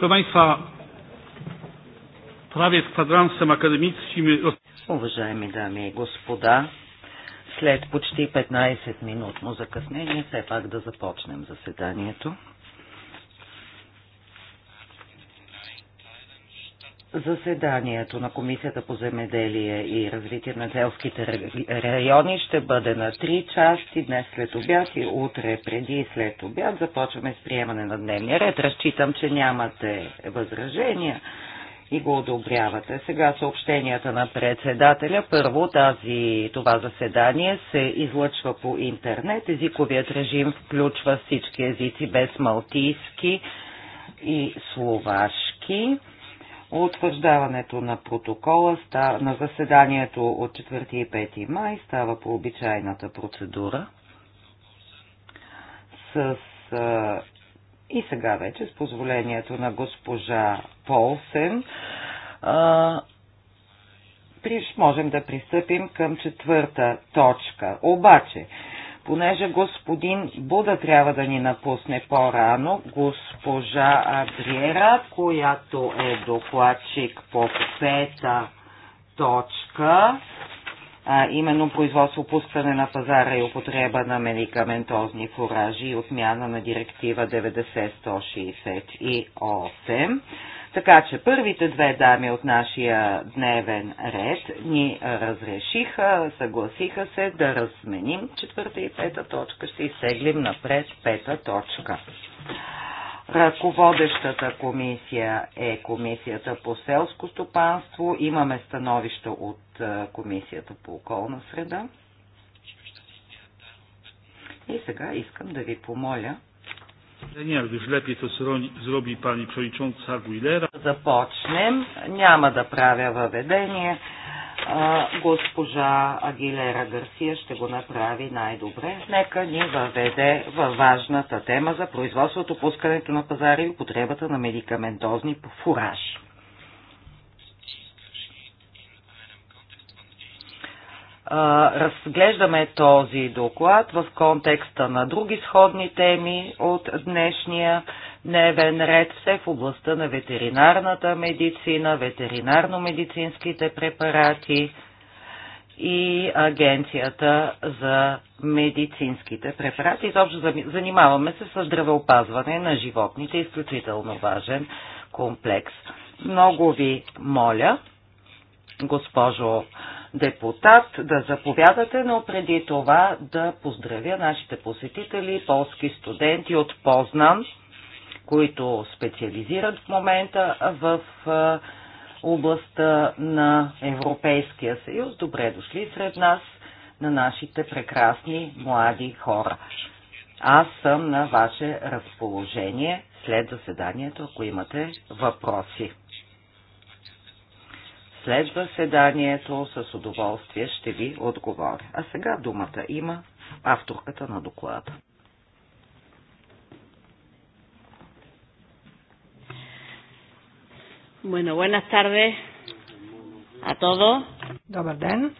Proszę Państwa, prawie z kwadransem akademickim... Уважаеми дами и господа, след почти 15 минутно закъснение, все пак да започнем заседанието. Заседанието на Комисията по земеделие и развитие на селските райони ще бъде на три части днес след обяд и утре преди и след обяд. Започваме с приемане на дневния ред. Разчитам, че нямате възражения и го одобрявате. Сега съобщенията на председателя. Първо, тази, това заседание се излъчва по интернет. Езиковият режим включва всички езици без малтийски и словашки. Утвърждаването на протокола на заседанието от 4 и 5 май става по обичайната процедура с и сега вече с позволението на госпожа Полсен можем да пристъпим към четвърта точка. Обаче, Понеже господин Буда трябва да ни напусне по-рано, госпожа Адриера, която е докладчик по пета точка, а, именно производство, пускане на пазара и употреба на медикаментозни фуражи и отмяна на директива 90-168. Така че първите две дами от нашия дневен ред ни разрешиха, съгласиха се да разменим четвърта и пета точка. Ще изтеглим напред пета точка. Ръководещата комисия е комисията по селско стопанство. Имаме становище от е, комисията по околна среда. И сега искам да ви помоля Już lepiej to zrobi pani przewodnicząca Aguilera. Започнем. Няма да правя въведение. Госпожа Агилера Гарсия ще го направи най-добре. Нека ни въведе във важната тема за производството, пускането на пазари и употребата на медикаментозни фуражи. разглеждаме този доклад в контекста на други сходни теми от днешния дневен ред, все в областта на ветеринарната медицина, ветеринарно-медицинските препарати и Агенцията за медицинските препарати. Изобщо занимаваме се с здравеопазване на животните, изключително важен комплекс. Много ви моля, госпожо депутат да заповядате, но преди това да поздравя нашите посетители, полски студенти от Познан, които специализират в момента в областта на Европейския съюз. Добре дошли сред нас на нашите прекрасни млади хора. Аз съм на ваше разположение след заседанието, ако имате въпроси. Следва седанието с удоволствие ще ви отговоря. А сега думата има авторката на доклада. Bueno, buenas tardes a todos. Добър ден.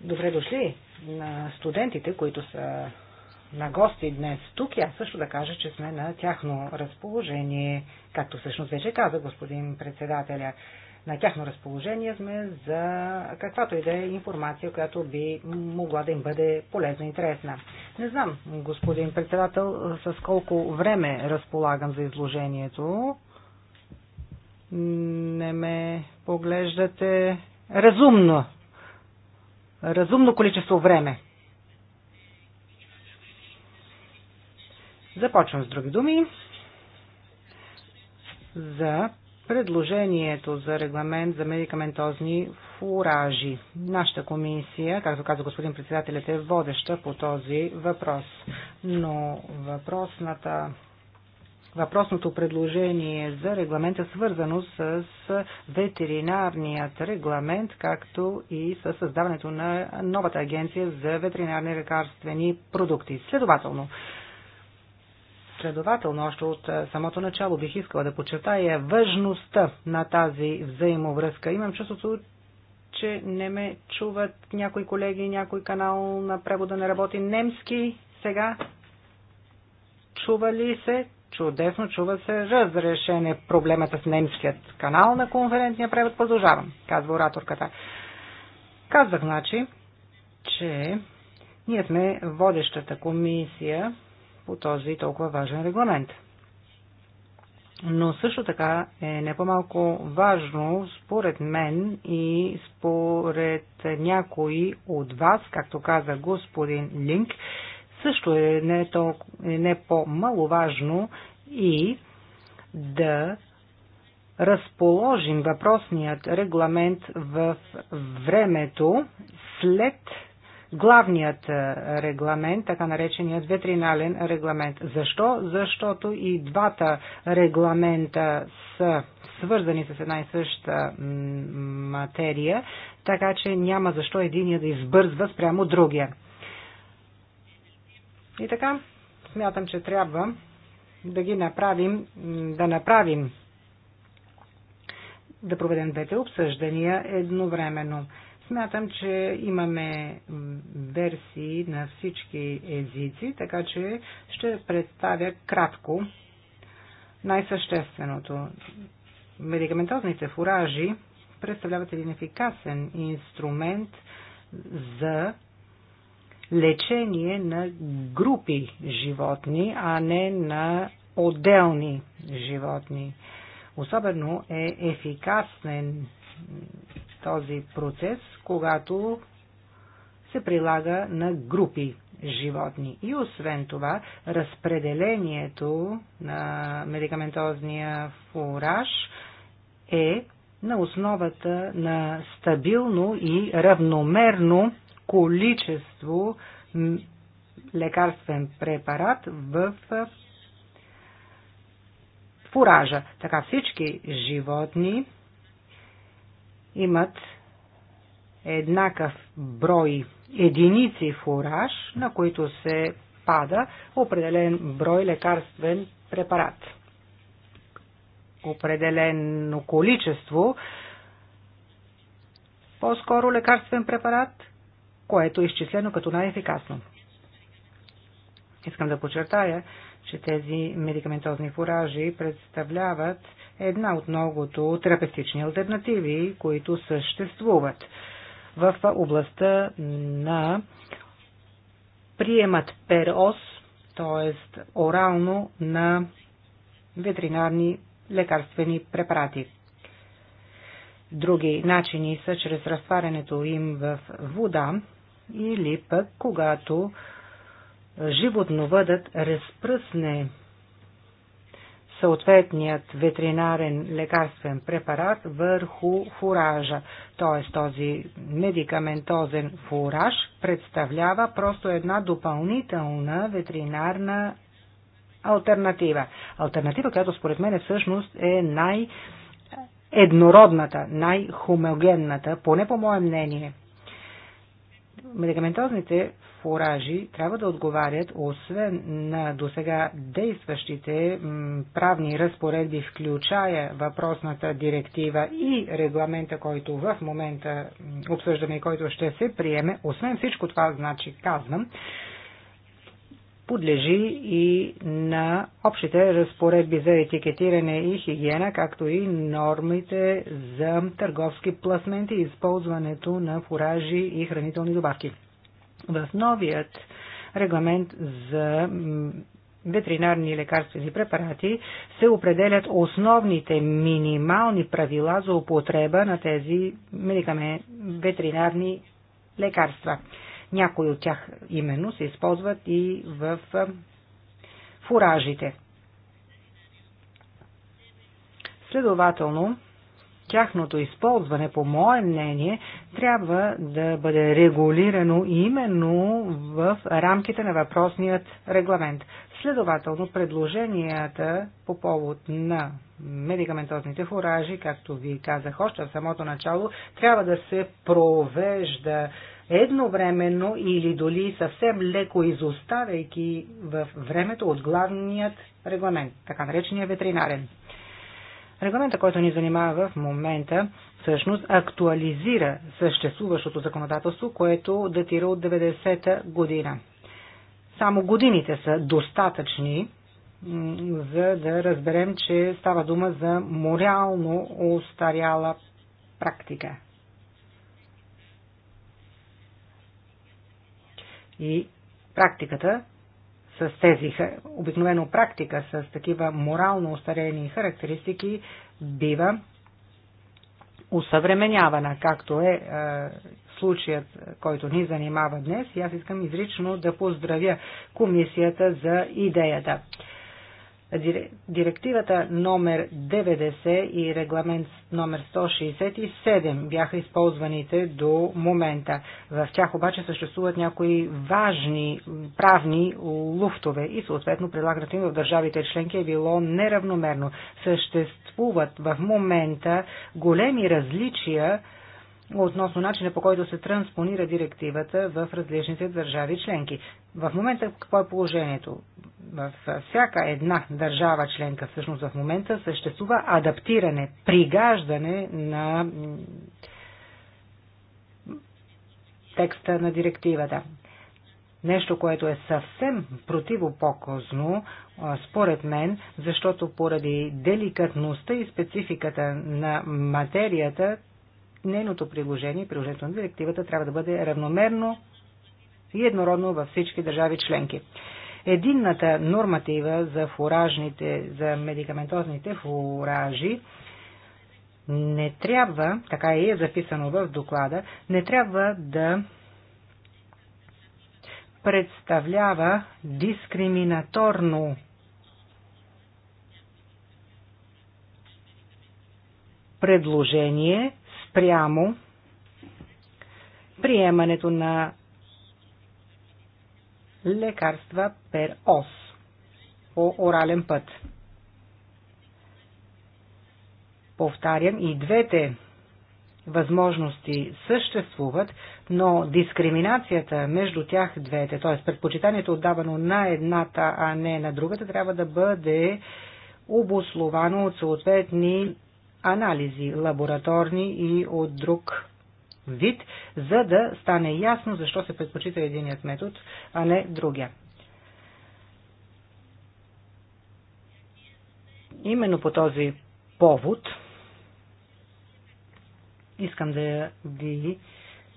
Добре дошли на студентите, които са на гости днес тук и аз също да кажа, че сме на тяхно разположение, както всъщност вече каза господин председателя. На тяхно разположение сме за каквато и да е информация, която би могла да им бъде полезна и интересна. Не знам, господин председател, с колко време разполагам за изложението. Не ме поглеждате разумно. Разумно количество време. Започвам с други думи за предложението за регламент за медикаментозни фуражи. Нашата комисия, както каза господин председателят, е водеща по този въпрос. Но въпросната Въпросното предложение за регламент е свързано с ветеринарният регламент, както и с създаването на новата агенция за ветеринарни лекарствени продукти. Следователно, Следователно, още от е, самото начало бих искала да подчертая важността на тази взаимовръзка. Имам чувството, че не ме чуват някои колеги, някой канал на превода не работи. Немски сега чува ли се? Чудесно чува се разрешение проблемата с немският канал на конферентния превод. Продължавам, казва ораторката. Казах, значи, че ние сме водещата комисия по този толкова важен регламент. Но също така е не по-малко важно, според мен и според някои от вас, както каза господин Линк, също е не, е не по-маловажно и да разположим въпросният регламент в времето след главният е, регламент, така нареченият ветринален регламент. Защо? Защото и двата регламента са свързани с една и съща материя, така че няма защо единия да избързва спрямо другия. И така, смятам, че трябва да ги направим, да направим, да проведем двете обсъждания едновременно. Смятам, че имаме версии на всички езици, така че ще представя кратко най-същественото. Медикаментозните фуражи представляват един ефикасен инструмент за лечение на групи животни, а не на отделни животни. Особено е ефикасен този процес, когато се прилага на групи животни. И освен това, разпределението на медикаментозния фураж е на основата на стабилно и равномерно количество лекарствен препарат в фуража. Така всички животни имат еднакъв брой единици фураж, на които се пада определен брой лекарствен препарат. Определено количество, по-скоро лекарствен препарат, което е изчислено като най-ефикасно. Искам да подчертая, че тези медикаментозни фуражи представляват една от многото терапевтични альтернативи, които съществуват в областта на приемат перос, т.е. орално на ветеринарни лекарствени препарати. Други начини са чрез разтварянето им в вода или пък когато животновъдът разпръсне съответният ветеринарен лекарствен препарат върху фуража. Т.е. този медикаментозен фураж представлява просто една допълнителна ветеринарна альтернатива. Альтернатива, която според мен всъщност е най- еднородната, най-хомогенната, поне по мое мнение медикаментозните фуражи трябва да отговарят освен на досега действащите правни разпоредби, включая въпросната директива и регламента, който в момента обсъждаме и който ще се приеме. Освен всичко това, значи казвам, подлежи и на общите разпоредби за етикетиране и хигиена, както и нормите за търговски пласменти и използването на фуражи и хранителни добавки. В новият регламент за ветеринарни лекарствени препарати се определят основните минимални правила за употреба на тези ветеринарни лекарства. Някои от тях именно се използват и в фуражите. Следователно, тяхното използване, по мое мнение, трябва да бъде регулирано именно в рамките на въпросният регламент. Следователно, предложенията по повод на медикаментозните фуражи, както ви казах още в самото начало, трябва да се провежда едновременно или доли съвсем леко изоставяйки в времето от главният регламент, така наречения ветеринарен. Регламента, който ни занимава в момента, всъщност актуализира съществуващото законодателство, което датира от 90-та година. Само годините са достатъчни, за да разберем, че става дума за морално устаряла практика. И практиката с тези, обикновено практика с такива морално устарени характеристики бива усъвременявана, както е, е случаят, който ни занимава днес. И аз искам изрично да поздравя комисията за идеята. Директивата номер 90 и регламент номер 167 бяха използваните до момента. В тях обаче съществуват някои важни правни луфтове и съответно прилагането им в държавите членки е било неравномерно. Съществуват в момента големи различия относно начина по който се транспонира директивата в различните държави членки. В момента какво е положението? В всяка една държава членка всъщност в момента съществува адаптиране, пригаждане на текста на директивата. Нещо, което е съвсем противопоказно, според мен, защото поради деликатността и спецификата на материята, нейното приложение, приложението на директивата трябва да бъде равномерно и еднородно във всички държави членки. Единната норматива за фуражните, за медикаментозните фуражи не трябва, така и е записано в доклада, не трябва да представлява дискриминаторно предложение спрямо приемането на лекарства пер ос по орален път. Повтарям, и двете възможности съществуват, но дискриминацията между тях двете, т.е. предпочитанието отдавано на едната, а не на другата, трябва да бъде обословано от съответни анализи, лабораторни и от друг вид, за да стане ясно защо се предпочита единият метод, а не другия. Именно по този повод искам да ви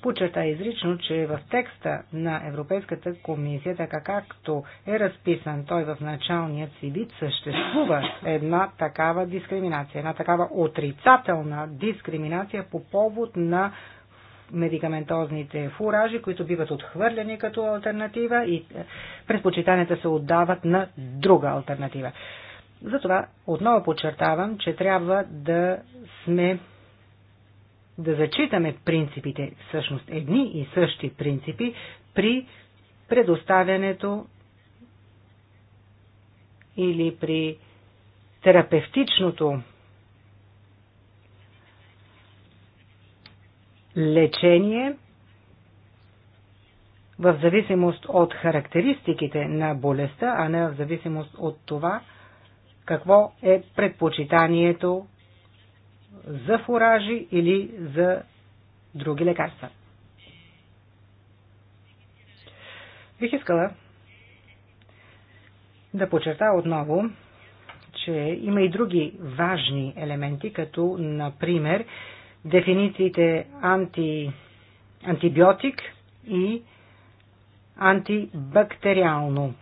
Почерта изрично, че в текста на Европейската комисия, така както е разписан той в началният си вид, съществува една такава дискриминация, една такава отрицателна дискриминация по повод на медикаментозните фуражи, които биват отхвърлени като альтернатива и е, предпочитанията се отдават на друга альтернатива. Затова отново подчертавам, че трябва да сме да зачитаме принципите, всъщност едни и същи принципи, при предоставянето или при терапевтичното лечение в зависимост от характеристиките на болестта, а не в зависимост от това какво е предпочитанието за фуражи или за други лекарства. Бих искала да подчертая отново, че има и други важни елементи, като например дефинициите анти, антибиотик и антибактериално.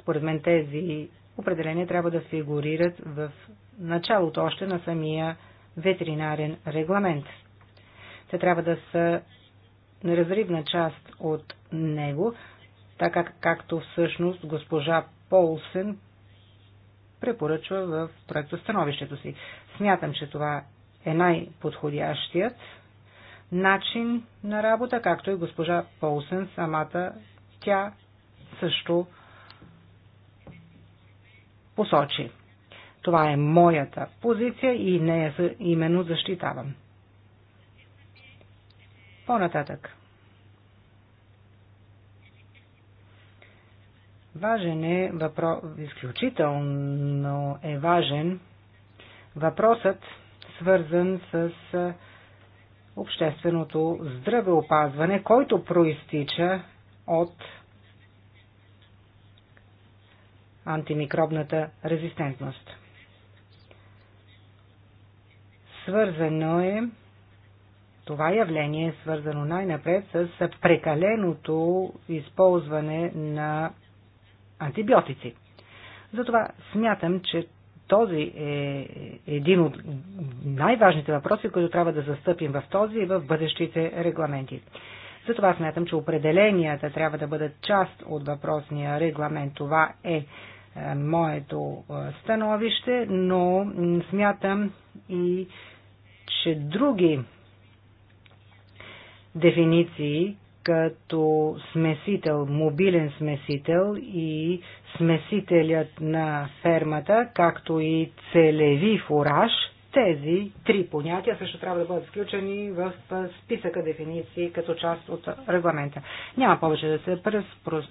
Според мен тези определения трябва да фигурират в началото още на самия ветеринарен регламент. Те трябва да са неразривна част от него, така както всъщност госпожа Полсен препоръчва в становището си. Смятам, че това е най-подходящият начин на работа, както и госпожа Полсен самата тя също посочи. Това е моята позиция и нея именно защитавам. По-нататък. Важен е въпрос, изключително е важен въпросът, свързан с общественото здравеопазване, който проистича от антимикробната резистентност. Свързано е това явление е свързано най-напред с прекаленото използване на антибиотици. Затова смятам, че този е един от най-важните въпроси, които трябва да застъпим в този и в бъдещите регламенти. Затова смятам, че определенията трябва да бъдат част от въпросния регламент. Това е, е моето е, становище, но смятам и обаче други дефиниции, като смесител, мобилен смесител и смесителят на фермата, както и целеви фураж – тези три понятия също трябва да бъдат включени в списъка дефиниции като част от регламента. Няма повече да се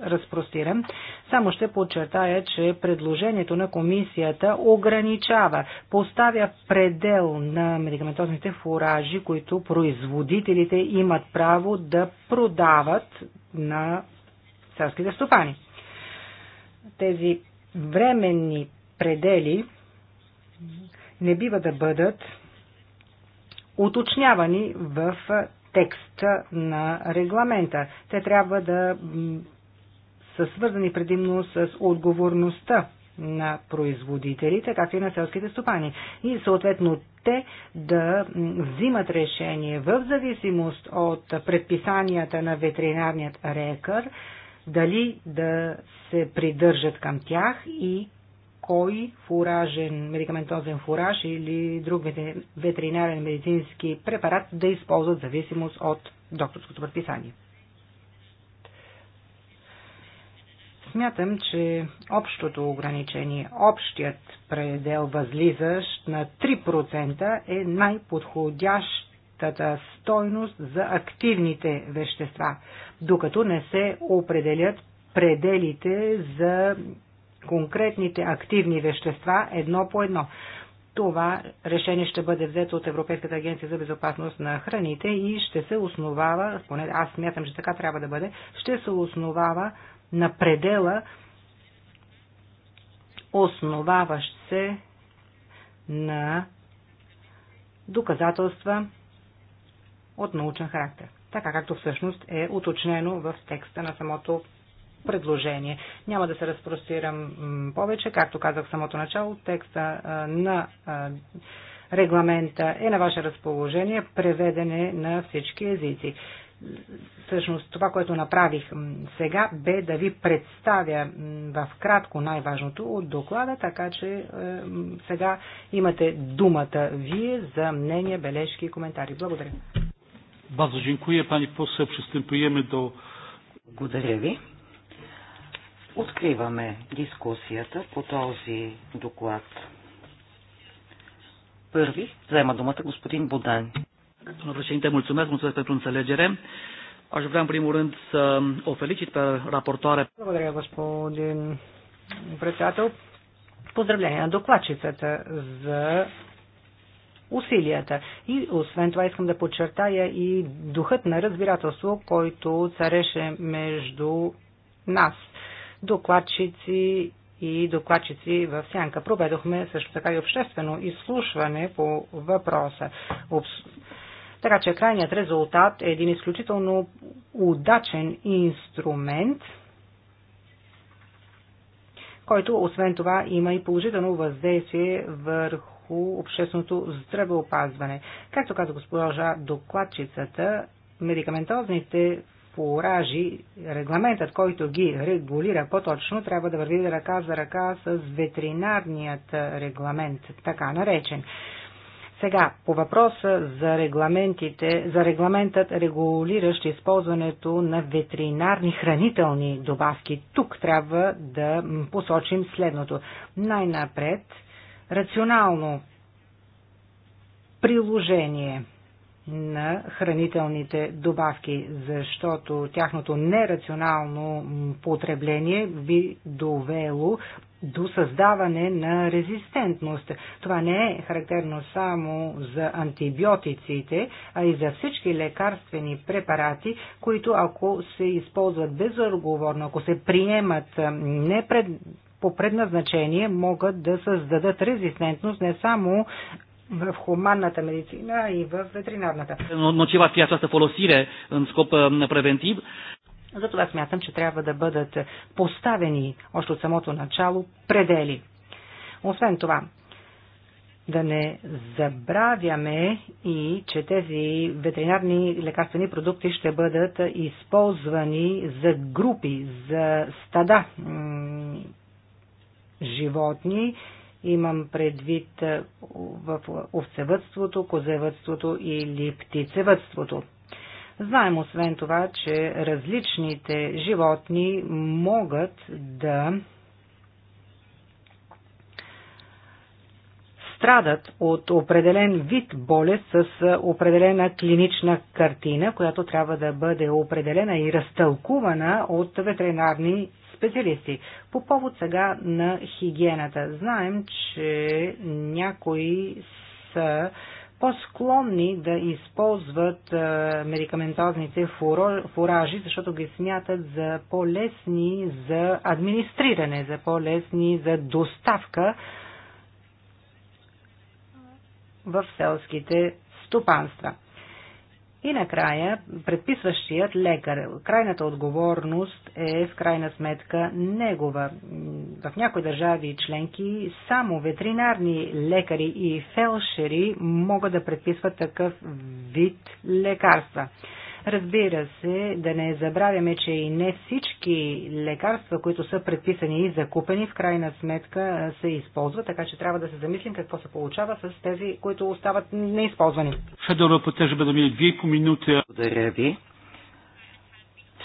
разпростирам, само ще подчертая, че предложението на комисията ограничава, поставя предел на медикаментозните фуражи, които производителите имат право да продават на селските стопани. Тези временни предели не бива да бъдат уточнявани в текста на регламента. Те трябва да са свързани предимно с отговорността на производителите, както и на селските стопани. И съответно те да взимат решение в зависимост от предписанията на ветеринарният рекър, дали да се придържат към тях и кой фуражен, медикаментозен фураж или друг ветеринарен медицински препарат да използват в зависимост от докторското предписание. Смятам, че общото ограничение, общият предел възлизащ на 3% е най-подходящата стойност за активните вещества, докато не се определят пределите за конкретните активни вещества едно по едно. Това решение ще бъде взето от Европейската агенция за безопасност на храните и ще се основава, поне аз смятам, че така трябва да бъде, ще се основава на предела, основаващ се на доказателства от научен характер, така както всъщност е уточнено в текста на самото предложение. Няма да се разпростирам повече. Както казах в самото начало, текста на регламента е на ваше разположение, преведене на всички езици. Всъщност това, което направих сега, бе да ви представя в кратко най-важното от доклада, така че е, сега имате думата вие за мнения, бележки и коментари. Благодаря. Благодаря Ви. Откриваме дискусията по този доклад. Първи взема думата господин Бодан. Domnul președinte, mulțumesc, mulțumesc pentru înțelegere. Aș vrea în primul rând să o felicit pe raportoare. Благодаря, господин председател. Поздравление на докладчицата за усилията. И освен това искам да подчертая и духът на разбирателство, който цареше между нас докладчици и докладчици в Сянка. Проведохме също така и обществено изслушване по въпроса. Така че крайният резултат е един изключително удачен инструмент, който освен това има и положително въздействие върху общественото здравеопазване. Както каза госпожа докладчицата, медикаментозните фуражи, регламентът, който ги регулира по-точно, трябва да върви ръка за ръка с ветеринарният регламент, така наречен. Сега, по въпроса за, регламентите, за регламентът регулиращ използването на ветеринарни хранителни добавки, тук трябва да посочим следното. Най-напред, рационално приложение – на хранителните добавки, защото тяхното нерационално потребление би довело до създаване на резистентност. Това не е характерно само за антибиотиците, а и за всички лекарствени препарати, които ако се използват безоговорно, ако се приемат не пред по предназначение могат да създадат резистентност не само в хуманната медицина и в ветеринарната. Ночива фи această folosire în scop превентив? Uh, Затова смятам, че трябва да бъдат поставени още от самото начало предели. Освен това, да не забравяме и, че тези ветеринарни лекарствени продукти ще бъдат използвани за групи, за стада животни Имам предвид е, в овцевътството, козевътството или птицевътството. Знаем освен това, че различните животни могат да страдат от определен вид болест с е, определена клинична картина, която трябва да бъде определена и разтълкувана от ветеринарни специалисти. По повод сега на хигиената. Знаем, че някои са по-склонни да използват медикаментозните фуражи, защото ги смятат за по-лесни за администриране, за по-лесни за доставка в селските стопанства. И накрая, предписващият лекар, крайната отговорност е в крайна сметка негова. В някои държави членки само ветеринарни лекари и фелшери могат да предписват такъв вид лекарства. Разбира се, да не забравяме, че и не всички лекарства, които са предписани и закупени, в крайна сметка се използват, така че трябва да се замислим какво се получава с тези, които остават неизползвани. Благодаря ви.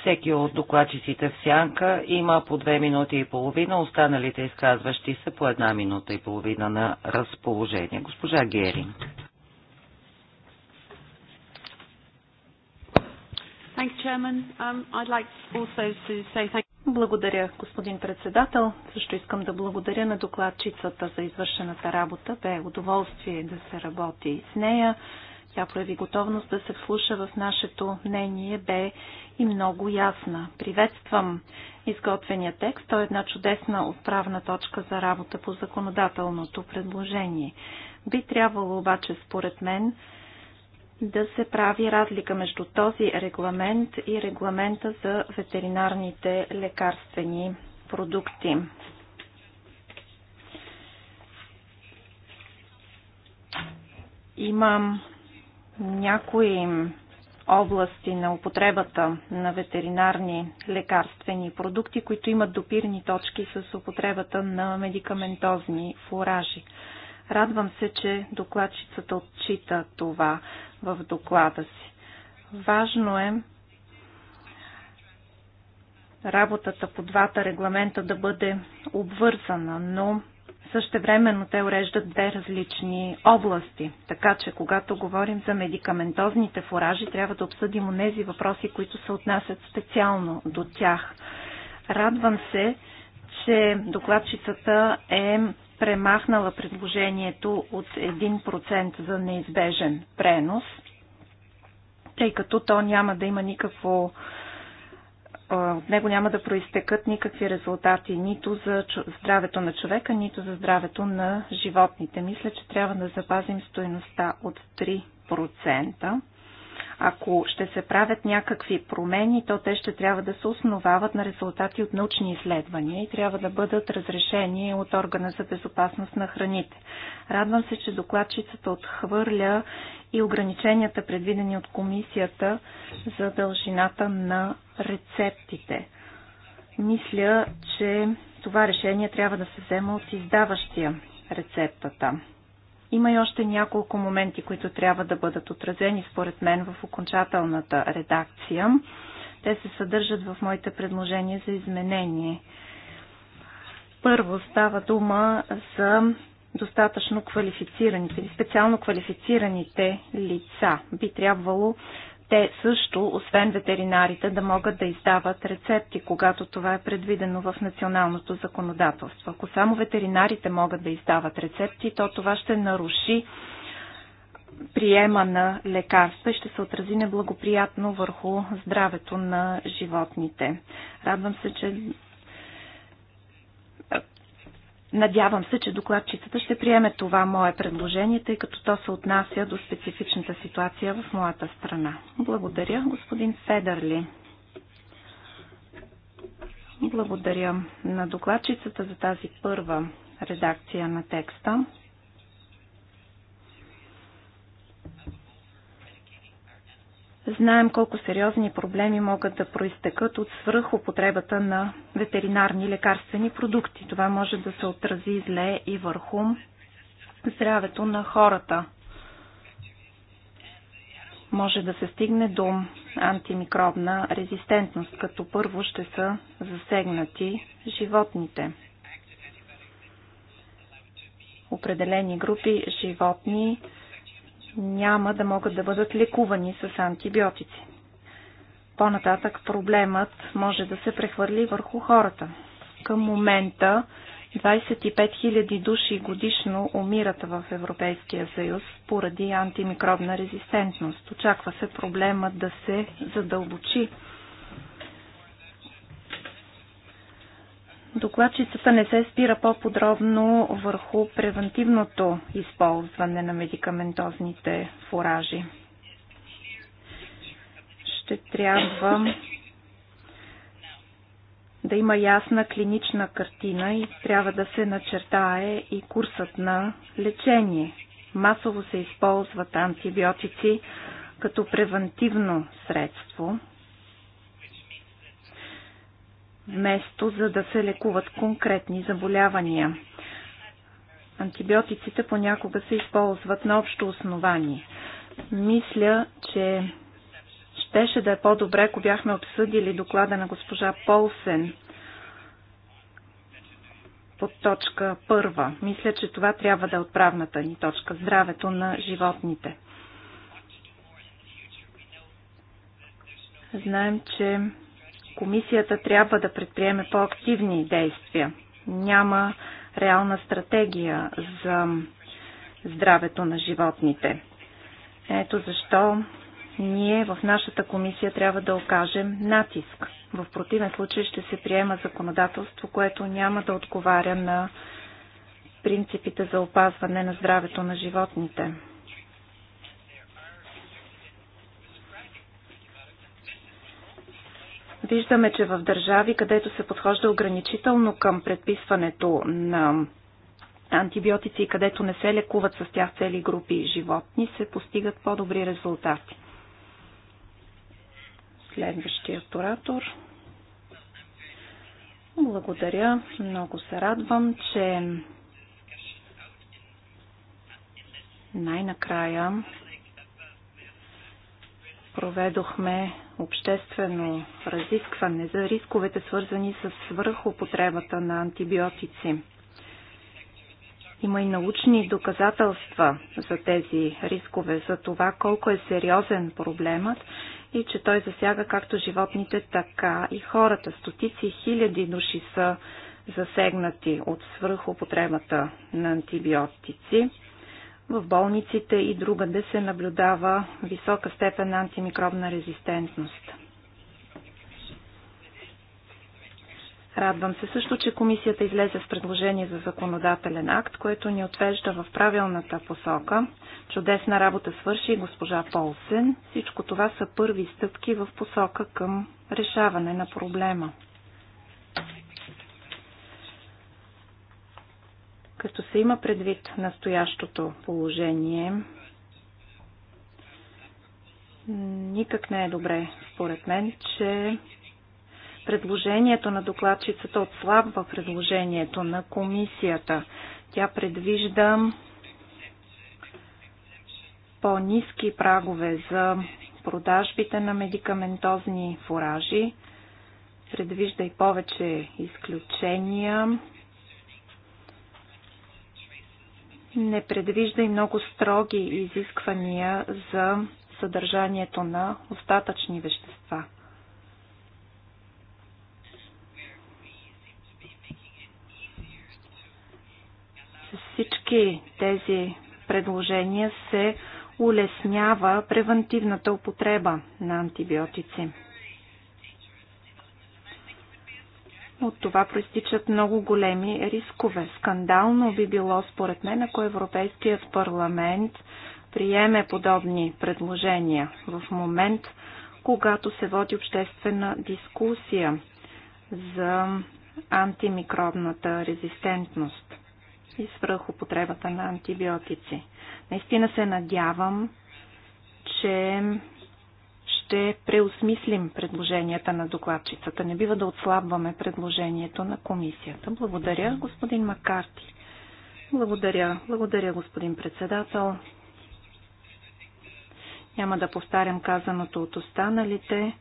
Всеки от докладчиците в сянка има по две минути и половина, останалите изказващи са по една минута и половина на разположение. Госпожа Геринг. Um, благодаря, господин председател. Също искам да благодаря на докладчицата за извършената работа. Бе удоволствие да се работи с нея. Тя прояви готовност да се вслуша в нашето мнение, бе и много ясна. Приветствам изготвения текст. Той е една чудесна отправна точка за работа по законодателното предложение. Би трябвало обаче, според мен, да се прави разлика между този регламент и регламента за ветеринарните лекарствени продукти. Имам някои области на употребата на ветеринарни лекарствени продукти, които имат допирни точки с употребата на медикаментозни фуражи. Радвам се, че докладчицата отчита това в доклада си. Важно е работата по двата регламента да бъде обвързана, но Същевременно те уреждат две различни области, така че когато говорим за медикаментозните фуражи, трябва да обсъдим нези въпроси, които се отнасят специално до тях. Радвам се, че докладчицата е премахнала предложението от 1% за неизбежен пренос, тъй като то няма да има никакво от него няма да проистекат никакви резултати нито за здравето на човека, нито за здравето на животните. Мисля, че трябва да запазим стоеността от 3%. Ако ще се правят някакви промени, то те ще трябва да се основават на резултати от научни изследвания и трябва да бъдат разрешени от органа за безопасност на храните. Радвам се, че докладчицата отхвърля и ограниченията, предвидени от комисията за дължината на рецептите. Мисля, че това решение трябва да се взема от издаващия рецептата. Има и още няколко моменти, които трябва да бъдат отразени според мен в окончателната редакция. Те се съдържат в моите предложения за изменение. Първо става дума за достатъчно квалифицираните или специално квалифицираните лица. Би трябвало те също, освен ветеринарите, да могат да издават рецепти, когато това е предвидено в националното законодателство. Ако само ветеринарите могат да издават рецепти, то това ще наруши приема на лекарства и ще се отрази неблагоприятно върху здравето на животните. Радвам се, че Надявам се, че докладчицата ще приеме това мое предложение, тъй като то се отнася до специфичната ситуация в моята страна. Благодаря, господин Федърли. Благодаря на докладчицата за тази първа редакция на текста. Знаем колко сериозни проблеми могат да проистекат от употребата на ветеринарни лекарствени продукти. Това може да се отрази зле и върху здравето на хората. Може да се стигне до антимикробна резистентност, като първо ще са засегнати животните. Определени групи животни няма да могат да бъдат лекувани с антибиотици. По-нататък проблемът може да се прехвърли върху хората. Към момента 25 000 души годишно умират в Европейския съюз поради антимикробна резистентност. Очаква се проблемът да се задълбочи Докладчицата не се спира по-подробно върху превентивното използване на медикаментозните фуражи. Ще трябва да има ясна клинична картина и трябва да се начертае и курсът на лечение. Масово се използват антибиотици като превентивно средство – место, за да се лекуват конкретни заболявания. Антибиотиците понякога се използват на общо основание. Мисля, че щеше да е по-добре, ако бяхме обсъдили доклада на госпожа Полсен под точка първа. Мисля, че това трябва да е отправната ни точка – здравето на животните. Знаем, че комисията трябва да предприеме по-активни действия. Няма реална стратегия за здравето на животните. Ето защо ние в нашата комисия трябва да окажем натиск. В противен случай ще се приема законодателство, което няма да отговаря на принципите за опазване на здравето на животните. Виждаме, че в държави, където се подхожда ограничително към предписването на антибиотици, където не се лекуват с тях цели групи животни, се постигат по-добри резултати. Следващия оратор. Благодаря. Много се радвам, че най-накрая проведохме обществено разискване за рисковете, свързани с свръхопотребата на антибиотици. Има и научни доказателства за тези рискове, за това колко е сериозен проблемът и че той засяга както животните, така и хората. Стотици хиляди души са засегнати от свръхопотребата на антибиотици. В болниците и другаде се наблюдава висока степен на антимикробна резистентност. Радвам се също, че комисията излезе с предложение за законодателен акт, което ни отвежда в правилната посока. Чудесна работа свърши госпожа Полсен. Всичко това са първи стъпки в посока към решаване на проблема. Като се има предвид настоящото положение, никак не е добре, според мен, че предложението на докладчицата отслабва предложението на комисията. Тя предвижда по-низки прагове за продажбите на медикаментозни фуражи, предвижда и повече изключения не предвижда и много строги изисквания за съдържанието на остатъчни вещества. С всички тези предложения се улеснява превентивната употреба на антибиотици. От това проистичат много големи рискове. Скандално би било, според мен, ако Европейският парламент приеме подобни предложения в момент, когато се води обществена дискусия за антимикробната резистентност и свръхупотребата на антибиотици. Наистина се надявам, че ще преосмислим предложенията на докладчицата. Не бива да отслабваме предложението на комисията. Благодаря, господин Макарти. Благодаря, благодаря, господин председател. Няма да повтарям казаното от останалите.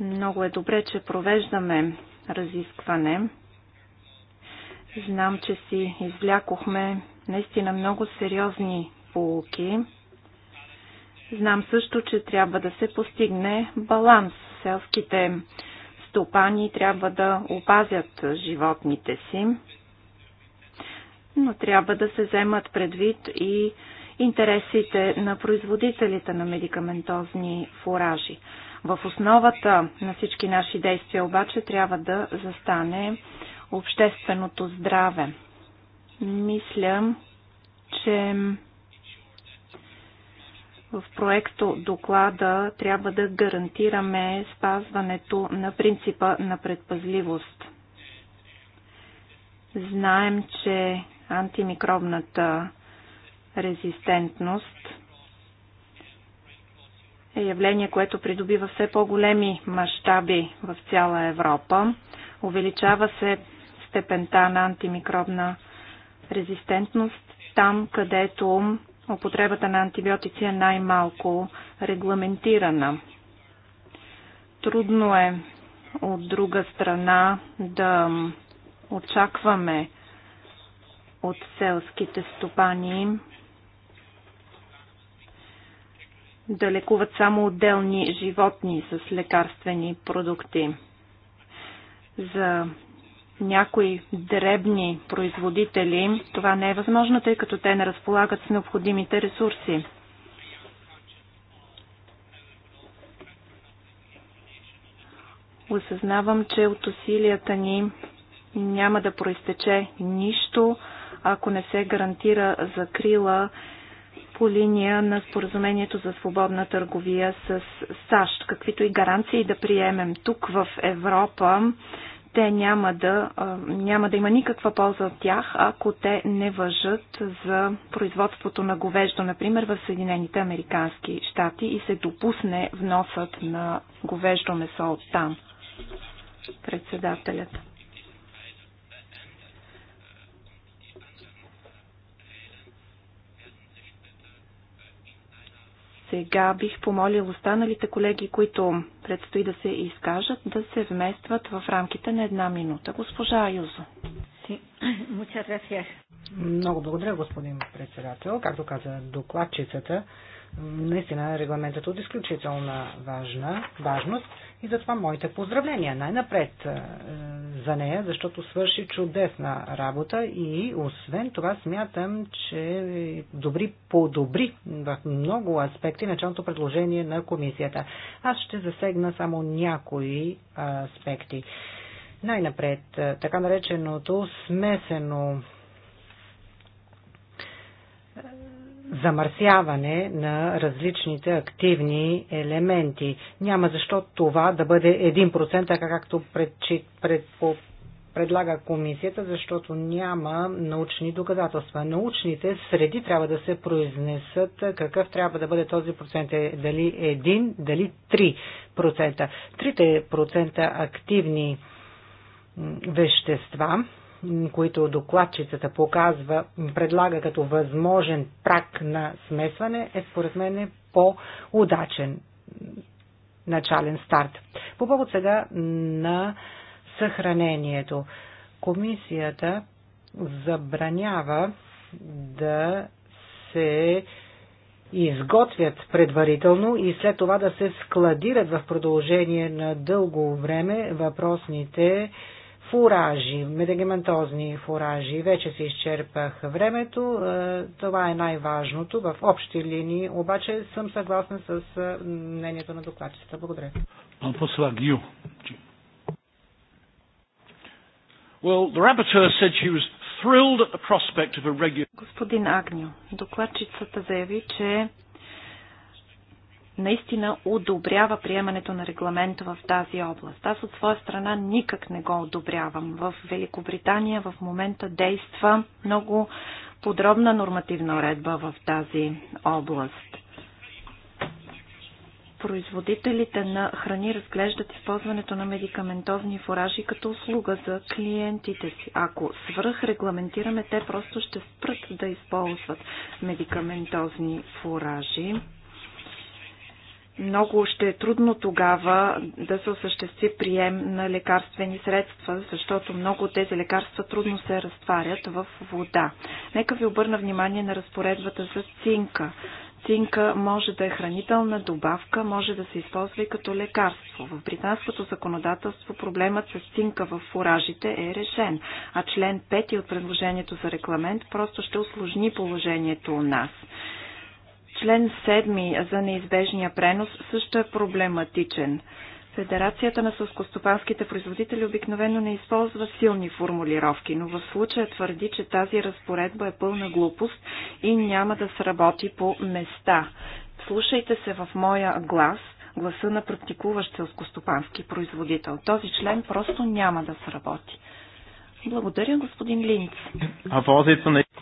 Много е добре, че провеждаме разискване. Знам, че си извлякохме наистина много сериозни полуки. Знам също, че трябва да се постигне баланс. Селските стопани трябва да опазят животните си, но трябва да се вземат предвид и интересите на производителите на медикаментозни фуражи. В основата на всички наши действия обаче трябва да застане общественото здраве. Мисля, че в проекто доклада трябва да гарантираме спазването на принципа на предпазливост. Знаем, че антимикробната резистентност е явление, което придобива все по-големи мащаби в цяла Европа. Увеличава се степента на антимикробна резистентност там, където употребата на антибиотици е най-малко регламентирана. Трудно е от друга страна да очакваме от селските стопани да лекуват само отделни животни с лекарствени продукти. За някои дребни производители това не е възможно, тъй като те не разполагат с необходимите ресурси. Осъзнавам, че от усилията ни няма да проистече нищо, ако не се гарантира закрила по линия на споразумението за свободна търговия с САЩ. Каквито и гаранции да приемем тук в Европа, те няма да, няма да има никаква полза от тях, ако те не въжат за производството на говеждо, например в Съединените Американски щати и се допусне вносът на говеждо месо от там. Председателят. Сега бих помолил останалите колеги, които предстои да се изкажат, да се вместват в рамките на една минута. Госпожа Юзо. Много благодаря, господин председател. Както каза докладчицата, Наистина регламентът е от изключителна важна, важност и затова моите поздравления най-напред е, за нея, защото свърши чудесна работа и освен това смятам, че е добри подобри в много аспекти началното предложение на комисията. Аз ще засегна само някои аспекти. Най-напред, така нареченото смесено замърсяване на различните активни елементи. Няма защо това да бъде 1%, така както пред, пред, по, предлага комисията, защото няма научни доказателства. Научните среди трябва да се произнесат какъв трябва да бъде този процент. Е, дали 1, дали 3%. 3% активни вещества които докладчицата показва, предлага като възможен прак на смесване, е според мен е по-удачен начален старт. По повод сега на съхранението. Комисията забранява да се изготвят предварително и след това да се складират в продължение на дълго време въпросните фуражи, медегементозни фуражи. Вече се изчерпах времето. Е, това е най-важното. В общи линии обаче съм съгласен с е, мнението на докладчицата. Благодаря. Господин Агнио, докладчицата заяви, че наистина одобрява приемането на регламент в тази област. Аз от своя страна никак не го одобрявам. В Великобритания в момента действа много подробна нормативна уредба в тази област. Производителите на храни разглеждат използването на медикаментозни фуражи като услуга за клиентите си. Ако свръхрегламентираме, те просто ще спрат да използват медикаментозни фуражи много ще е трудно тогава да се осъществи прием на лекарствени средства, защото много от тези лекарства трудно се разтварят в вода. Нека ви обърна внимание на разпоредбата с цинка. Цинка може да е хранителна добавка, може да се използва и като лекарство. В британското законодателство проблемът с цинка в фуражите е решен, а член 5 от предложението за регламент просто ще осложни положението у нас. Член 7 за неизбежния пренос също е проблематичен. Федерацията на сълскостопанските производители обикновено не използва силни формулировки, но в случая твърди, че тази разпоредба е пълна глупост и няма да сработи по места. Слушайте се в моя глас, гласа на практикуващ селскостопански производител. Този член просто няма да сработи. Благодаря, господин Линц.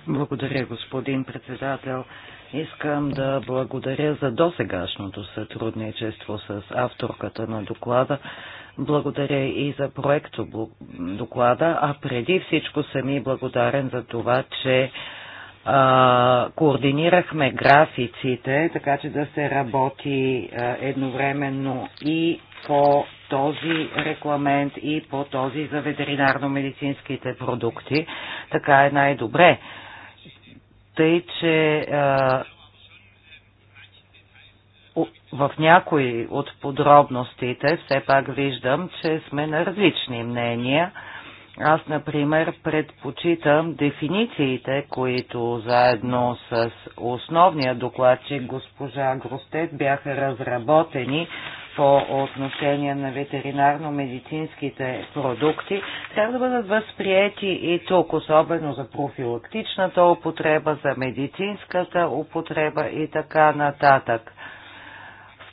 Благодаря, господин председател. Искам да благодаря за досегашното сътрудничество с авторката на доклада. Благодаря и за проекто доклада, а преди всичко съм и благодарен за това, че а, координирахме графиците, така че да се работи а, едновременно и по този рекламент и по този за ветеринарно-медицинските продукти. Така е най-добре тъй че а, в някои от подробностите все пак виждам, че сме на различни мнения. Аз, например, предпочитам дефинициите, които заедно с основния докладчик госпожа Гростет бяха разработени по отношение на ветеринарно-медицинските продукти, трябва да бъдат възприяти и тук, особено за профилактичната употреба, за медицинската употреба и така нататък.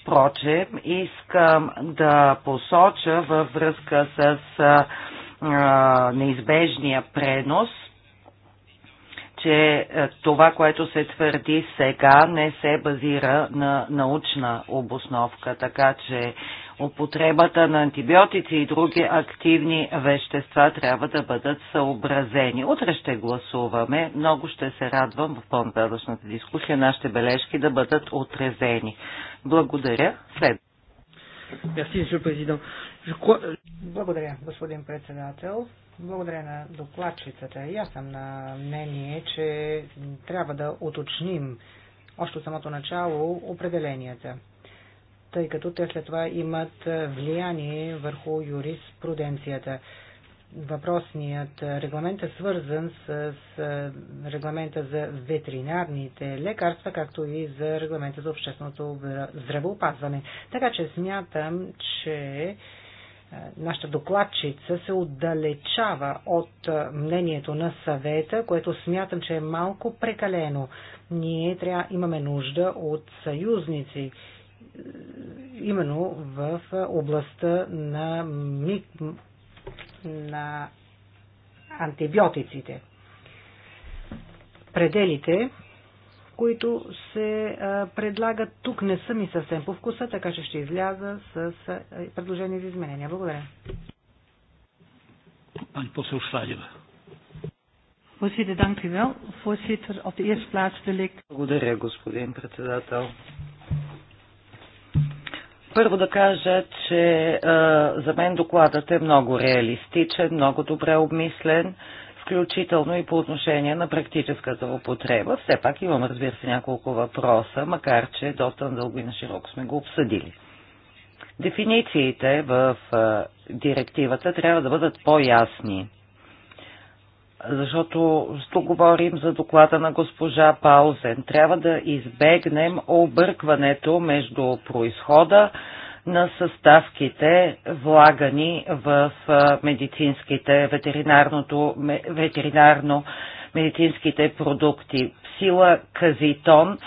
Впрочем, искам да посоча във връзка с неизбежния пренос – че е, това, което се твърди сега, не се базира на научна обосновка, така че употребата на антибиотици и други активни вещества трябва да бъдат съобразени. Утре ще гласуваме. Много ще се радвам в по-нататъчната дискусия нашите бележки да бъдат отрезени. Благодаря. След. Merci, monsieur le Président. Благодаря, господин председател. Благодаря на докладчицата. И аз съм на мнение, че трябва да уточним още от самото начало определенията, тъй като те след това имат влияние върху юриспруденцията. Въпросният регламент е свързан с регламента за ветеринарните лекарства, както и за регламента за общественото здравеопазване. Така че смятам, че е, нашата докладчица се отдалечава от е, мнението на съвета, което смятам, че е малко прекалено. Ние трябва, имаме нужда от съюзници е, именно в областта на, мик... на антибиотиците. Пределите които се предлагат тук, не са ми съвсем по вкуса, така че ще изляза с предложение за изменения. Благодаря. Pani poseł Schleiewa. Voorzitter, dank u wel. Voorzitter, op de eerste plaats wil ik... Благодаря, господин председател. Първо да кажа, че а, за мен докладът е много реалистичен, много добре обмислен. А, включително и по отношение на практическата употреба. Все пак имам, разбира се, няколко въпроса, макар че доста дълго и на широко сме го обсъдили. Дефинициите в директивата трябва да бъдат по-ясни, защото тук говорим за доклада на госпожа Паузен. Трябва да избегнем объркването между происхода, на съставките, влагани в медицинските, ветеринарното, ветеринарно медицинските продукти. Сила казитон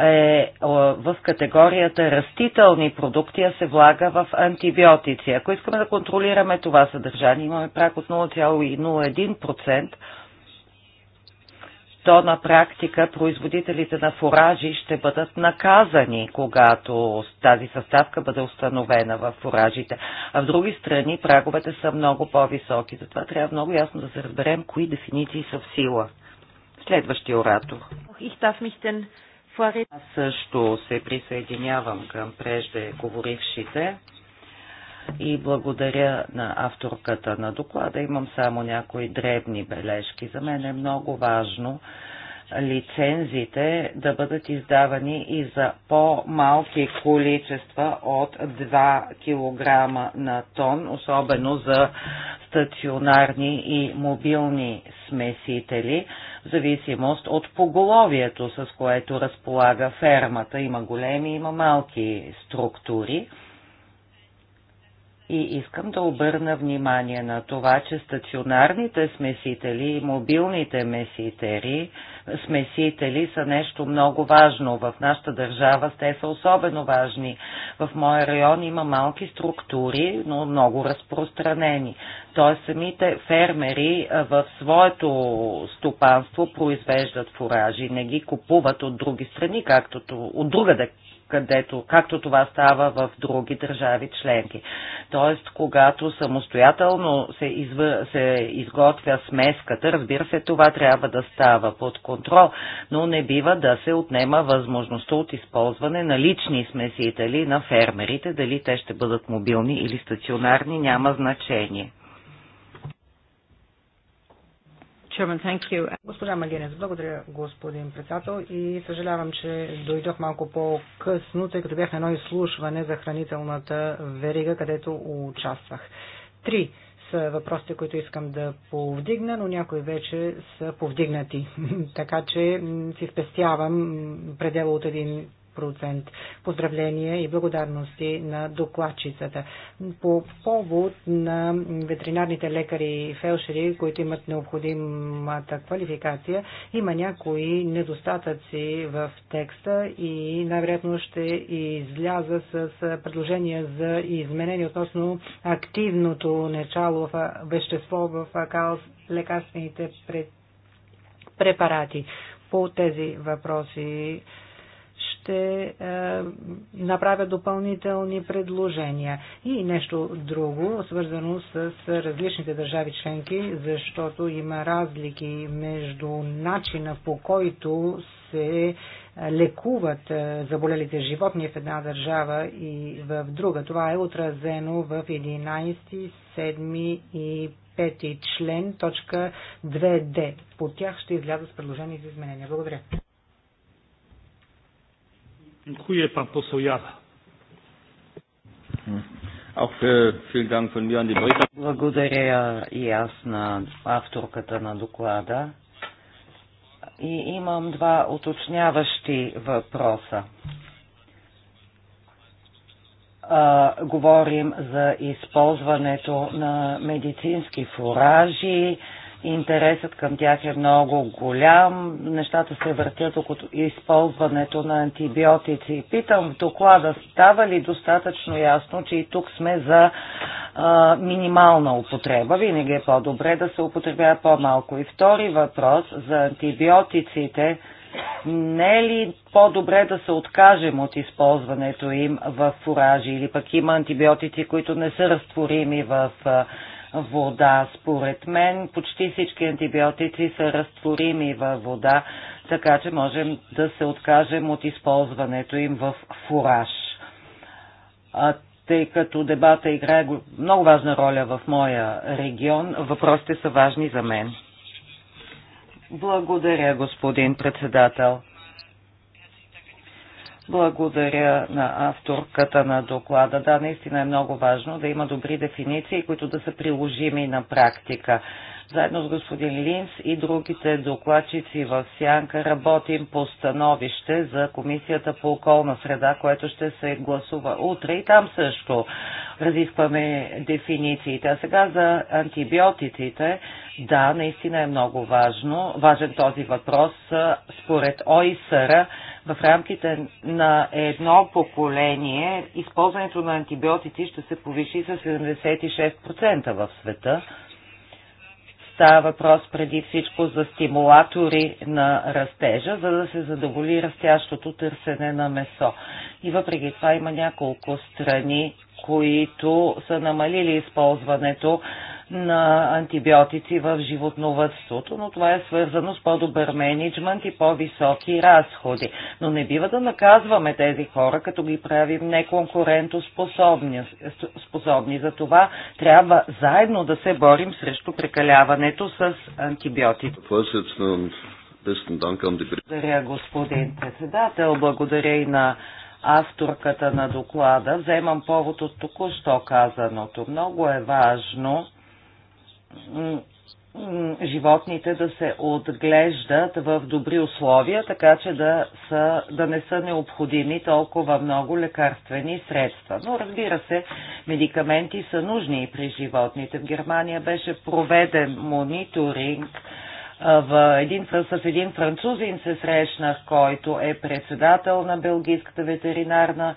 е в категорията растителни продукти, а се влага в антибиотици. Ако искаме да контролираме това съдържание, имаме прак от 0,01%, то на практика производителите на фуражи ще бъдат наказани, когато тази съставка бъде установена в фуражите. А в други страни праговете са много по-високи. Затова трябва много ясно да се разберем кои дефиниции са в сила. Следващия оратор. Аз също се присъединявам към преждеговорившите. говорившите и благодаря на авторката на доклада. Имам само някои дребни бележки. За мен е много важно лицензите да бъдат издавани и за по-малки количества от 2 кг на тон, особено за стационарни и мобилни смесители, в зависимост от поголовието, с което разполага фермата. Има големи, има малки структури. И искам да обърна внимание на това, че стационарните смесители и мобилните месители, смесители са нещо много важно. В нашата държава те са особено важни. В моя район има малки структури, но много разпространени. Т.е. самите фермери в своето стопанство произвеждат фуражи, не ги купуват от други страни, както от да където, както това става в други държави членки. Тоест, когато самостоятелно се, изв... се изготвя смеската, разбира се, това трябва да става под контрол, но не бива да се отнема възможността от използване на лични смесители на фермерите, дали те ще бъдат мобилни или стационарни, няма значение. Госпожа Магенес, благодаря, господин председател. И съжалявам, че дойдох малко по-късно, тъй като бях на едно изслушване за хранителната верига, където участвах. Три са въпросите, които искам да повдигна, но някои вече са повдигнати. така че си спестявам предела от един Поздравления и благодарности на докладчицата. По повод на ветеринарните лекари и фелшери, които имат необходимата квалификация, има някои недостатъци в текста и най-вероятно ще изляза с предложения за изменение относно активното начало в вещество в лекарствените препарати. По тези въпроси ще е, направя допълнителни предложения. И нещо друго, свързано с различните държави членки, защото има разлики между начина по който се лекуват е, заболелите животни в една държава и в друга. Това е отразено в 11, 7 и 5 член, точка 2D. По тях ще изляза с предложение за изменения. Благодаря. Dziękuję, pan poseł Jara. Hmm. Благодаря и аз на авторката на доклада. И имам два уточняващи въпроса. А, говорим за използването на медицински фуражи, Интересът към тях е много голям. Нещата се въртят около използването на антибиотици. Питам в доклада, става ли достатъчно ясно, че и тук сме за а, минимална употреба? Винаги е по-добре да се употребява по-малко. И втори въпрос за антибиотиците. Не е ли по-добре да се откажем от използването им в фуражи или пък има антибиотици, които не са разтворими в вода. Според мен почти всички антибиотици са разтворими във вода, така че можем да се откажем от използването им в фураж. А, тъй като дебата играе много важна роля в моя регион, въпросите са важни за мен. Благодаря, господин председател. Благодаря на авторката на доклада. Да, наистина е много важно да има добри дефиниции, които да са приложими на практика. Заедно с господин Линс и другите докладчици в Сянка работим по становище за Комисията по околна среда, което ще се гласува утре и там също разискваме дефинициите. А сега за антибиотиците. Да, наистина е много важно, важен този въпрос. Според ОИСР в рамките на едно поколение използването на антибиотици ще се повиши с 76% в света. Става въпрос преди всичко за стимулатори на растежа, за да се задоволи растящото търсене на месо. И въпреки това има няколко страни, които са намалили използването на антибиотици в животновътството, но това е свързано с по-добър менеджмент и по-високи разходи. Но не бива да наказваме тези хора, като ги правим неконкурентоспособни. Способни. За това трябва заедно да се борим срещу прекаляването с антибиотици. Благодаря, господин председател. Благодаря и на авторката на доклада. Вземам повод от току-що казаното. Много е важно животните да се отглеждат в добри условия, така че да, са, да не са необходими толкова много лекарствени средства. Но разбира се, медикаменти са нужни и при животните. В Германия беше проведен мониторинг в един, с един французин се срещнах, който е председател на Белгийската ветеринарна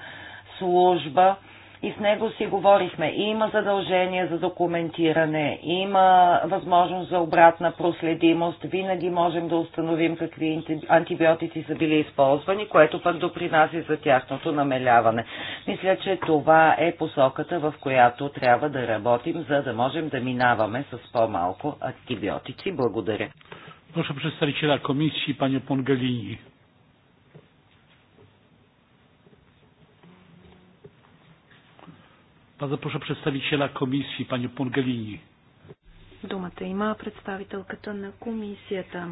служба и с него си говорихме. Има задължение за документиране, има възможност за обратна проследимост, винаги можем да установим какви антибиотици са били използвани, което пък допринася за тяхното намеляване. Мисля, че това е посоката, в която трябва да работим, за да можем да минаваме с по-малко антибиотици. Благодаря. Proszę przedstawiciela komisji, panią Pongalini. Bardzo proszę przedstawiciela komisji, panią Pongelini. Думата има представителката на комисията.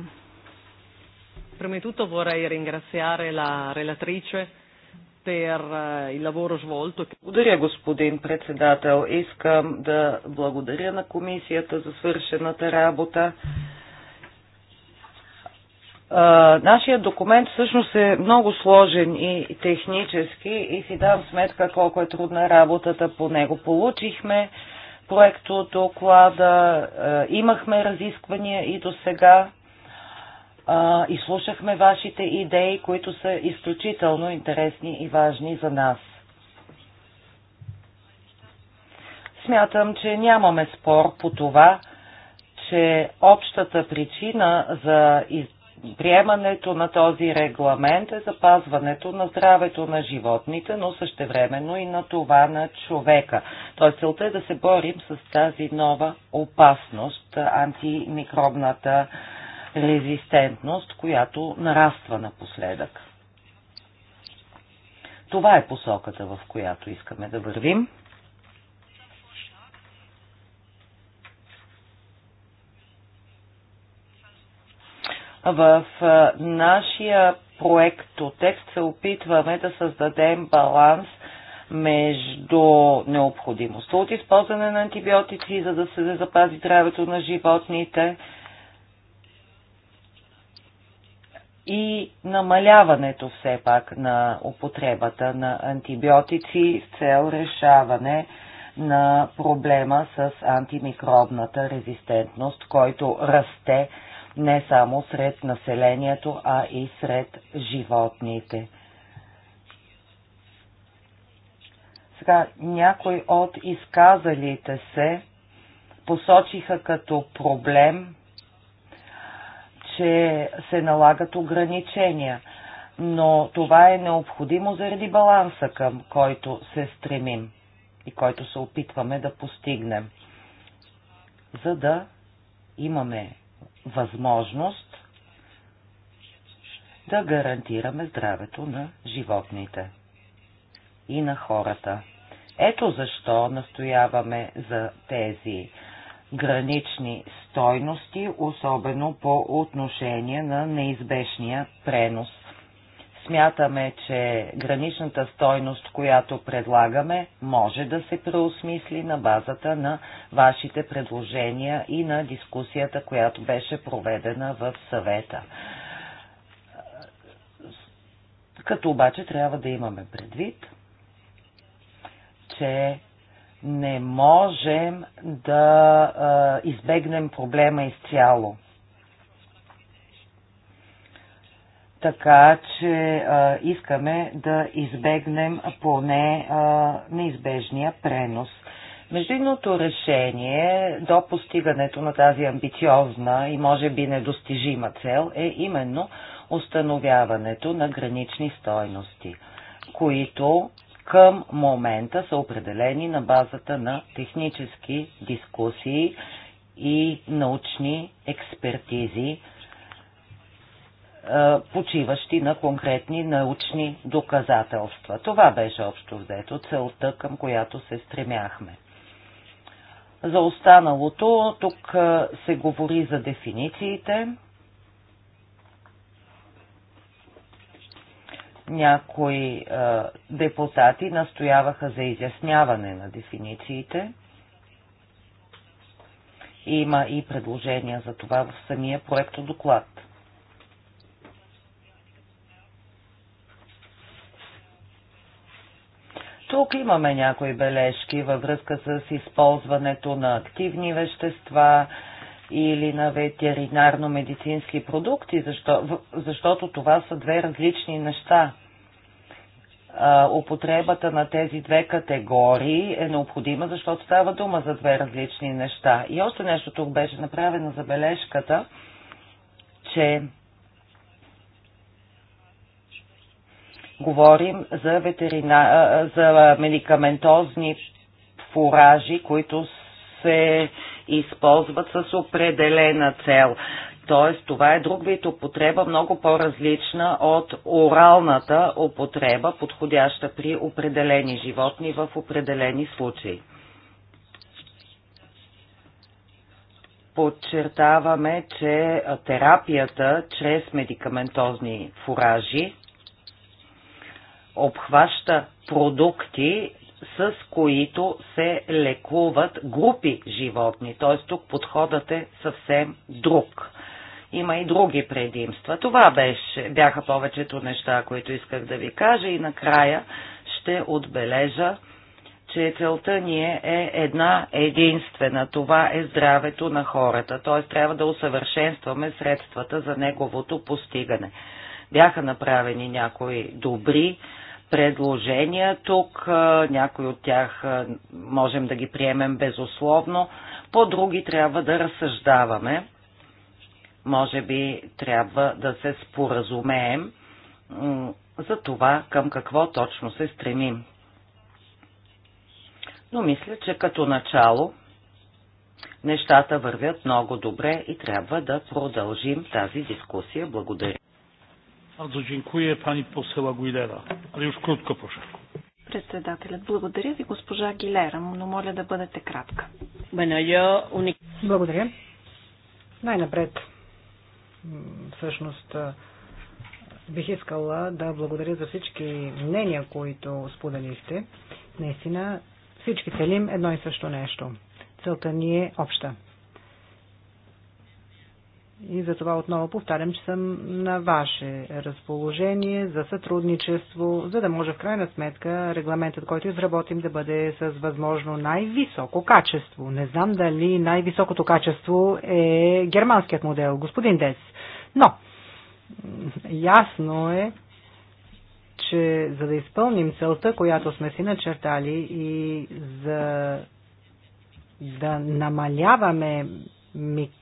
Prima di tutto vorrei ringraziare la relatrice per eh, il lavoro svolto. Благодаря, господин председател. Искам да благодаря на комисията за свършената работа нашия документ всъщност е много сложен и технически и си дам сметка колко е трудна работата по него. Получихме проекто доклада, имахме разисквания и до сега изслушахме вашите идеи, които са изключително интересни и важни за нас. Смятам, че нямаме спор по това, че общата причина за приемането на този регламент е запазването на здравето на животните, но същевременно и на това на човека. Тоест целта е да се борим с тази нова опасност, антимикробната резистентност, която нараства напоследък. Това е посоката, в която искаме да вървим. В нашия проект от текст се опитваме да създадем баланс между необходимостта от използване на антибиотици, за да се запази здравето на животните и намаляването все пак на употребата на антибиотици с цел решаване на проблема с антимикробната резистентност, който расте не само сред населението, а и сред животните. Сега, някой от изказалите се посочиха като проблем, че се налагат ограничения, но това е необходимо заради баланса, към който се стремим и който се опитваме да постигнем, за да имаме възможност да гарантираме здравето на животните и на хората. Ето защо настояваме за тези гранични стойности, особено по отношение на неизбежния пренос Смятаме, че граничната стойност, която предлагаме, може да се преосмисли на базата на вашите предложения и на дискусията, която беше проведена в съвета. Като обаче трябва да имаме предвид, че не можем да а, избегнем проблема изцяло. така че а, искаме да избегнем поне а, неизбежния пренос. Междинното решение до постигането на тази амбициозна и може би недостижима цел е именно установяването на гранични стойности, които към момента са определени на базата на технически дискусии и научни експертизи, почиващи на конкретни научни доказателства. Това беше общо взето целта, към която се стремяхме. За останалото тук се говори за дефинициите. Някои депутати настояваха за изясняване на дефинициите. Има и предложения за това в самия проекто доклад. Тук имаме някои бележки във връзка с използването на активни вещества или на ветеринарно-медицински продукти, защо, защото това са две различни неща. А, употребата на тези две категории е необходима, защото става дума за две различни неща. И още нещо тук беше за забележката, че Говорим за, ветерина... за медикаментозни фуражи, които се използват с определена цел. Тоест, това е друг вид употреба, много по-различна от оралната употреба, подходяща при определени животни в определени случаи. Подчертаваме, че терапията чрез медикаментозни фуражи обхваща продукти, с които се лекуват групи животни. Т.е. тук подходът е съвсем друг. Има и други предимства. Това беше, бяха повечето неща, които исках да ви кажа и накрая ще отбележа, че целта ни е, е една единствена. Това е здравето на хората. Т.е. трябва да усъвършенстваме средствата за неговото постигане. Бяха направени някои добри предложения тук. Някои от тях можем да ги приемем безусловно, по други трябва да разсъждаваме. Може би трябва да се споразумеем за това към какво точно се стремим. Но мисля, че като начало нещата вървят много добре и трябва да продължим тази дискусия. Благодаря. Bardzo dziękuję pani poseł Aguilera, ale już krótko proszę. Председателя, благодаря ви госпожа Гилера, но моля да бъдете кратка. Благодаря. Най-напред, всъщност, бих искала да благодаря за всички мнения, които споделихте. Наистина, всички целим едно и също нещо. Целта ни е обща. И за това отново повтарям, че съм на ваше разположение за сътрудничество, за да може в крайна сметка регламентът, който изработим, да бъде с възможно най-високо качество. Не знам дали най-високото качество е германският модел, господин Дес. Но, ясно е, че за да изпълним целта, която сме си начертали и за да намаляваме микрофоните,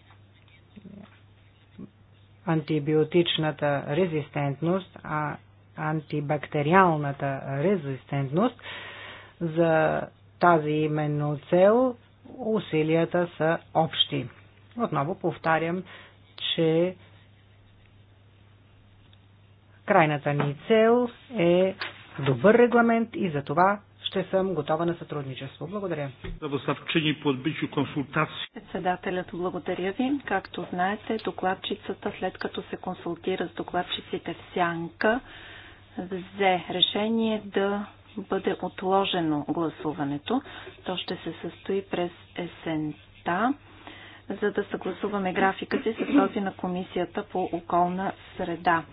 антибиотичната резистентност, а антибактериалната резистентност. За тази именно цел усилията са общи. Отново повтарям, че крайната ни цел е добър регламент и за това ще съм готова на сътрудничество. Благодаря. по консултации. Председателят, благодаря ви. Както знаете, докладчицата, след като се консултира с докладчиците в Сянка, взе решение да бъде отложено гласуването. То ще се състои през есента, за да съгласуваме графика си с този на Комисията по околна среда.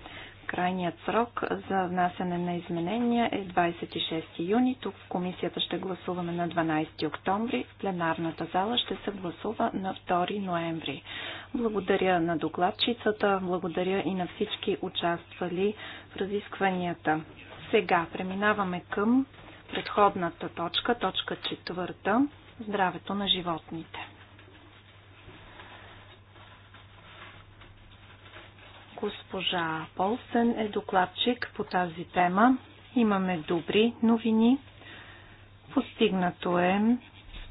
Крайният срок за внасяне на изменения е 26 юни. Тук в комисията ще гласуваме на 12 октомври. В пленарната зала ще се гласува на 2 ноември. Благодаря на докладчицата, благодаря и на всички участвали в разискванията. Сега преминаваме към предходната точка, точка четвърта – здравето на животните. Госпожа Полсен е докладчик по тази тема. Имаме добри новини. Постигнато е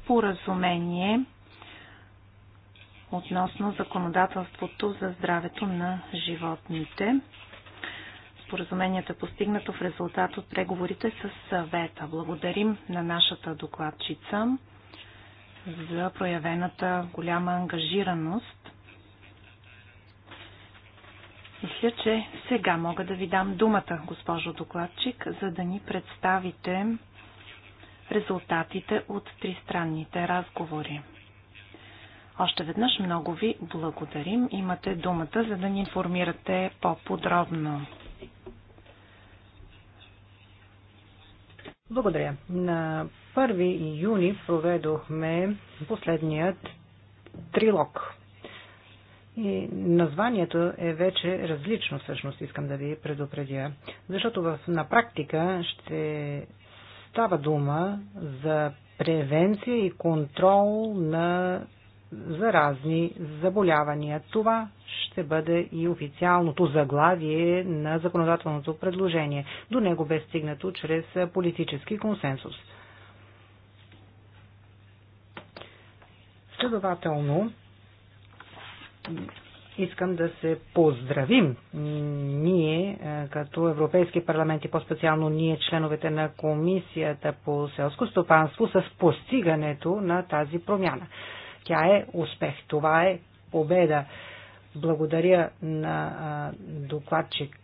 споразумение относно законодателството за здравето на животните. Споразумението е постигнато в резултат от преговорите с съвета. Благодарим на нашата докладчица за проявената голяма ангажираност мисля, че сега мога да ви дам думата, госпожо докладчик, за да ни представите резултатите от тристранните разговори. Още веднъж много ви благодарим. Имате думата, за да ни информирате по-подробно. Благодаря. На 1 юни проведохме последният трилог и названието е вече различно, всъщност, искам да ви предупредя. Защото в, на практика ще става дума за превенция и контрол на заразни заболявания. Това ще бъде и официалното заглавие на законодателното предложение. До него бе стигнато чрез политически консенсус. Следователно, искам да се поздравим ние е, като Европейски парламент и по-специално ние членовете на Комисията по селско стопанство с постигането на тази промяна. Тя е успех, това е победа. Благодаря на докладчик,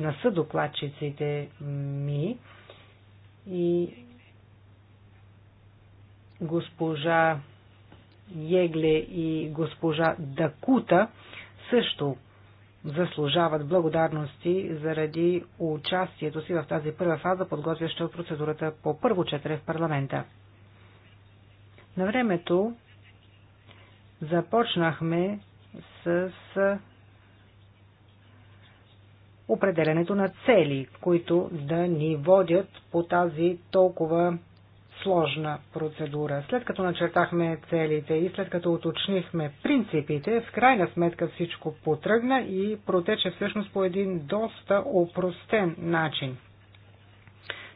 на съдокладчиците ми и госпожа Егле и госпожа Дакута също заслужават благодарности заради участието си в тази първа фаза, подготвяща процедурата по първо четене в парламента. На времето започнахме с определенето на цели, които да ни водят по тази толкова сложна процедура. След като начертахме целите и след като уточнихме принципите, в крайна сметка всичко потръгна и протече всъщност по един доста опростен начин.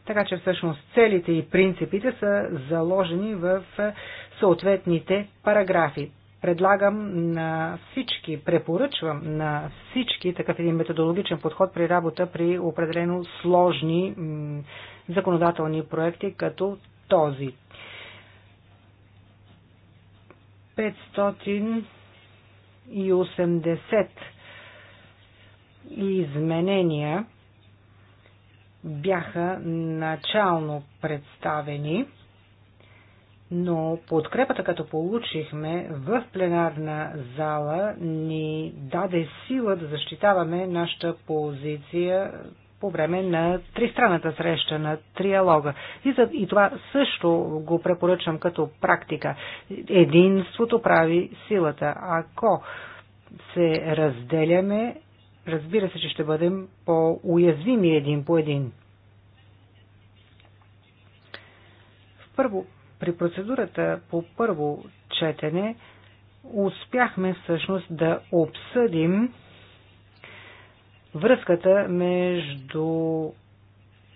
Така че всъщност целите и принципите са заложени в съответните параграфи. Предлагам на всички, препоръчвам на всички такъв един методологичен подход при работа при определено сложни законодателни проекти, като този. 580 изменения бяха начално представени, но подкрепата, като получихме в пленарна зала, ни даде сила да защитаваме нашата позиция по време на тристранната среща, на триалога. И, за, и това също го препоръчвам като практика. Единството прави силата. Ако се разделяме, разбира се, че ще бъдем по-уязвими един по един. Първо, при процедурата по първо четене успяхме всъщност да обсъдим връзката между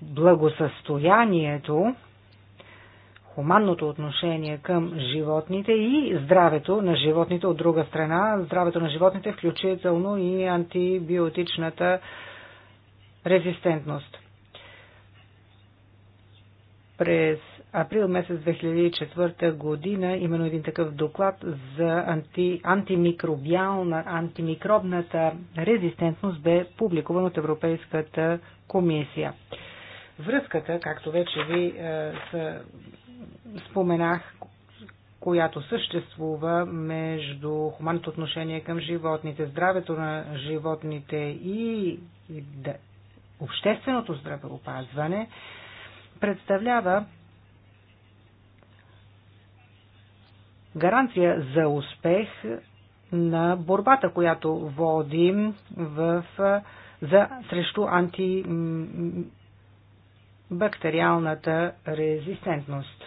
благосъстоянието, хуманното отношение към животните и здравето на животните от друга страна, здравето на животните включително и антибиотичната резистентност. През април месец 2004 година именно един такъв доклад за анти, антимикробиална, антимикробната резистентност бе публикуван от Европейската комисия. Връзката, както вече ви е, са, споменах, която съществува между хуманното отношение към животните, здравето на животните и, и да, общественото здравеопазване, представлява гаранция за успех на борбата, която водим в, за, срещу антибактериалната резистентност.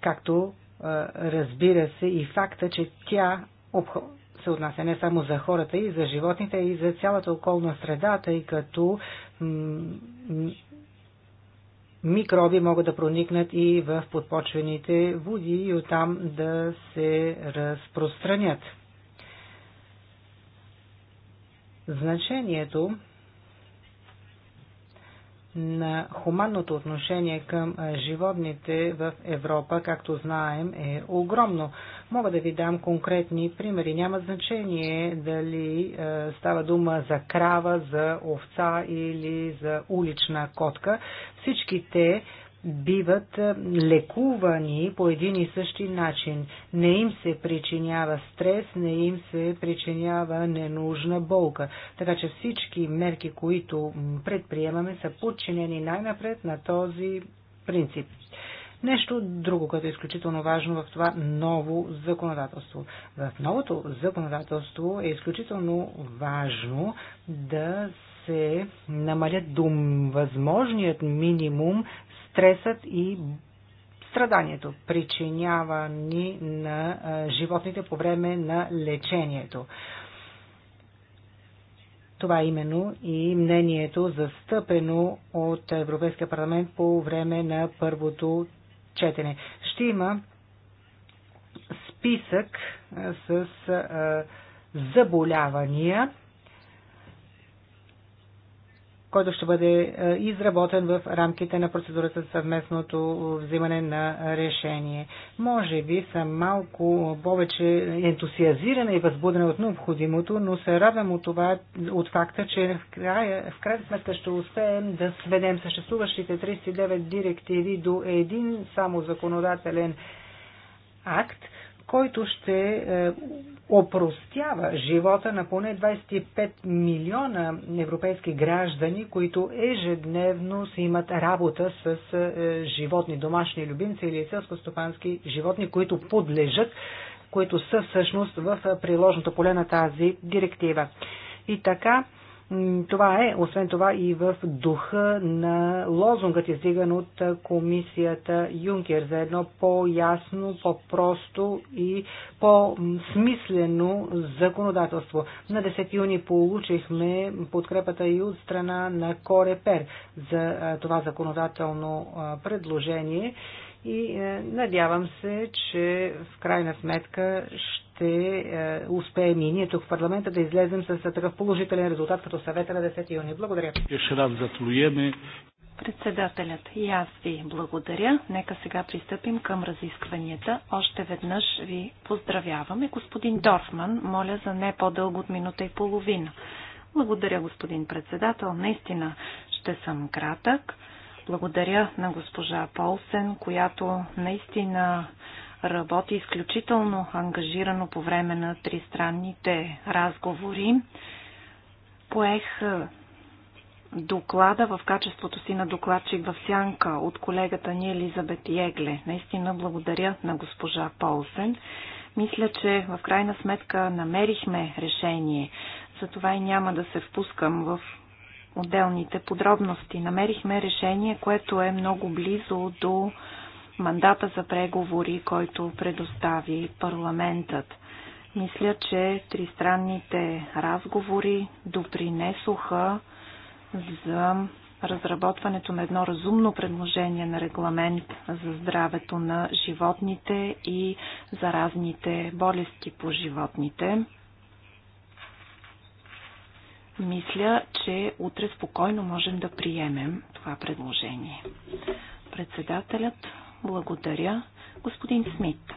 Както разбира се и факта, че тя се отнася не само за хората и за животните, и за цялата околна среда, тъй като микроби могат да проникнат и в подпочвените води и оттам да се разпространят. Значението на хуманното отношение към животните в Европа, както знаем, е огромно. Мога да ви дам конкретни примери. Няма значение дали става дума за крава, за овца или за улична котка. Всички те биват лекувани по един и същи начин. Не им се причинява стрес, не им се причинява ненужна болка. Така че всички мерки, които предприемаме, са подчинени най-напред на този принцип. Нещо друго, което е изключително важно в това ново законодателство. В новото законодателство е изключително важно да се намалят до възможният минимум стресът и страданието, причинявани на животните по време на лечението. Това е именно и мнението застъпено от Европейския парламент по време на първото четене. Ще има списък с заболявания, който ще бъде е, изработен в рамките на процедурата съвместното взимане на решение. Може би съм малко повече ентусиазирана и възбудена от необходимото, но се радвам от, това, от факта, че в, края, в крайна сметка ще успеем да сведем съществуващите 39 директиви до един само законодателен акт – който ще е, опростява живота на поне 25 милиона европейски граждани, които ежедневно си имат работа с е, животни, домашни любимци или селскостопански животни, които подлежат, които са всъщност в е, приложното поле на тази директива. И така, това е, освен това, и в духа на лозунгът, издиган от комисията Юнкер за едно по-ясно, по-просто и по-смислено законодателство. На 10 юни получихме подкрепата и от страна на Корепер за това законодателно предложение и е, надявам се, че в крайна сметка ще ще е, успеем и ние тук в парламента да излезем с е, такъв положителен резултат като съвета на 10 юни. Благодаря. Ще раз затлуеме. Председателят и аз ви благодаря. Нека сега пристъпим към разискванията. Още веднъж ви поздравяваме. Господин Дорфман, моля за не по-дълго от минута и половина. Благодаря, господин председател. Наистина ще съм кратък. Благодаря на госпожа Полсен, която наистина работи изключително ангажирано по време на тристранните разговори. Поех доклада в качеството си на докладчик в сянка от колегата ни Елизабет Егле. Наистина благодаря на госпожа Полсен. Мисля, че в крайна сметка намерихме решение. Затова и няма да се впускам в отделните подробности. Намерихме решение, което е много близо до мандата за преговори, който предостави парламентът. Мисля, че тристранните разговори допринесоха за разработването на едно разумно предложение на регламент за здравето на животните и заразните болести по животните. Мисля, че утре спокойно можем да приемем това предложение. Председателят благодаря. Господин Смит.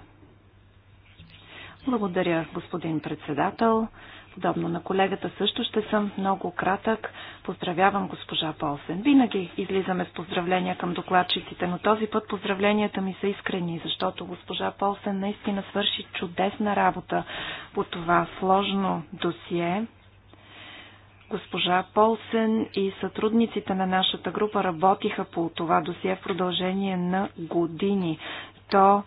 Благодаря, господин председател. Подобно на колегата също ще съм много кратък. Поздравявам госпожа Полсен. Винаги излизаме с поздравления към докладчиците, но този път поздравленията ми са искрени, защото госпожа Полсен наистина свърши чудесна работа по това сложно досие. Госпожа Полсен и сътрудниците на нашата група работиха по това досие в продължение на години. То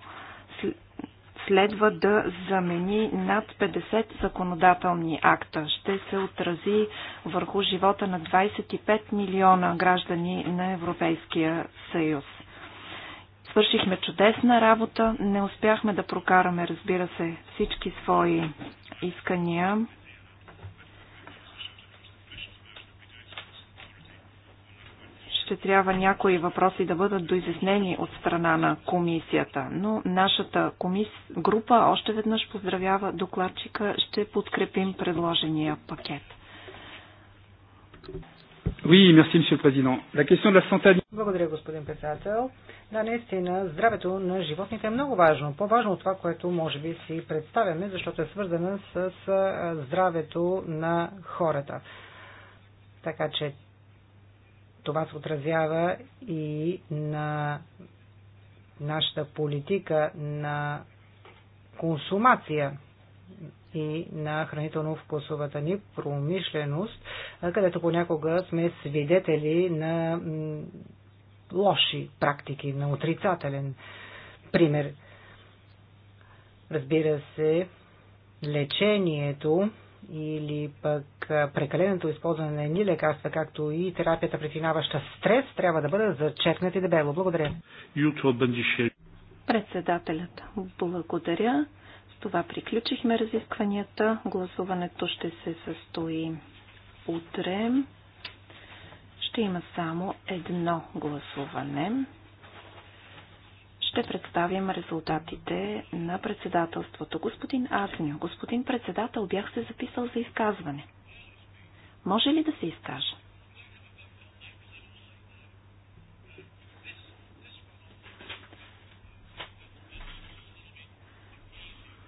следва да замени над 50 законодателни акта. Ще се отрази върху живота на 25 милиона граждани на Европейския съюз. Свършихме чудесна работа, не успяхме да прокараме, разбира се, всички свои искания. ще трябва някои въпроси да бъдат доизяснени от страна на комисията, но нашата комис... група още веднъж поздравява докладчика, ще подкрепим предложения пакет. Oui, merci, monsieur le président. La question de la santé... Благодаря, господин председател. Да, наистина, здравето на животните е много важно. По-важно от това, което може би си представяме, защото е свързано с здравето на хората. Така че това се отразява и на нашата политика на консумация и на хранително-вкусовата ни промишленост, където понякога сме свидетели на лоши практики, на отрицателен пример. Разбира се, лечението или пък прекаленото използване на едни лекарства, както и терапията причинаваща стрес, трябва да бъдат зачеркнати дебело. Благодаря. Председателят, благодаря. С това приключихме разискванията. Гласуването ще се състои утре. Ще има само едно гласуване ще представим резултатите на председателството. Господин Агню, господин председател, бях се записал за изказване. Може ли да се изкажа?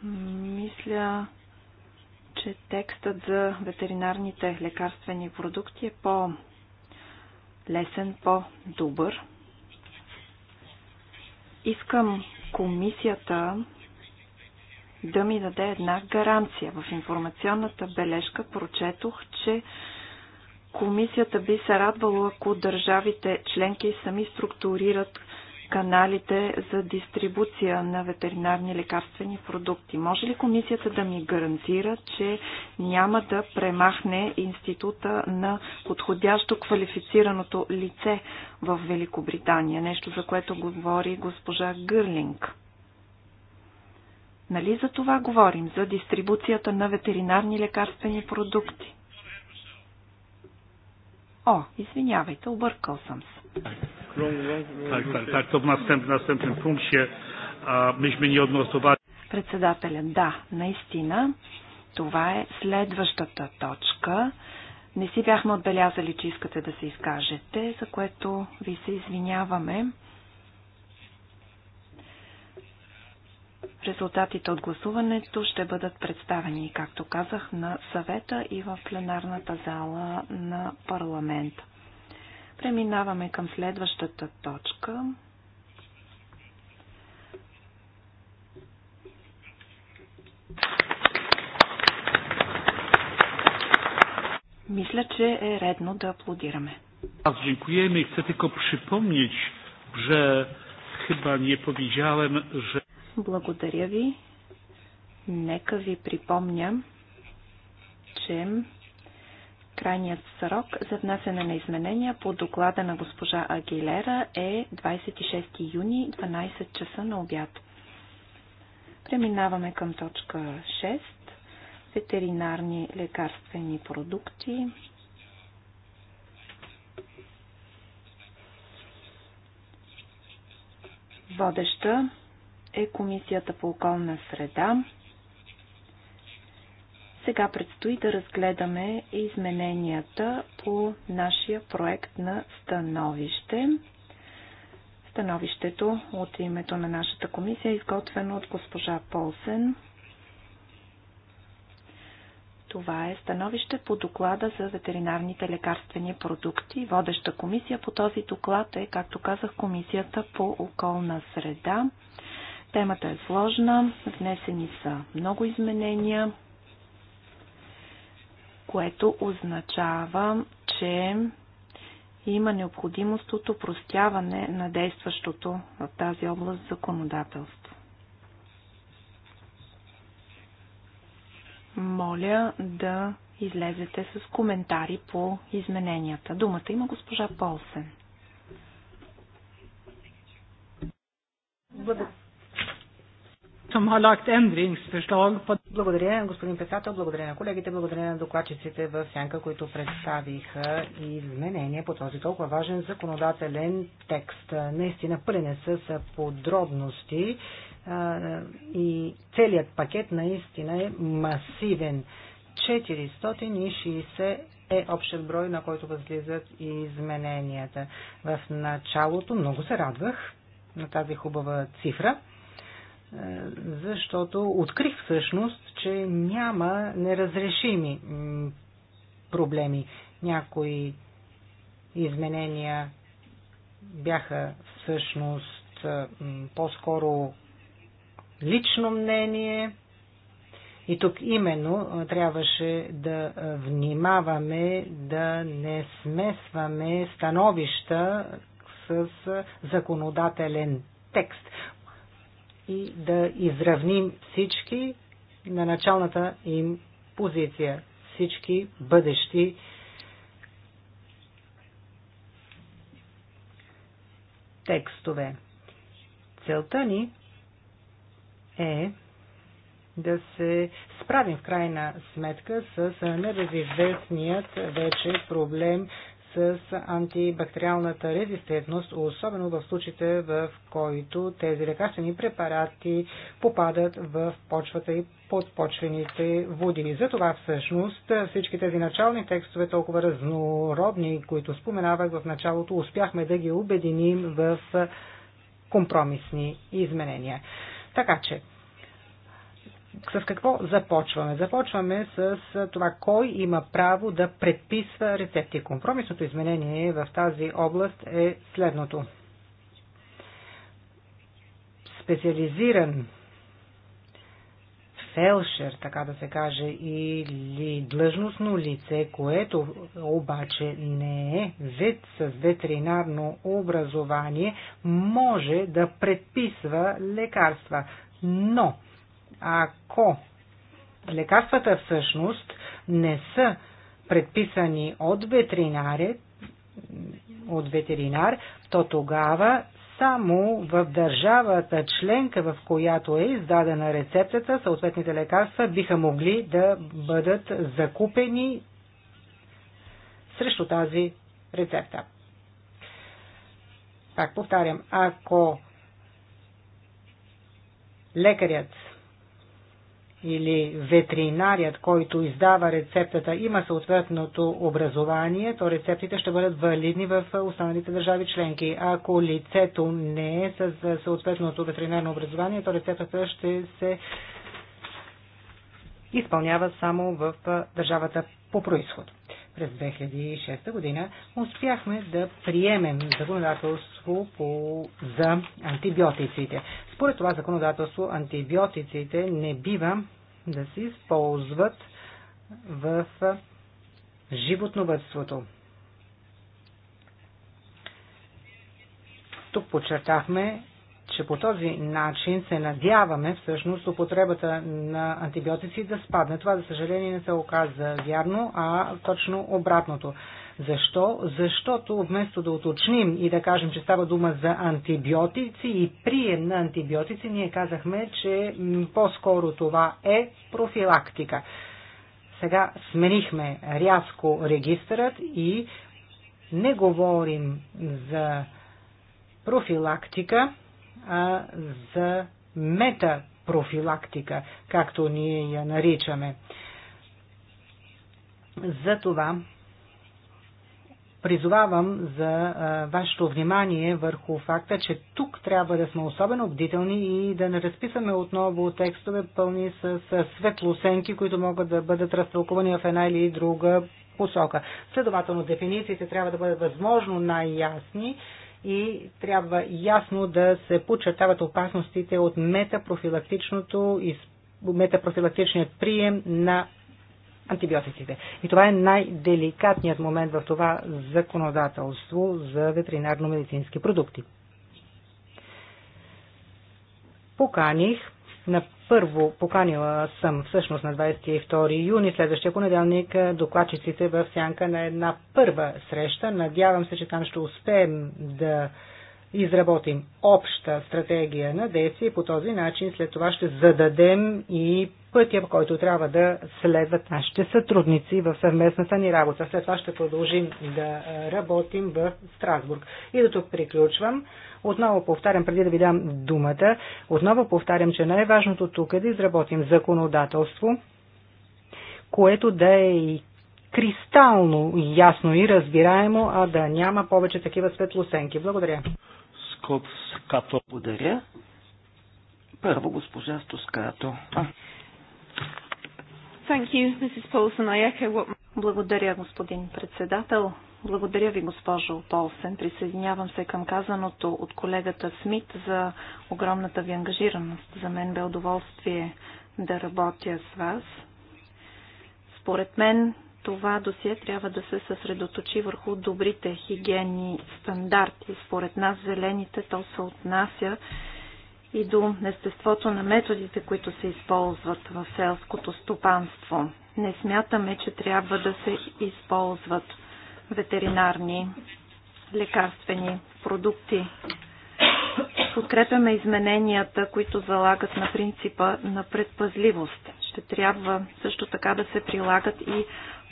Мисля, че текстът за ветеринарните лекарствени продукти е по-лесен, по-добър. Искам комисията да ми даде една гаранция. В информационната бележка прочетох, че комисията би се радвала, ако държавите членки сами структурират каналите за дистрибуция на ветеринарни лекарствени продукти. Може ли комисията да ми гарантира, че няма да премахне института на подходящо квалифицираното лице в Великобритания? Нещо, за което говори госпожа Гърлинг. Нали за това говорим? За дистрибуцията на ветеринарни лекарствени продукти. О, извинявайте, объркал съм се. Председателя, да, наистина. Това е следващата точка. Не си бяхме отбелязали, че искате да се изкажете, за което ви се извиняваме. Резултатите от гласуването ще бъдат представени, както казах, на съвета и в пленарната зала на парламента. Преминаваме към следващата точка. Мисля, че е редно да аплодираме. Аз dziękujemy i chcę tylko че że chyba nie że благодаря ви. Нека ви припомня, че крайният срок за внасяне на изменения по доклада на госпожа Агилера е 26 юни 12 часа на обяд. Преминаваме към точка 6. Ветеринарни лекарствени продукти. Водеща е Комисията по околна среда. Сега предстои да разгледаме измененията по нашия проект на становище. Становището от името на нашата комисия е изготвено от госпожа Полсен. Това е становище по доклада за ветеринарните лекарствени продукти. Водеща комисия по този доклад е, както казах, Комисията по околна среда. Темата е сложна, внесени са много изменения, което означава, че има необходимост от упростяване на действащото в тази област законодателство. Моля да излезете с коментари по измененията. Думата има госпожа Полсен. Благодаря som har lagt på... Благодаря, господин председател, благодаря на колегите, благодаря на докладчиците в Сянка, които представиха изменения по този толкова важен законодателен текст. Наистина пълен е с подробности и целият пакет наистина е масивен. 460 е общият брой, на който възлизат и измененията. В началото много се радвах на тази хубава цифра, е, защото открих всъщност, че няма неразрешими проблеми. Някои изменения бяха всъщност е, по-скоро лично мнение. И тук именно е, трябваше да внимаваме да не смесваме становища с законодателен текст и да изравним всички на началната им позиция, всички бъдещи текстове. Целта ни е да се справим в крайна сметка с небезизвестният вече проблем с антибактериалната резистентност, особено в случаите, в които тези лекарствени препарати попадат в почвата и подпочвените води. това, всъщност всички тези начални текстове, толкова разнородни, които споменавах в началото, успяхме да ги обединим в компромисни изменения. Така че, с какво започваме? Започваме с това кой има право да предписва рецепти. Компромисното изменение в тази област е следното. Специализиран фелшер, така да се каже, или длъжностно лице, което обаче не е вид с ветеринарно образование, може да предписва лекарства. Но ако лекарствата всъщност не са предписани от ветеринарят, от ветеринар, то тогава само в държавата членка, в която е издадена рецептата, съответните лекарства биха могли да бъдат закупени срещу тази рецепта. Пак повтарям, ако лекарят или ветеринарият, който издава рецептата, има съответното образование, то рецептите ще бъдат валидни в останалите държави членки. Ако лицето не е с съответното ветеринарно образование, то рецептата ще се изпълнява само в държавата по происход през 2006 година успяхме да приемем законодателство по, за антибиотиците. Според това законодателство антибиотиците не бива да се използват в животновътството. Тук подчертахме че по този начин се надяваме всъщност употребата на антибиотици да спадне. Това, за съжаление, не се оказа вярно, а точно обратното. Защо? Защото вместо да уточним и да кажем, че става дума за антибиотици и прием на антибиотици, ние казахме, че по-скоро това е профилактика. Сега сменихме рязко регистърът и не говорим за профилактика, а за метапрофилактика, както ние я наричаме. За това призовавам за а, вашето внимание върху факта, че тук трябва да сме особено бдителни и да не разписваме отново текстове пълни с, с светлосенки, които могат да бъдат разтълкувани в една или друга посока. Следователно, дефинициите трябва да бъдат възможно най-ясни и трябва ясно да се подчертават опасностите от метапрофилактичното метапрофилактичният прием на антибиотиците. И това е най-деликатният момент в това законодателство за ветеринарно-медицински продукти. Поканих на първо поканила съм всъщност на 22 юни следващия понеделник е, докладчиците в сянка на една първа среща. Надявам се, че там ще успеем да изработим обща стратегия на действие. По този начин след това ще зададем и пътя, по който трябва да следват нашите сътрудници в съвместната ни работа. След това ще продължим да работим в Страсбург. И до тук приключвам. Отново повтарям, преди да ви дам думата, отново повтарям, че най-важното тук е да изработим законодателство, което да е и кристално ясно и разбираемо, а да няма повече такива светлосенки. Благодаря. Скот Скато. Благодаря. Първо госпожа Стоскато. Thank you, Mrs. I echo what... Благодаря, господин председател. Благодаря ви, госпожо Полсен. Присъединявам се към казаното от колегата Смит за огромната ви ангажираност. За мен бе удоволствие да работя с вас. Според мен това досие трябва да се съсредоточи върху добрите хигиенни стандарти. Според нас, зелените, то се отнася и до естеството на методите, които се използват в селското стопанство. Не смятаме, че трябва да се използват ветеринарни лекарствени продукти. Подкрепяме измененията, които залагат на принципа на предпазливост. Ще трябва също така да се прилагат и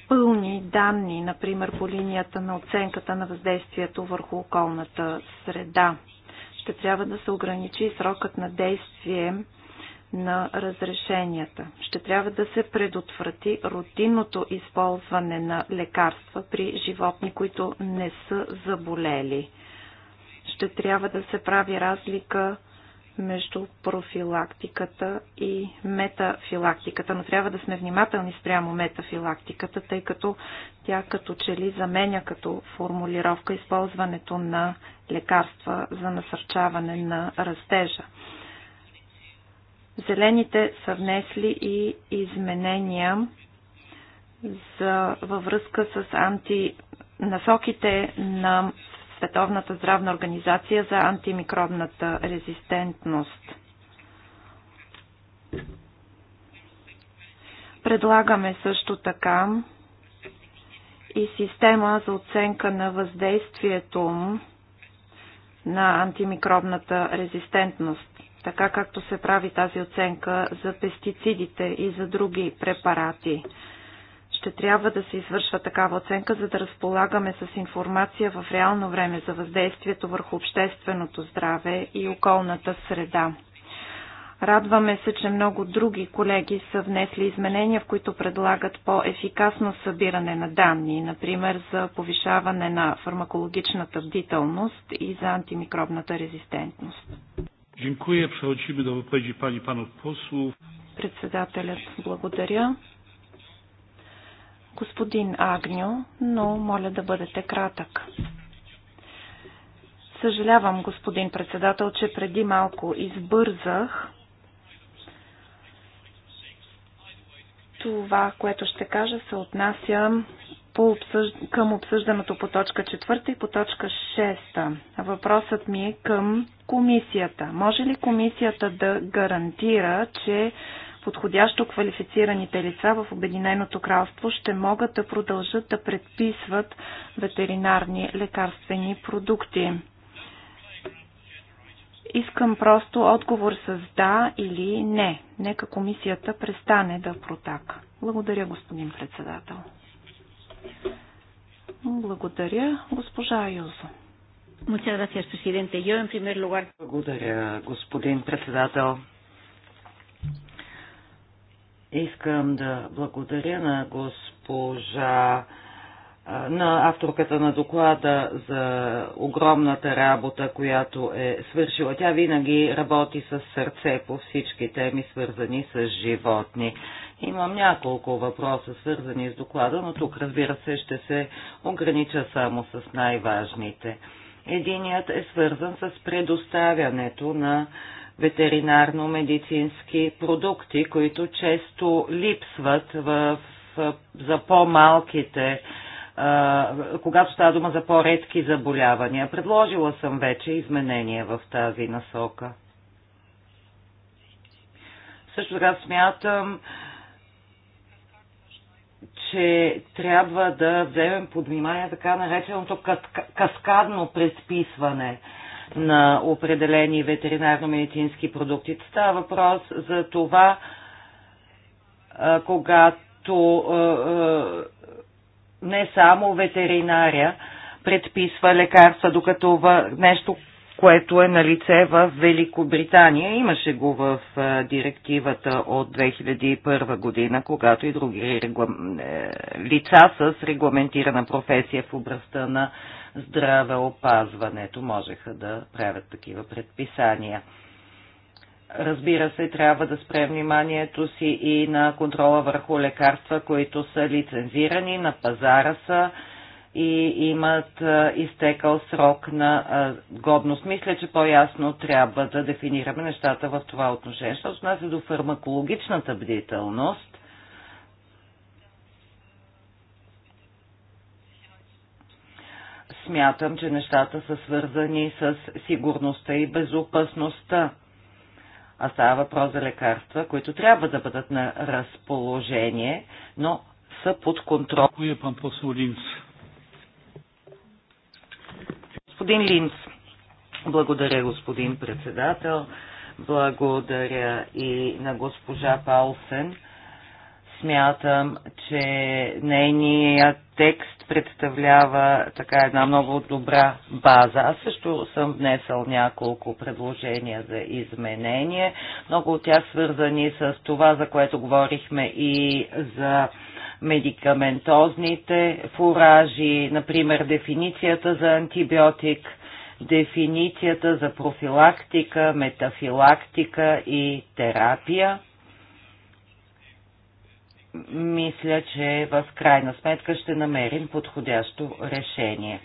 пълни данни, например по линията на оценката на въздействието върху околната среда ще трябва да се ограничи срокът на действие на разрешенията. Ще трябва да се предотврати рутинното използване на лекарства при животни, които не са заболели. Ще трябва да се прави разлика между профилактиката и метафилактиката, но трябва да сме внимателни спрямо метафилактиката, тъй като тя като че ли заменя като формулировка използването на лекарства за насърчаване на растежа. Зелените са внесли и изменения за, във връзка с анти, насоките на Световната здравна организация за антимикробната резистентност. Предлагаме също така и система за оценка на въздействието на антимикробната резистентност, така както се прави тази оценка за пестицидите и за други препарати. Ще трябва да се извършва такава оценка, за да разполагаме с информация в реално време за въздействието върху общественото здраве и околната среда. Радваме се, че много други колеги са внесли изменения, в които предлагат по-ефикасно събиране на данни, например за повишаване на фармакологичната бдителност и за антимикробната резистентност. Дякую, Председателят, благодаря господин Агньо, но моля да бъдете кратък. Съжалявам, господин председател, че преди малко избързах. Това, което ще кажа, се отнася по обсъж... към обсъжданото по точка 4 и по точка 6. Въпросът ми е към комисията. Може ли комисията да гарантира, че подходящо квалифицираните лица в Обединеното кралство ще могат да продължат да предписват ветеринарни лекарствени продукти. Искам просто отговор с да или не. Нека комисията престане да протака. Благодаря, господин председател. Благодаря, госпожа Айозо. Благодаря, господин председател. Искам да благодаря на госпожа на авторката на доклада за огромната работа, която е свършила. Тя винаги работи с сърце по всички теми, свързани с животни. Имам няколко въпроса, свързани с доклада, но тук, разбира се, ще се огранича само с най-важните. Единият е свързан с предоставянето на ветеринарно-медицински продукти, които често липсват в, в за по-малките, когато става дума за по-редки заболявания. Предложила съм вече изменения в тази насока. Също така смятам, че трябва да вземем под внимание така нареченото каскадно предписване на определени ветеринарно-медицински продукти. Става въпрос за това, когато не само ветеринаря предписва лекарства, докато нещо, което е на лице в Великобритания. Имаше го в директивата от 2001 година, когато и други е, лица с регламентирана професия в областта на здравеопазването. Можеха да правят такива предписания. Разбира се, трябва да спре вниманието си и на контрола върху лекарства, които са лицензирани, на пазара са и имат изтекал срок на годност. Мисля, че по-ясно трябва да дефинираме нещата в това отношение. Що се отнася до фармакологичната бдителност, смятам, че нещата са свързани с сигурността и безопасността. А става въпрос за лекарства, които трябва да бъдат на разположение, но са под контрол. Кой е пан посол Линц? Господин Линц. Благодаря, господин председател. Благодаря и на госпожа Паулсен Смятам, че нейният текст представлява така една много добра база. Аз също съм внесъл няколко предложения за изменение, много от тях свързани с това, за което говорихме и за медикаментозните фуражи, например дефиницията за антибиотик, дефиницията за профилактика, метафилактика и терапия – мисля, че в крайна сметка ще намерим подходящо решение.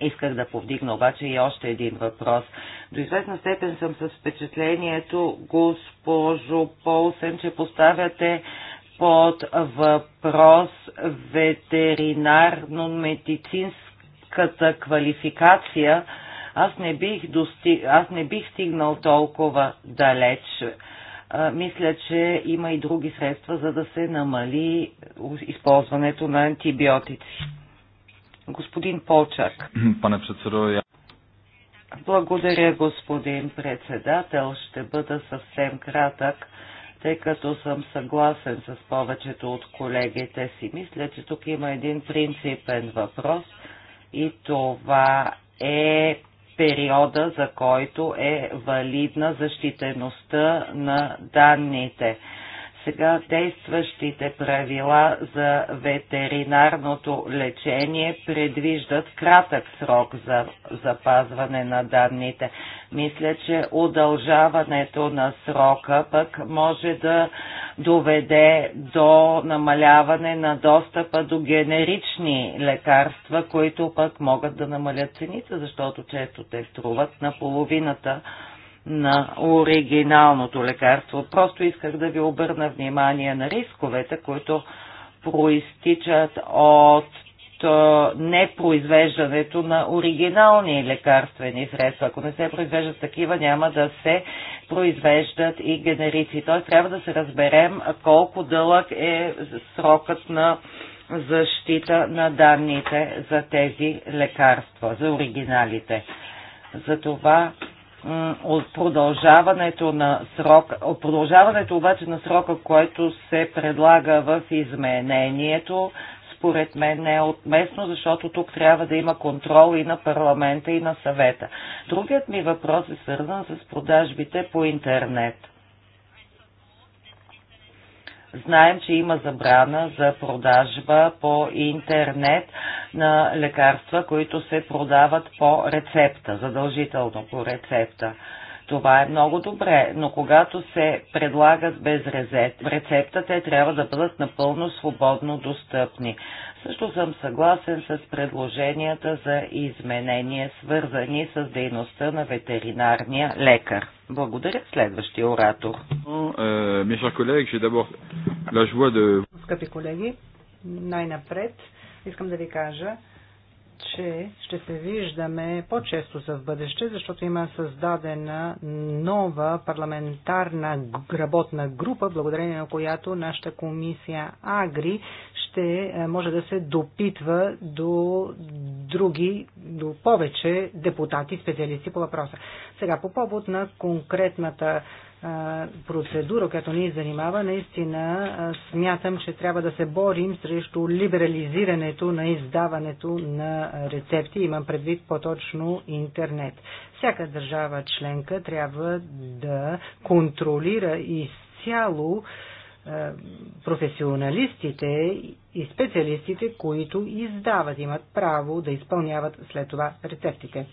Исках да повдигна обаче и още един въпрос. До известна степен съм с впечатлението, госпожо Полсен, че поставяте под въпрос ветеринарно-медицинската квалификация. Аз не бих, достиг... Аз не бих стигнал толкова далеч мисля, че има и други средства, за да се намали използването на антибиотици. Господин Полчак. Пане председател, я... Благодаря, господин председател. Ще бъда съвсем кратък, тъй като съм съгласен с повечето от колегите си. Мисля, че тук има един принципен въпрос и това е периода, за който е валидна защитеността на данните. Сега действащите правила за ветеринарното лечение предвиждат кратък срок за запазване на данните. Мисля, че удължаването на срока пък може да доведе до намаляване на достъпа до генерични лекарства, които пък могат да намалят цените, защото често те струват на половината на оригиналното лекарство. Просто исках да ви обърна внимание на рисковете, които проистичат от Непроизвеждането на оригинални лекарствени средства. Ако не се произвеждат такива, няма да се произвеждат и генерици. Тоест трябва да се разберем колко дълъг е срокът на защита на данните за тези лекарства, за оригиналите. Затова от продължаването на срок, от продължаването обаче на срока, който се предлага в изменението, според мен не е отместно, защото тук трябва да има контрол и на парламента, и на съвета. Другият ми въпрос е свързан с продажбите по интернет. Знаем, че има забрана за продажба по интернет на лекарства, които се продават по рецепта, задължително по рецепта. Това е много добре, но когато се предлагат без рецепта, те трябва да бъдат напълно свободно достъпни. Също съм съгласен с предложенията за изменения, свързани с дейността на ветеринарния лекар. Благодаря. Следващия оратор. Е, Скъпи колеги, най-напред искам да ви кажа, че ще се виждаме по-често за в бъдеще, защото има създадена нова парламентарна работна група, благодарение на която нашата комисия Агри ще е, може да се допитва до други, до повече депутати, специалисти по въпроса. Сега по повод на конкретната процедура, която ни занимава, наистина смятам, че трябва да се борим срещу либерализирането на издаването на рецепти, имам предвид по-точно интернет. Всяка държава членка трябва да контролира изцяло професионалистите и специалистите, които издават, имат право да изпълняват след това рецептите.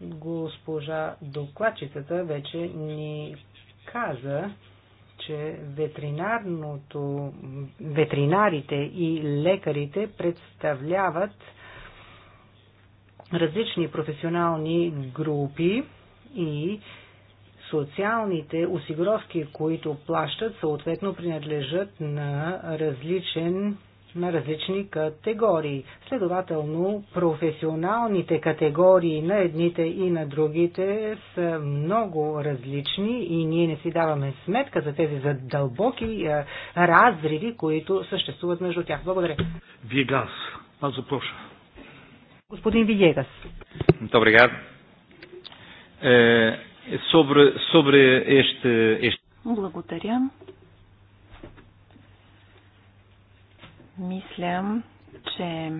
Госпожа докладчицата вече ни каза, че ветеринарното, ветеринарите и лекарите представляват различни професионални групи и социалните осигуровки, които плащат, съответно принадлежат на различен на различни категории. Следователно, професионалните категории на едните и на другите са много различни и ние не си даваме сметка за тези задълбоки е, разриви, които съществуват между тях. Благодаря. Вигас, аз запроша. Господин Вигас. Добре, гад. Е, Sobre, sobre este, este... Благодаря. Мисля, че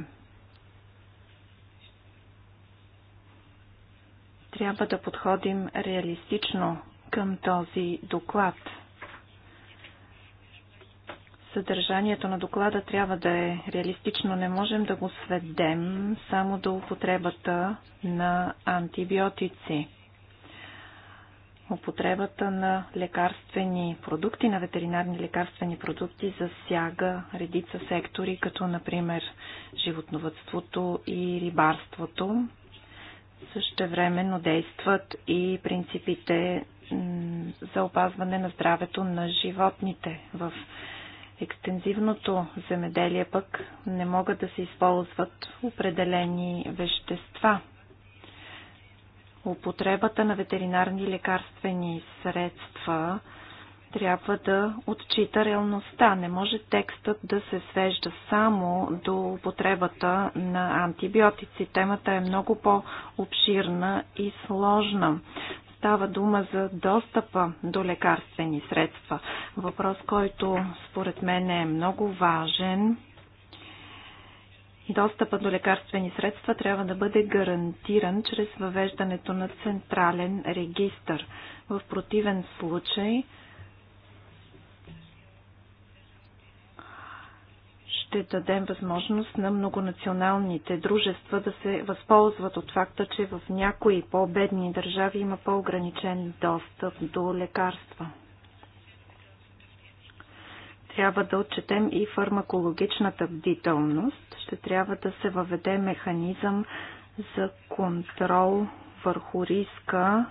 трябва да подходим реалистично към този доклад. Съдържанието на доклада трябва да е реалистично. Не можем да го сведем само до употребата на антибиотици употребата на лекарствени продукти, на ветеринарни лекарствени продукти засяга редица сектори, като например животновътството и рибарството. Същевременно действат и принципите за опазване на здравето на животните. В екстензивното земеделие пък не могат да се използват определени вещества – употребата на ветеринарни лекарствени средства трябва да отчита реалността. Не може текстът да се свежда само до употребата на антибиотици. Темата е много по-обширна и сложна. Става дума за достъпа до лекарствени средства. Въпрос, който според мен е много важен Достъпът до лекарствени средства трябва да бъде гарантиран чрез въвеждането на централен регистр. В противен случай ще дадем възможност на многонационалните дружества да се възползват от факта, че в някои по-бедни държави има по-ограничен достъп до лекарства. Трябва да отчетем и фармакологичната бдителност ще трябва да се въведе механизъм за контрол върху риска.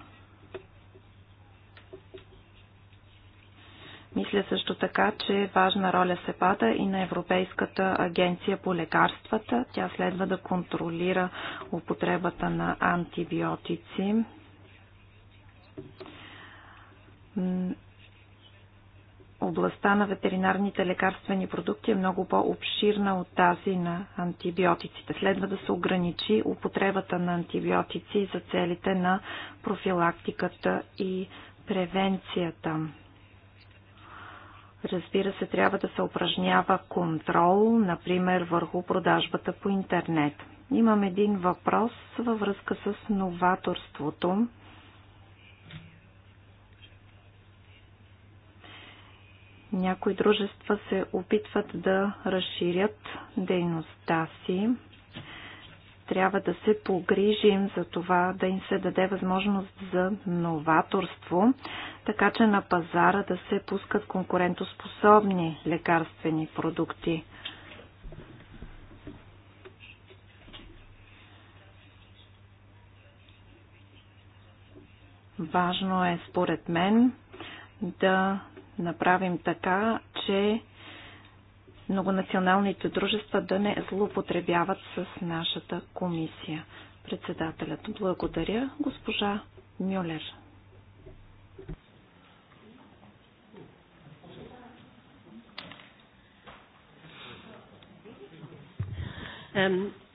Мисля също така, че важна роля се пада и на Европейската агенция по лекарствата. Тя следва да контролира употребата на антибиотици областта на ветеринарните лекарствени продукти е много по-обширна от тази на антибиотиците. Следва да се ограничи употребата на антибиотици за целите на профилактиката и превенцията. Разбира се, трябва да се упражнява контрол, например върху продажбата по интернет. Имам един въпрос във връзка с новаторството Някои дружества се опитват да разширят дейността си. Трябва да се погрижим за това да им се даде възможност за новаторство, така че на пазара да се пускат конкурентоспособни лекарствени продукти. Важно е, според мен, да направим така, че многонационалните дружества да не злоупотребяват с нашата комисия. Председателят благодаря госпожа Мюлер.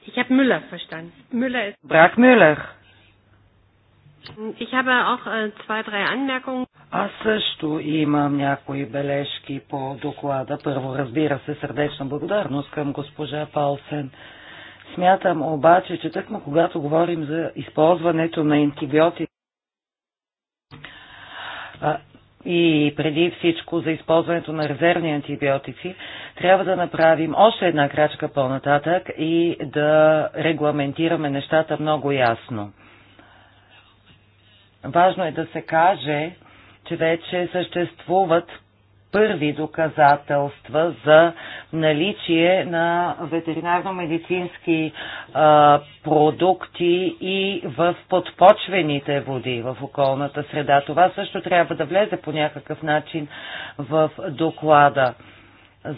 Ich habe Müller verstanden. Müller ist. Brach Müller. Ich habe auch äh, zwei, drei Anmerkungen. Аз също имам някои бележки по доклада. Първо, разбира се, сърдечна благодарност към госпожа Палсен. Смятам обаче, че тъкмо когато говорим за използването на антибиотици и преди всичко за използването на резервни антибиотици, трябва да направим още една крачка по-нататък и да регламентираме нещата много ясно. Важно е да се каже, че вече съществуват първи доказателства за наличие на ветеринарно-медицински продукти и в подпочвените води в околната среда. Това също трябва да влезе по някакъв начин в доклада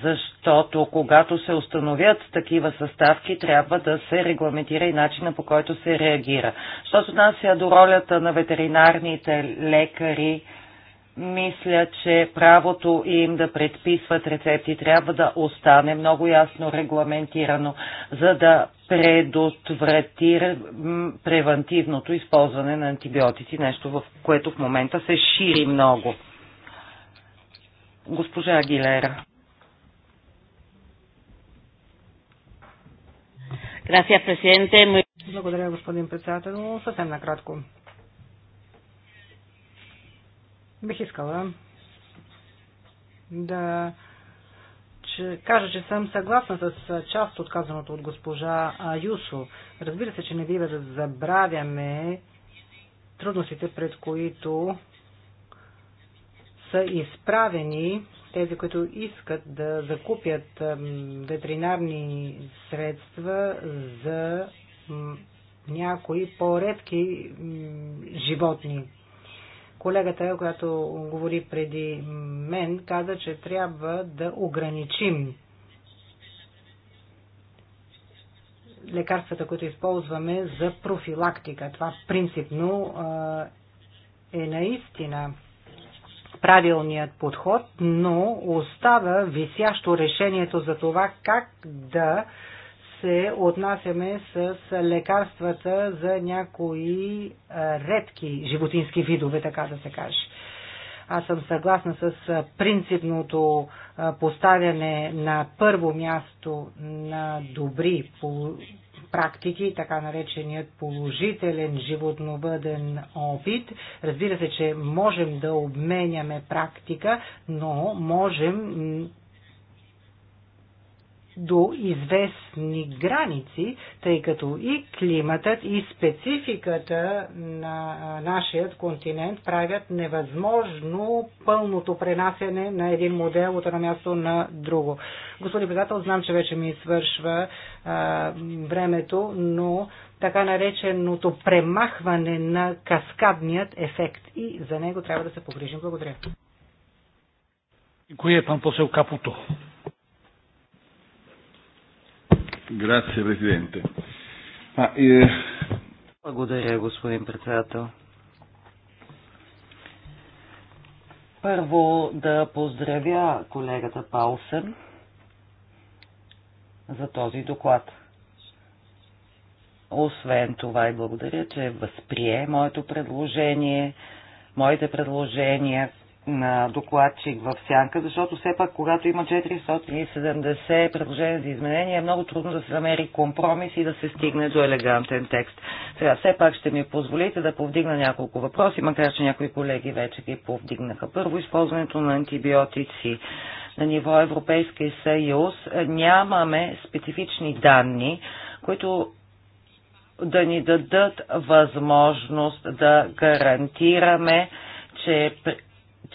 защото когато се установят такива съставки, трябва да се регламентира и начина по който се реагира. Що се отнася до ролята на ветеринарните лекари, мисля, че правото им да предписват рецепти трябва да остане много ясно регламентирано, за да предотврати превентивното използване на антибиотици, нещо в което в момента се шири много. Госпожа Агилера. Благодаря, господин председател. Съвсем накратко. Бих искала да че, кажа, че съм съгласна с част от казаното от госпожа Юсо. Разбира се, че не бива да забравяме трудностите, пред които са изправени тези, които искат да закупят ветеринарни средства за някои по-редки животни, Колегата, която говори преди мен, каза, че трябва да ограничим лекарствата, които използваме за профилактика. Това принципно е наистина правилният подход, но остава висящо решението за това как да се отнасяме с лекарствата за някои редки животински видове, така да се каже. Аз съм съгласна с принципното поставяне на първо място на добри практики, така нареченият положителен животновъден опит. Разбира се, че можем да обменяме практика, но можем до известни граници, тъй като и климатът, и спецификата на нашият континент правят невъзможно пълното пренасене на един модел от едно място на друго. Господин председател, знам, че вече ми свършва а, времето, но така нареченото премахване на каскадният ефект и за него трябва да се погрижим. Благодаря. е пан посел Kaputo. Грация, президенте. А, е... Благодаря, господин председател. Първо да поздравя колегата Паусен за този доклад. Освен това и благодаря, че възприе моето предложение, моите предложения, на докладчик в сянка, защото все пак, когато има 470 предложения за изменения, е много трудно да се намери компромис и да се стигне до елегантен текст. Сега, все пак ще ми позволите да повдигна няколко въпроси, макар че някои колеги вече ги повдигнаха. Първо, използването на антибиотици на ниво Европейския съюз. Нямаме специфични данни, които да ни дадат възможност да гарантираме, че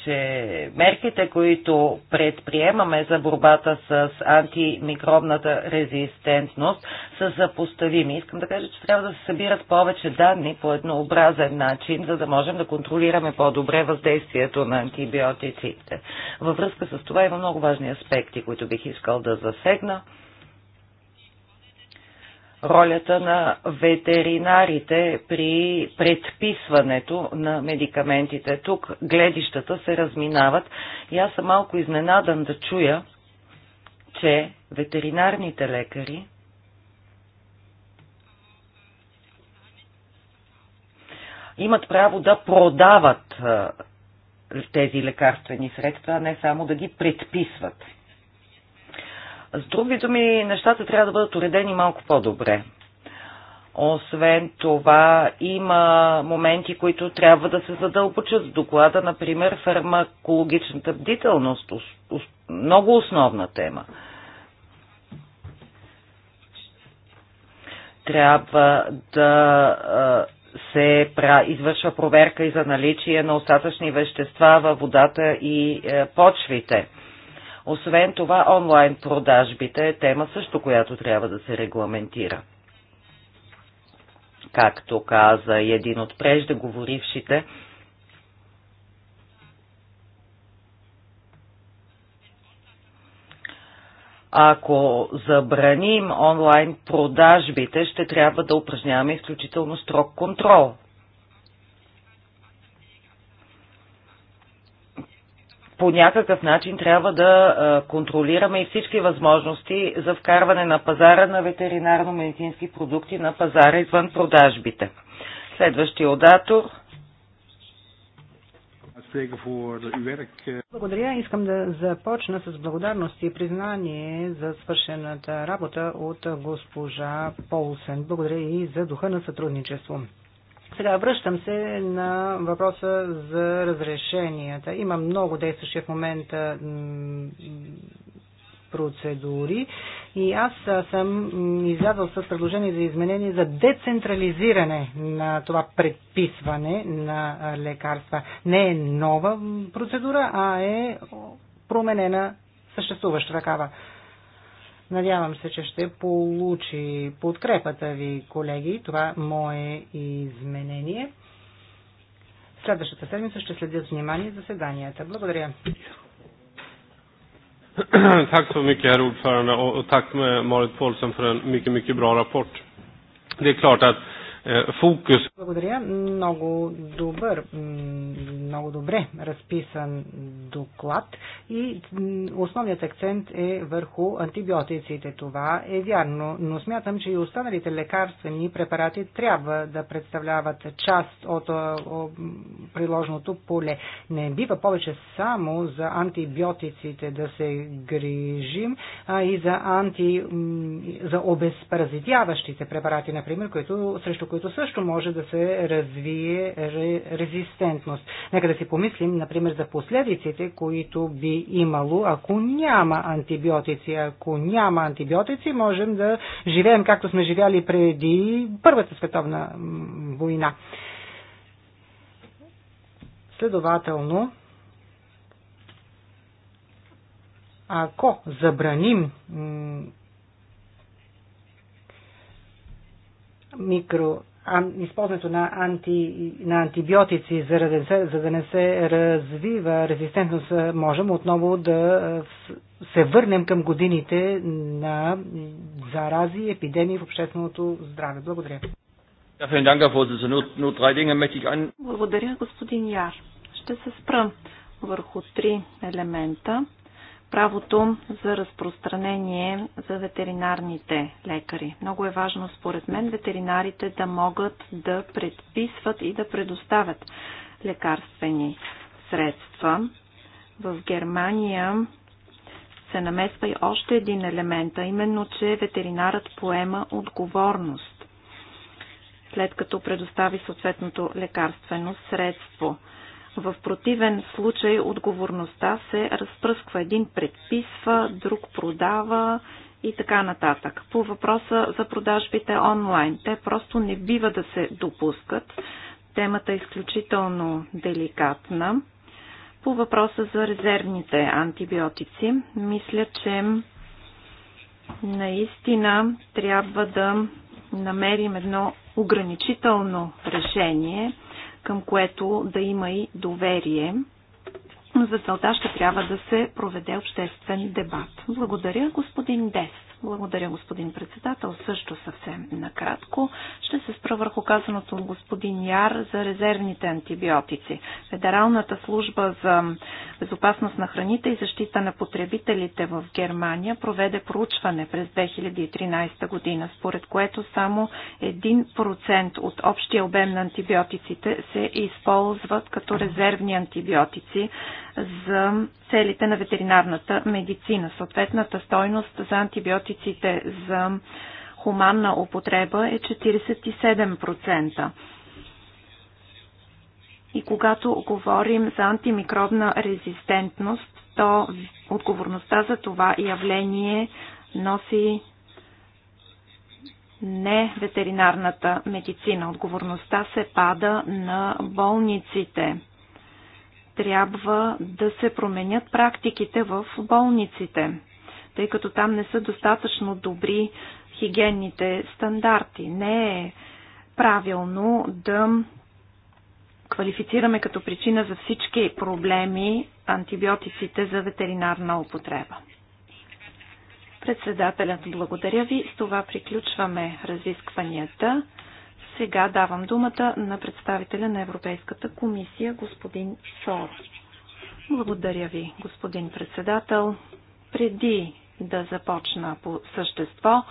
че мерките, които предприемаме за борбата с антимикробната резистентност, са запоставими. Искам да кажа, че трябва да се събират повече данни по еднообразен начин, за да можем да контролираме по-добре въздействието на антибиотиците. Във връзка с това има много важни аспекти, които бих искал да засегна ролята на ветеринарите при предписването на медикаментите. Тук гледищата се разминават и аз съм малко изненадан да чуя, че ветеринарните лекари имат право да продават тези лекарствени средства, а не само да ги предписват. С други думи, нещата трябва да бъдат уредени малко по-добре. Освен това, има моменти, които трябва да се задълбочат с доклада, например фармакологичната бдителност, много основна тема. Трябва да се извършва проверка и за наличие на остатъчни вещества във водата и е, почвите освен това, онлайн продажбите е тема също, която трябва да се регламентира. Както каза и един от преждеговорившите, Ако забраним онлайн продажбите, ще трябва да упражняваме изключително строг контрол по някакъв начин трябва да контролираме и всички възможности за вкарване на пазара на ветеринарно-медицински продукти на пазара извън продажбите. Следващия оратор. Благодаря. Искам да започна с благодарност и признание за свършената работа от госпожа Полсен. Благодаря и за духа на сътрудничество. Сега връщам се на въпроса за разрешенията. Има много действащи в момента процедури и аз съм излязъл с предложение за изменение за децентрализиране на това предписване на лекарства. Не е нова процедура, а е променена съществуваща такава. Надявам се, че ще получи подкрепата ви, колеги. Това мое изменение. Следващата седмица ще следят внимание заседанията. Благодаря. Tack så mycket, herr ordförande, och tack med Marit Paulsen för en mycket, mycket bra rapport. Det är klart att е, фокус. Благодаря. Много добър, много добре разписан доклад и основният акцент е върху антибиотиците. Това е вярно, но смятам, че и останалите лекарствени препарати трябва да представляват част от е, приложното поле. Не бива повече само за антибиотиците да се грижим, а и за, анти, за обезпаразитяващите препарати, например, които, срещу които които също може да се развие резистентност. Нека да си помислим, например, за последиците, които би имало, ако няма антибиотици. Ако няма антибиотици, можем да живеем както сме живяли преди Първата световна война. Следователно, ако забраним микро, ан, използването на, анти, на антибиотици, за да, не се, за да не се развива резистентност, можем отново да се върнем към годините на зарази, епидемии в общественото здраве. Благодаря. Благодаря, господин Яр. Ще се спра върху три елемента правото за разпространение за ветеринарните лекари. Много е важно, според мен, ветеринарите да могат да предписват и да предоставят лекарствени средства. В Германия се намесва и още един елемент, а именно, че ветеринарът поема отговорност, след като предостави съответното лекарствено средство – в противен случай отговорността се разпръсква. Един предписва, друг продава и така нататък. По въпроса за продажбите онлайн, те просто не бива да се допускат. Темата е изключително деликатна. По въпроса за резервните антибиотици, мисля, че наистина трябва да намерим едно ограничително решение – към което да има и доверие. Но за целта ще трябва да се проведе обществен дебат. Благодаря, господин Дес. Благодаря, господин председател. Също съвсем накратко ще се спра върху казаното от господин Яр за резервните антибиотици. Федералната служба за безопасност на храните и защита на потребителите в Германия проведе проучване през 2013 година, според което само 1% от общия обем на антибиотиците се използват като резервни антибиотици за целите на ветеринарната медицина. Съответната стойност за антибиотици наркотиците за хуманна употреба е 47%. И когато говорим за антимикробна резистентност, то отговорността за това явление носи не ветеринарната медицина. Отговорността се пада на болниците. Трябва да се променят практиките в болниците тъй като там не са достатъчно добри хигиенните стандарти. Не е правилно да квалифицираме като причина за всички проблеми антибиотиците за ветеринарна употреба. Председателят, благодаря ви. С това приключваме разискванията. Сега давам думата на представителя на Европейската комисия, господин Сор. Благодаря ви, господин председател. Преди да започна по същество,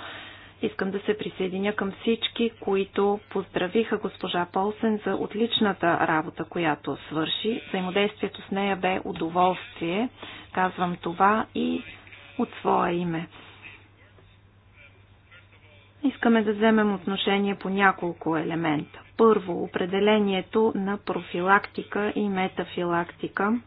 искам да се присъединя към всички, които поздравиха госпожа Полсен за отличната работа, която свърши. Взаимодействието с нея бе удоволствие, казвам това и от своя име. Искаме да вземем отношение по няколко елемента. Първо, определението на профилактика и метафилактика.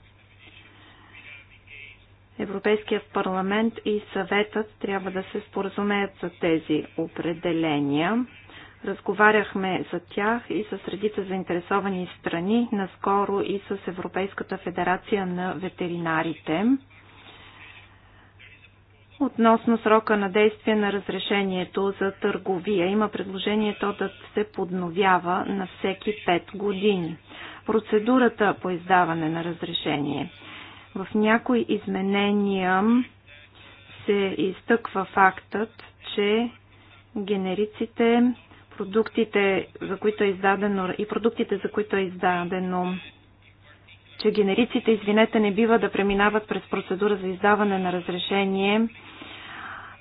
Европейският парламент и съветът трябва да се споразумеят за тези определения. Разговаряхме за тях и с редица заинтересовани страни, наскоро и с Европейската федерация на ветеринарите. Относно срока на действие на разрешението за търговия, има предложение то да се подновява на всеки 5 години. Процедурата по издаване на разрешение – в някои изменения се изтъква фактът, че генериците, продуктите, за които е издадено и продуктите, за които е издадено че генериците, извинете, не бива да преминават през процедура за издаване на разрешение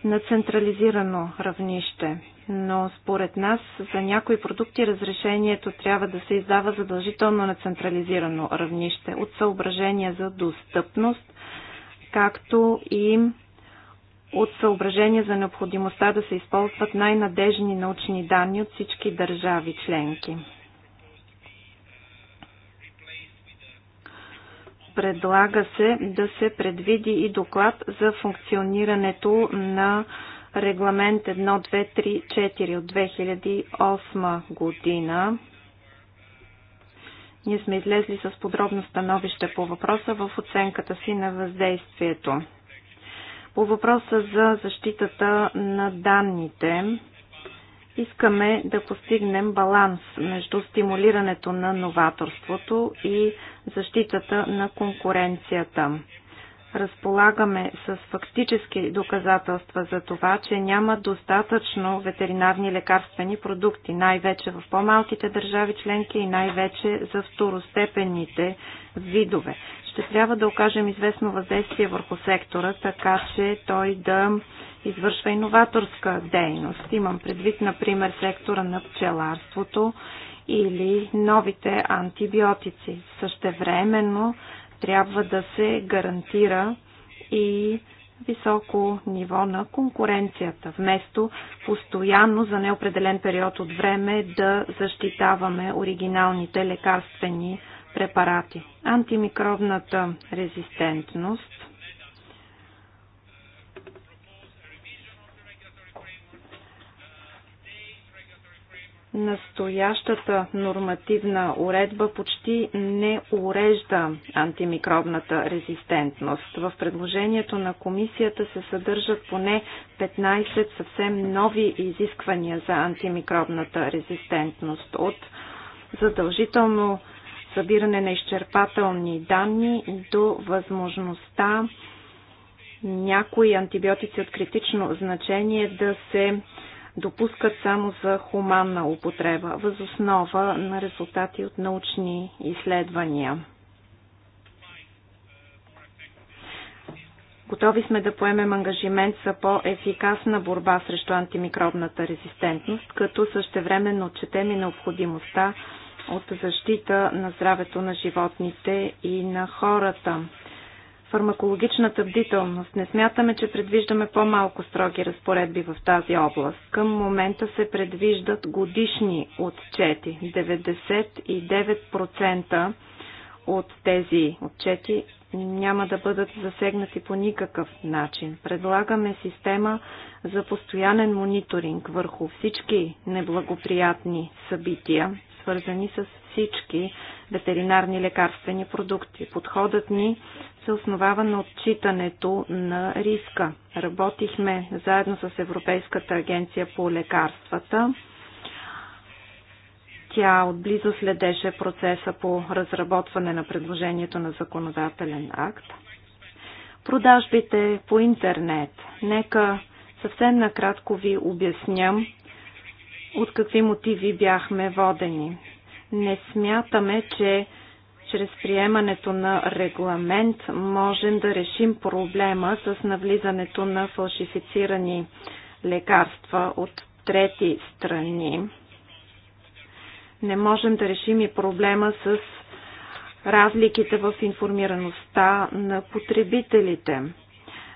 на централизирано равнище но според нас за някои продукти разрешението трябва да се издава задължително на централизирано равнище от съображения за достъпност, както и от съображения за необходимостта да се използват най-надежни научни данни от всички държави членки. Предлага се да се предвиди и доклад за функционирането на Регламент 1234 от 2008 година. Ние сме излезли с подробно становище по въпроса в оценката си на въздействието. По въпроса за защитата на данните, искаме да постигнем баланс между стимулирането на новаторството и защитата на конкуренцията разполагаме с фактически доказателства за това, че няма достатъчно ветеринарни лекарствени продукти, най-вече в по-малките държави членки и най-вече за второстепенните видове. Ще трябва да окажем известно въздействие върху сектора, така че той да извършва иноваторска дейност. Имам предвид, например, сектора на пчеларството или новите антибиотици. Същевременно трябва да се гарантира и високо ниво на конкуренцията, вместо постоянно за неопределен период от време да защитаваме оригиналните лекарствени препарати. Антимикробната резистентност Настоящата нормативна уредба почти не урежда антимикробната резистентност. В предложението на комисията се съдържат поне 15 съвсем нови изисквания за антимикробната резистентност от задължително събиране на изчерпателни данни до възможността някои антибиотици от критично значение да се допускат само за хуманна употреба, възоснова на резултати от научни изследвания. Готови сме да поемем ангажимент за по-ефикасна борба срещу антимикробната резистентност, като същевременно отчетем и необходимостта от защита на здравето на животните и на хората фармакологичната бдителност. Не смятаме, че предвиждаме по-малко строги разпоредби в тази област. Към момента се предвиждат годишни отчети. 99% от тези отчети няма да бъдат засегнати по никакъв начин. Предлагаме система за постоянен мониторинг върху всички неблагоприятни събития, свързани с всички ветеринарни лекарствени продукти. Подходът ни се основава на отчитането на риска. Работихме заедно с Европейската агенция по лекарствата. Тя отблизо следеше процеса по разработване на предложението на законодателен акт. Продажбите по интернет. Нека съвсем накратко ви обясням от какви мотиви бяхме водени. Не смятаме, че чрез приемането на регламент можем да решим проблема с навлизането на фалшифицирани лекарства от трети страни. Не можем да решим и проблема с разликите в информираността на потребителите.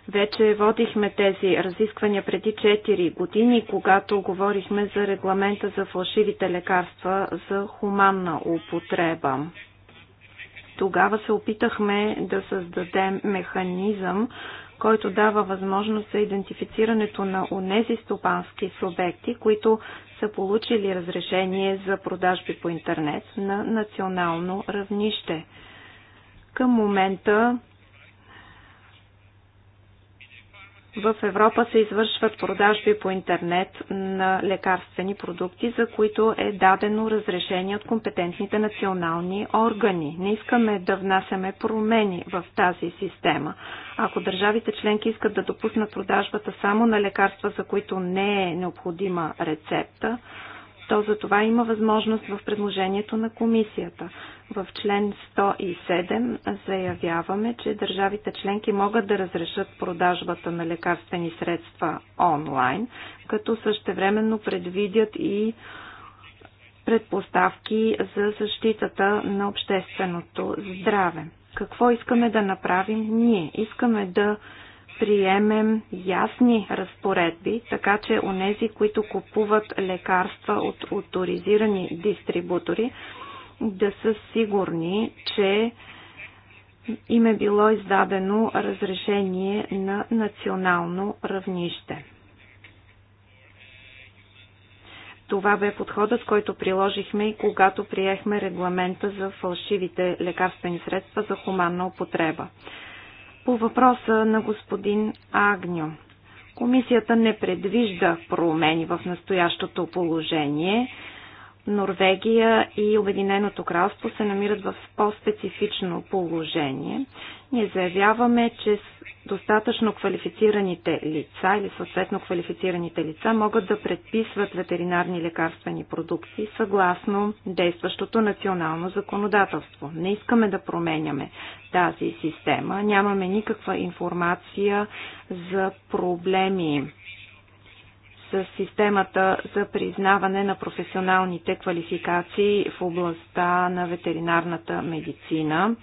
Вече водихме тези разисквания преди 4 години, когато говорихме за регламента за фалшивите лекарства за хуманна употреба. Тогава се опитахме да създадем механизъм, който дава възможност за идентифицирането на онези стопански субекти, които са получили разрешение за продажби по интернет на национално равнище. Към момента В Европа се извършват продажби по интернет на лекарствени продукти, за които е дадено разрешение от компетентните национални органи. Не искаме да внасяме промени в тази система. Ако държавите членки искат да допуснат продажбата само на лекарства, за които не е необходима рецепта, то за това има възможност в предложението на комисията. В член 107 заявяваме, че държавите членки могат да разрешат продажбата на лекарствени средства онлайн, като същевременно предвидят и предпоставки за защитата на общественото здраве. Какво искаме да направим ние? Искаме да приемем ясни разпоредби, така че онези, които купуват лекарства от авторизирани дистрибутори, да са сигурни, че им е било издадено разрешение на национално равнище. Това бе подходът, който приложихме и когато приехме регламента за фалшивите лекарствени средства за хуманна употреба. По въпроса на господин Агню. Комисията не предвижда промени в настоящото положение. Норвегия и Обединеното кралство се намират в по-специфично положение. Ние заявяваме, че достатъчно квалифицираните лица или съответно квалифицираните лица могат да предписват ветеринарни лекарствени продукти съгласно действащото национално законодателство. Не искаме да променяме тази система. Нямаме никаква информация за проблеми с системата за признаване на професионалните квалификации в областта на ветеринарната медицина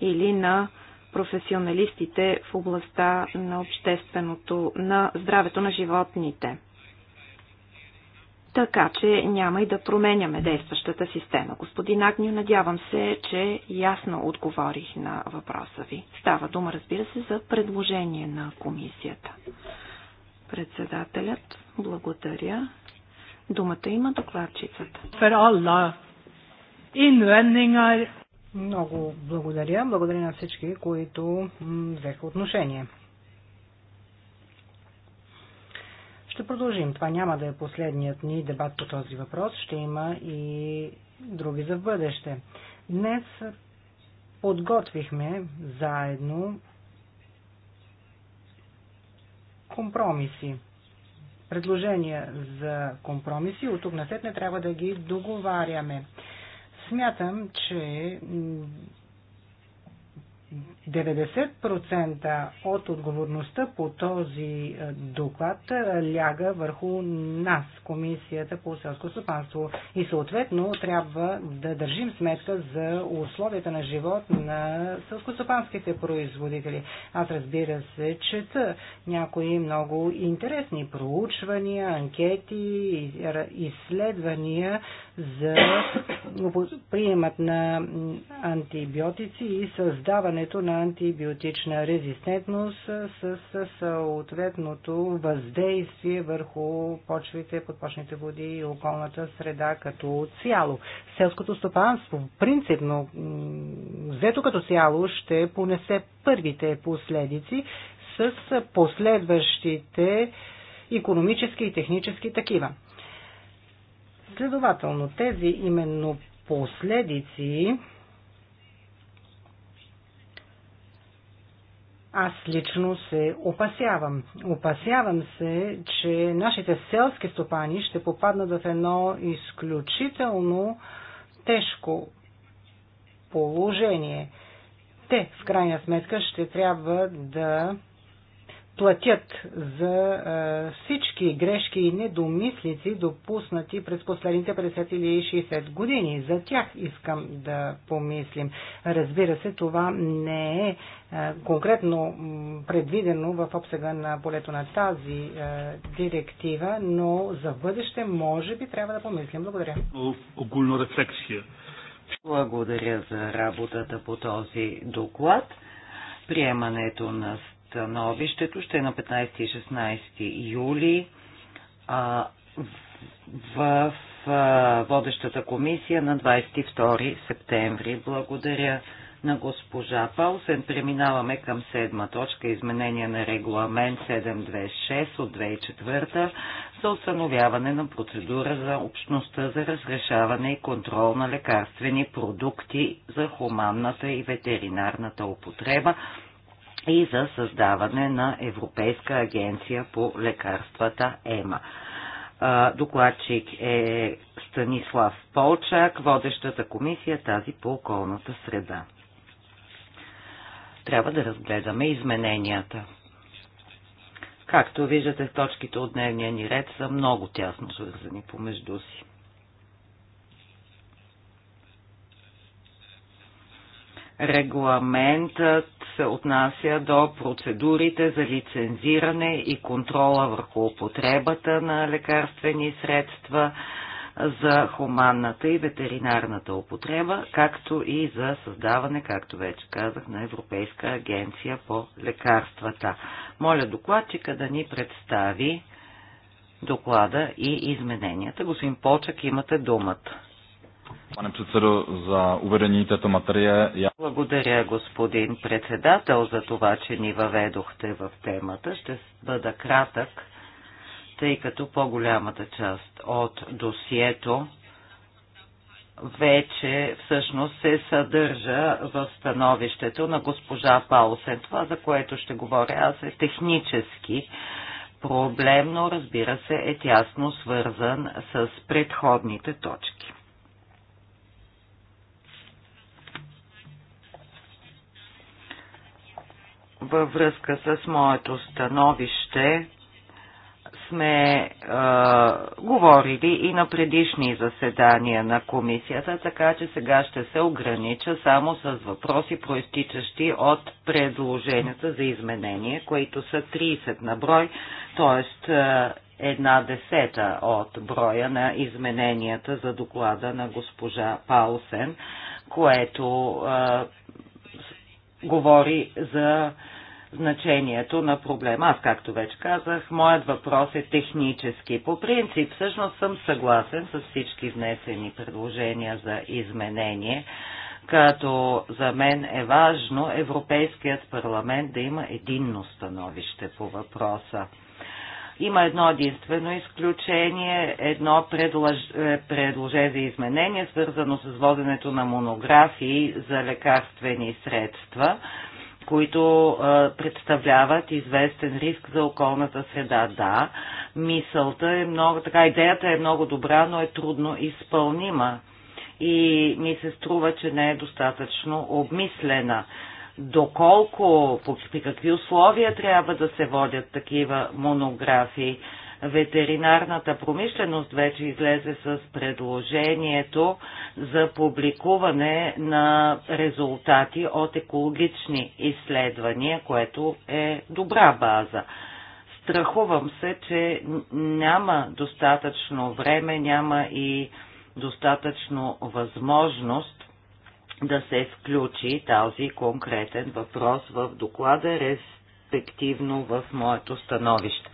или на професионалистите в областта на общественото, на здравето на животните. Така че няма и да променяме действащата система. Господин Агнио, надявам се, че ясно отговорих на въпроса ви. Става дума, разбира се, за предложение на комисията. Председателят, благодаря. Думата има докладчицата. For alla много благодаря. Благодаря на всички, които взеха отношение. Ще продължим. Това няма да е последният ни дебат по този въпрос. Ще има и други за бъдеще. Днес подготвихме заедно компромиси. Предложения за компромиси от тук на не трябва да ги договаряме. Смятам, че 90% от отговорността по този е, доклад е, ляга върху нас, Комисията по селско стопанство. И съответно трябва да държим сметка за условията на живот на селскостопанските производители. Аз разбира се, чета някои много интересни проучвания, анкети, изследвания за приемат на антибиотици и създаване проучването на антибиотична резистентност с съответното въздействие върху почвите, подпочните води и околната среда като цяло. Селското стопанство, принципно, взето като цяло, ще понесе първите последици с последващите економически и технически такива. Следователно, тези именно последици Аз лично се опасявам. Опасявам се, че нашите селски стопани ще попаднат в едно изключително тежко положение. Те, в крайна сметка, ще трябва да платят за всички грешки и недомислици, допуснати през последните 50 или 60 години. За тях искам да помислим. Разбира се, това не е конкретно предвидено в обсега на полето на тази директива, но за бъдеще може би трябва да помислим. Благодаря. Околна рефлексия. Благодаря за работата по този доклад приемането на на обището ще е на 15 и 16 юли а, в а, водещата комисия на 22 септември. Благодаря на госпожа Паусен. Преминаваме към седма точка изменение на регламент 726 от 2004 за установяване на процедура за общността за разрешаване и контрол на лекарствени продукти за хуманната и ветеринарната употреба и за създаване на Европейска агенция по лекарствата ЕМА. Докладчик е Станислав Полчак, водещата комисия тази по околната среда. Трябва да разгледаме измененията. Както виждате, точките от дневния ни ред са много тясно свързани помежду си. Регламентът се отнася до процедурите за лицензиране и контрола върху употребата на лекарствени средства за хуманната и ветеринарната употреба, както и за създаване, както вече казах, на Европейска агенция по лекарствата. Моля докладчика да ни представи доклада и измененията. Господин почък, имате думата. Пане председо, за уведени тето материя. Я... Благодаря, господин председател, за това, че ни въведохте в темата. Ще бъда кратък, тъй като по-голямата част от досието вече всъщност се съдържа в становището на госпожа Паусен. Това, за което ще говоря аз, е технически проблем, но разбира се е тясно свързан с предходните точки. във връзка с моето становище сме а, говорили и на предишни заседания на комисията, така че сега ще се огранича само с въпроси, проистичащи от предложенията за изменение, които са 30 на брой, т.е. една десета от броя на измененията за доклада на госпожа Паусен, което а, говори за значението на проблема. Аз, както вече казах, моят въпрос е технически. По принцип, всъщност съм съгласен с всички внесени предложения за изменение, като за мен е важно Европейският парламент да има единно становище по въпроса. Има едно единствено изключение, едно предлож... Е, предложение за изменение, свързано с воденето на монографии за лекарствени средства които а, представляват известен риск за околната среда. Да, мисълта е много, така идеята е много добра, но е трудно изпълнима и ми се струва, че не е достатъчно обмислена. Доколко, по, при какви условия трябва да се водят такива монографии, ветеринарната промишленост вече излезе с предложението за публикуване на резултати от екологични изследвания, което е добра база. Страхувам се, че няма достатъчно време, няма и достатъчно възможност да се включи този конкретен въпрос в доклада, респективно в моето становище.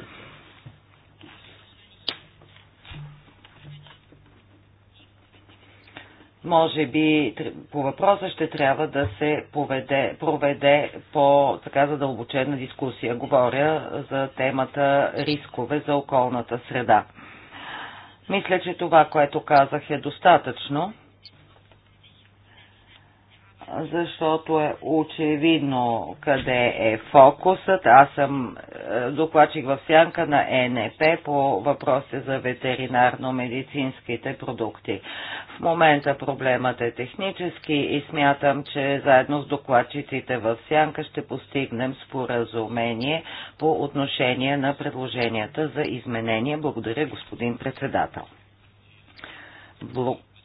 Може би по въпроса ще трябва да се поведе, проведе по така задълбочена дискусия. Говоря за темата рискове за околната среда. Мисля, че това, което казах е достатъчно защото е очевидно къде е фокусът. Аз съм е, докладчик в сянка на ЕНП по въпроси за ветеринарно-медицинските продукти. В момента проблемът е технически и смятам, че заедно с докладчиците в сянка ще постигнем споразумение по отношение на предложенията за изменение. Благодаря, господин председател.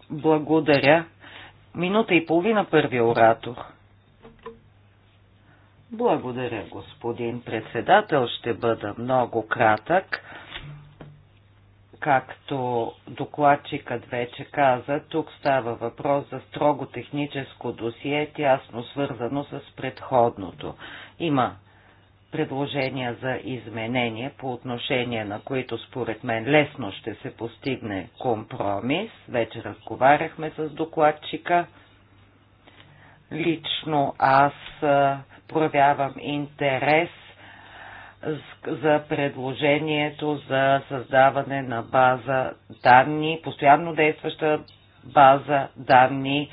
Благодаря. Минута и половина първия оратор. Благодаря, господин председател. Ще бъда много кратък. Както докладчикът вече каза, тук става въпрос за строго техническо досие, тясно свързано с предходното. Има предложения за изменение, по отношение на които според мен лесно ще се постигне компромис. Вече разговаряхме с докладчика. Лично аз проявявам интерес за предложението за създаване на база данни, постоянно действаща база данни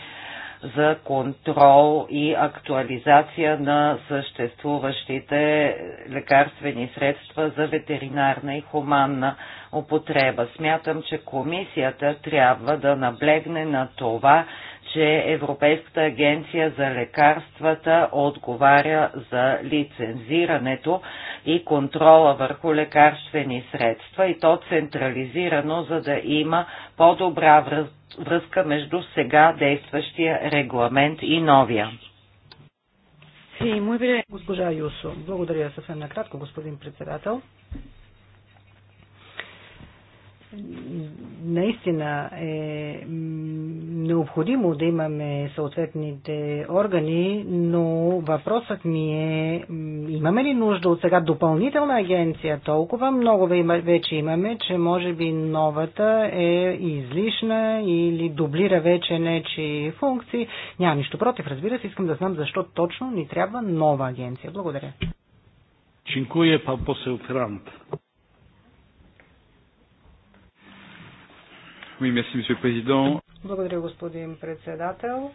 за контрол и актуализация на съществуващите лекарствени средства за ветеринарна и хуманна употреба. Смятам, че комисията трябва да наблегне на това, че Европейската агенция за лекарствата отговаря за лицензирането и контрола върху лекарствени средства и то централизирано, за да има по-добра връзка между сега действащия регламент и новия. И, му госпожа Юсо. Благодаря съвсем накратко, господин председател наистина е необходимо да имаме съответните органи, но въпросът ми е, имаме ли нужда от сега допълнителна агенция? Толкова много вече имаме, че може би новата е излишна или дублира вече нечи функции. Няма нищо против, разбира се, искам да знам защо точно ни трябва нова агенция. Благодаря. Чинкуе, пан Франт. Oui, merci, monsieur le président. Благодаря, господин председател.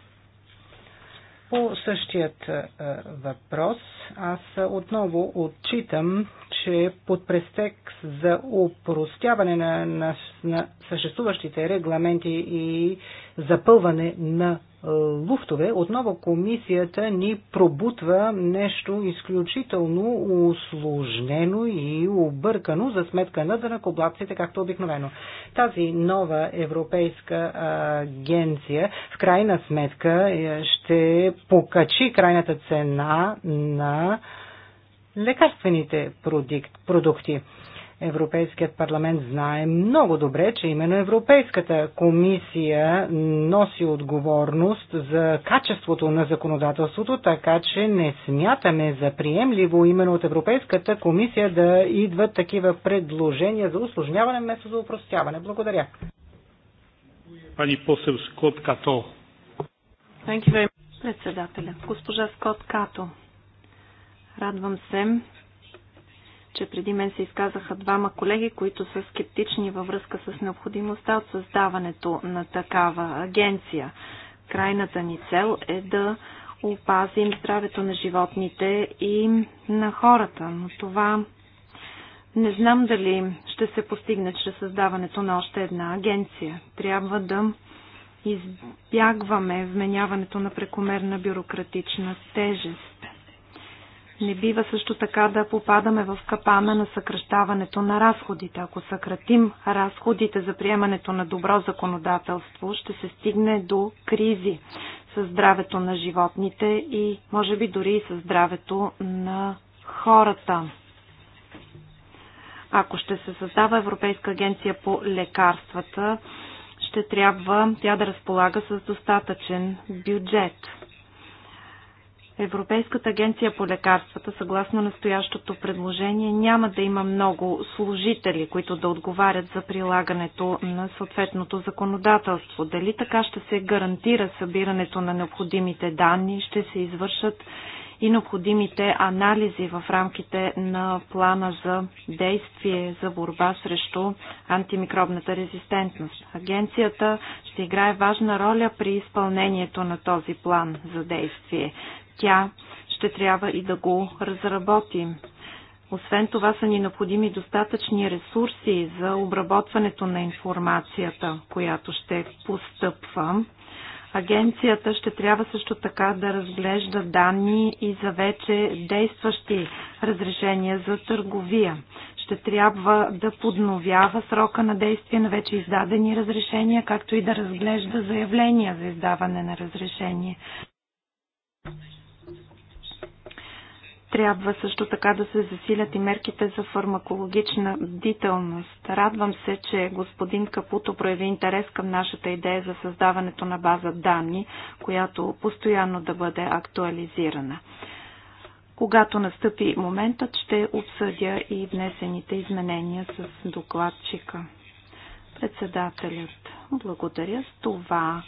По същият е, въпрос аз отново отчитам, че под престекст за упростяване на, на, на съществуващите регламенти и запълване на е, луфтове, отново комисията ни пробутва нещо изключително усложнено и объркано за сметка на дънакоплатците, както обикновено. Тази нова европейска агенция в крайна сметка е, ще покачи крайната цена на лекарствените продукти. Европейският парламент знае много добре, че именно Европейската комисия носи отговорност за качеството на законодателството, така че не смятаме за приемливо именно от Европейската комисия да идват такива предложения за усложняване вместо за упростяване. Благодаря. Пани Посев Скот Като. Председателя. Госпожа Скот Като. Радвам се, че преди мен се изказаха двама колеги, които са скептични във връзка с необходимостта от създаването на такава агенция. Крайната ни цел е да опазим здравето на животните и на хората, но това не знам дали ще се постигне чрез създаването на още една агенция. Трябва да избягваме вменяването на прекомерна бюрократична тежест не бива също така да попадаме в капана на съкръщаването на разходите. Ако съкратим разходите за приемането на добро законодателство, ще се стигне до кризи със здравето на животните и може би дори и със здравето на хората. Ако ще се създава Европейска агенция по лекарствата, ще трябва тя да разполага с достатъчен бюджет. Европейската агенция по лекарствата, съгласно настоящото предложение, няма да има много служители, които да отговарят за прилагането на съответното законодателство. Дали така ще се гарантира събирането на необходимите данни, ще се извършат и необходимите анализи в рамките на плана за действие за борба срещу антимикробната резистентност. Агенцията ще играе важна роля при изпълнението на този план за действие тя ще трябва и да го разработи. Освен това са ни необходими достатъчни ресурси за обработването на информацията, която ще постъпва. Агенцията ще трябва също така да разглежда данни и за вече действащи разрешения за търговия. Ще трябва да подновява срока на действие на вече издадени разрешения, както и да разглежда заявления за издаване на разрешение. Трябва също така да се засилят и мерките за фармакологична бдителност. Радвам се, че господин Капуто прояви интерес към нашата идея за създаването на база данни, която постоянно да бъде актуализирана. Когато настъпи моментът, ще обсъдя и внесените изменения с докладчика. Председателят, благодаря с това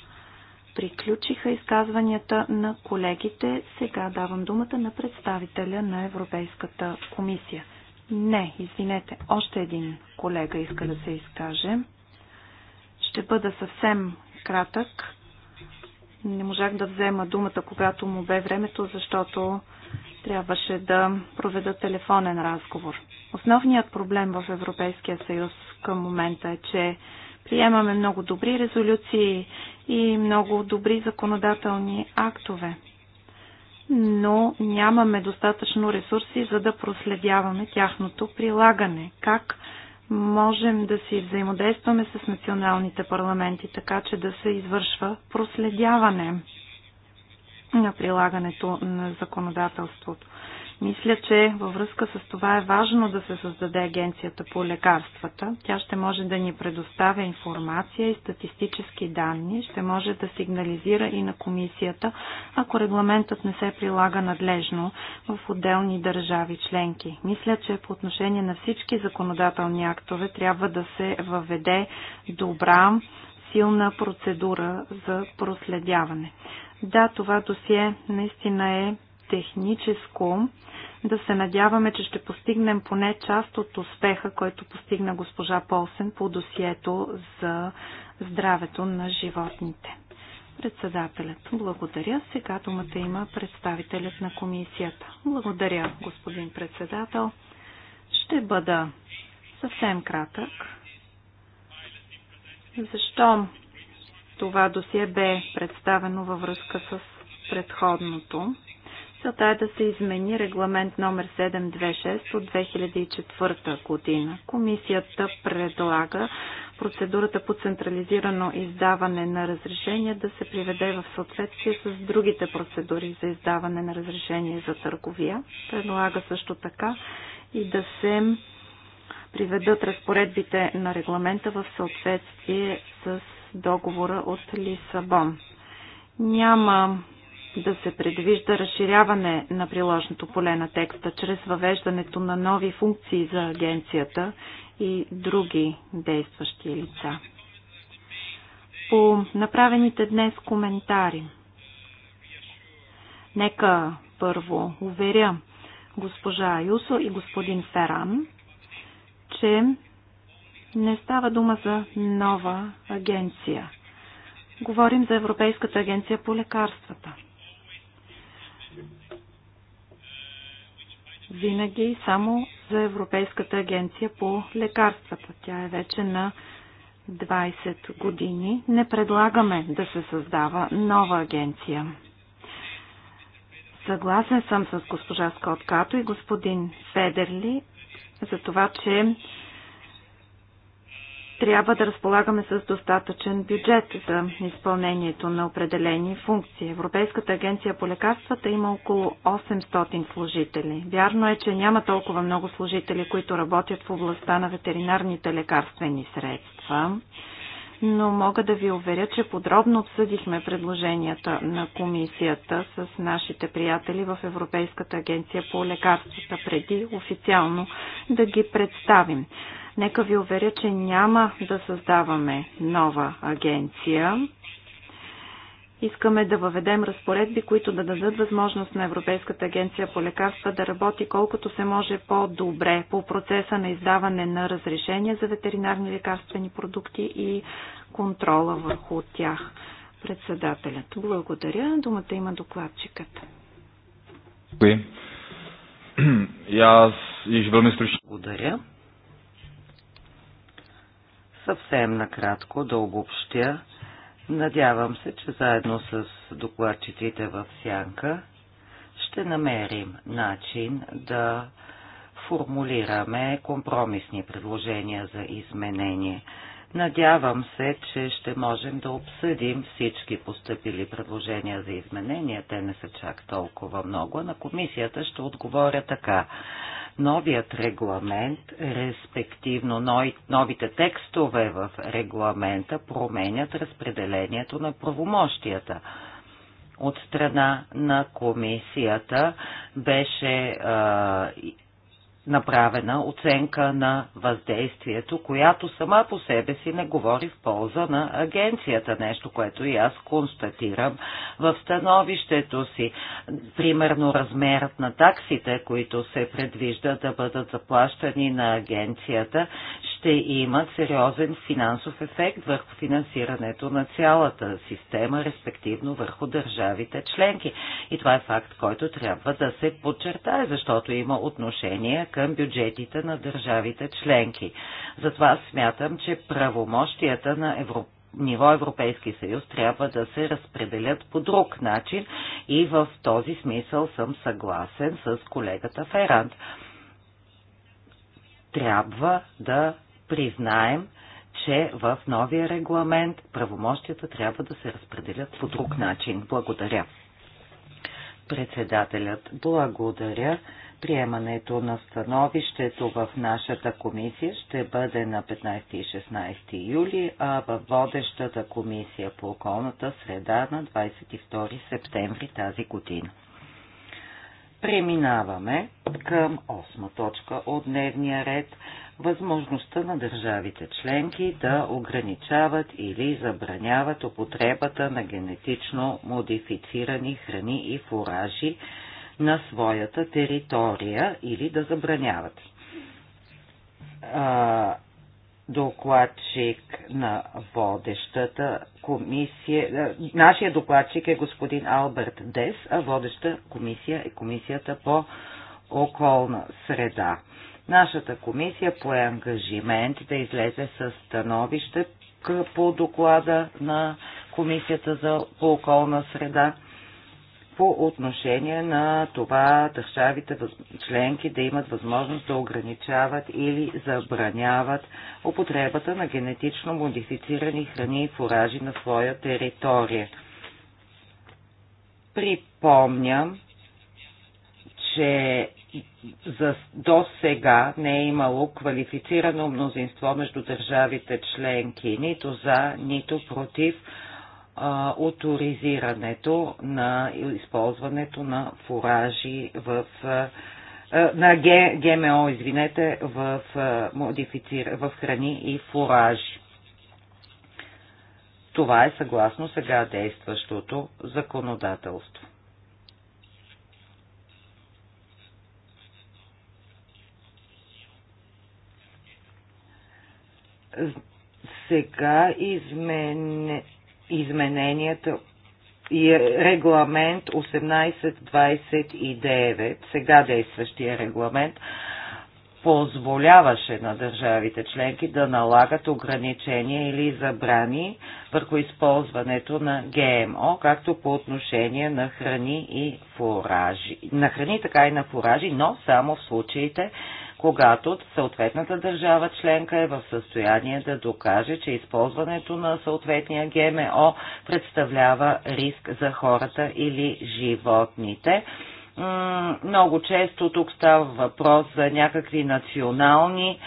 Приключиха изказванията на колегите. Сега давам думата на представителя на Европейската комисия. Не, извинете, още един колега иска да се изкаже. Ще бъда съвсем кратък. Не можах да взема думата, когато му бе времето, защото трябваше да проведа телефонен разговор. Основният проблем в Европейския съюз към момента е, че приемаме много добри резолюции, и много добри законодателни актове. Но нямаме достатъчно ресурси, за да проследяваме тяхното прилагане. Как можем да си взаимодействаме с националните парламенти, така че да се извършва проследяване на прилагането на законодателството. Мисля, че във връзка с това е важно да се създаде агенцията по лекарствата. Тя ще може да ни предоставя информация и статистически данни, ще може да сигнализира и на комисията, ако регламентът не се прилага надлежно в отделни държави членки. Мисля, че по отношение на всички законодателни актове трябва да се въведе добра, силна процедура за проследяване. Да, това досие наистина е техническо, да се надяваме, че ще постигнем поне част от успеха, който постигна госпожа Полсен по досието за здравето на животните. Председателят, благодаря. Сега думата има представителят на комисията. Благодаря, господин председател. Ще бъда съвсем кратък. Защо това досие бе представено във връзка с предходното? Целта е да се измени регламент номер 726 от 2004 година. Комисията предлага процедурата по централизирано издаване на разрешение да се приведе в съответствие с другите процедури за издаване на разрешение за търговия. Предлага също така и да се приведат разпоредбите на регламента в съответствие с договора от Лисабон. Няма да се предвижда разширяване на приложното поле на текста чрез въвеждането на нови функции за агенцията и други действащи лица. По направените днес коментари. Нека първо уверя госпожа Юсо и господин Феран, че не става дума за нова агенция. Говорим за Европейската агенция по лекарствата. винаги само за Европейската агенция по лекарствата. Тя е вече на 20 години. Не предлагаме да се създава нова агенция. Съгласен съм с госпожа Скот Като и господин Федерли за това, че трябва да разполагаме с достатъчен бюджет за изпълнението на определени функции. Европейската агенция по лекарствата има около 800 служители. Вярно е, че няма толкова много служители, които работят в областта на ветеринарните лекарствени средства, но мога да ви уверя, че подробно обсъдихме предложенията на комисията с нашите приятели в Европейската агенция по лекарствата преди официално да ги представим. Нека ви уверя, че няма да създаваме нова агенция. Искаме да въведем разпоредби, които да дадат възможност на Европейската агенция по лекарства да работи колкото се може по-добре по процеса на издаване на разрешения за ветеринарни лекарствени продукти и контрола върху тях. Председателят. Благодаря. Думата има докладчикът. Благодаря. Съвсем накратко да обобщя. Надявам се, че заедно с докладчиците в Сянка ще намерим начин да формулираме компромисни предложения за изменение. Надявам се, че ще можем да обсъдим всички поступили предложения за изменения. Те не са чак толкова много. На комисията ще отговоря така. Новият регламент, респективно новите текстове в регламента, променят разпределението на правомощията от страна на комисията беше а, направена оценка на въздействието, която сама по себе си не говори в полза на агенцията, нещо, което и аз констатирам в становището си. Примерно размерът на таксите, които се предвижда да бъдат заплащани на агенцията, ще имат сериозен финансов ефект върху финансирането на цялата система, респективно върху държавите членки. И това е факт, който трябва да се подчертае, защото има отношение към бюджетите на държавите членки. Затова смятам, че правомощията на Европа ниво Европейски съюз трябва да се разпределят по друг начин и в този смисъл съм съгласен с колегата Ферант. Трябва да признаем, че в новия регламент правомощията трябва да се разпределят по друг начин. Благодаря. Председателят, благодаря. Приемането на становището в нашата комисия ще бъде на 15 и 16 юли, а в водещата комисия по околната среда на 22 септември тази година. Преминаваме към 8 точка от дневния ред – възможността на държавите членки да ограничават или забраняват употребата на генетично модифицирани храни и фуражи на своята територия или да забраняват. Докладчик на водещата комисия. Нашия докладчик е господин Алберт Дес, а водеща комисия е комисията по околна среда. Нашата комисия пое ангажимент да излезе с становище по доклада на Комисията за по околна среда по отношение на това държавите членки да имат възможност да ограничават или забраняват употребата на генетично модифицирани храни и фуражи на своя територия. Припомням, че за, до сега не е имало квалифицирано мнозинство между държавите членки, нито за, нито против а, авторизирането на използването на фуражи в а, на Г, ГМО, извинете, в, а, в храни и фуражи. Това е съгласно сега действащото законодателство. сега измен... измененията и регламент 1829, сега действащия регламент, позволяваше на държавите членки да налагат ограничения или забрани върху използването на ГМО, както по отношение на храни и фуражи. На храни, така и на фуражи, но само в случаите когато съответната държава членка е в състояние да докаже, че използването на съответния ГМО представлява риск за хората или животните много често тук става въпрос за някакви национални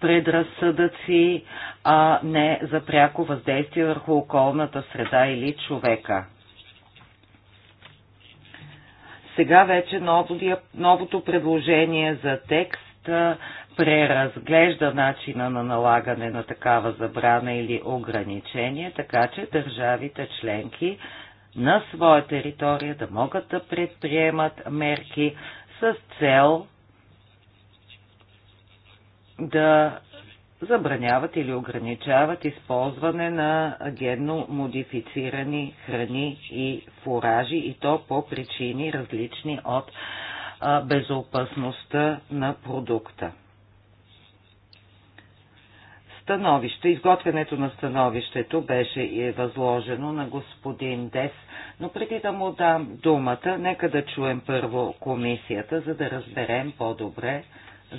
предразсъдъци, а не за пряко въздействие върху околната среда или човека. Сега вече новото предложение за текст преразглежда начина на налагане на такава забрана или ограничение, така че държавите членки на своя територия да могат да предприемат мерки с цел да забраняват или ограничават използване на генно модифицирани храни и фуражи и то по причини различни от безопасността на продукта. Становище, изготвянето на становището беше и възложено на господин Дес, но преди да му дам думата, нека да чуем първо комисията, за да разберем по-добре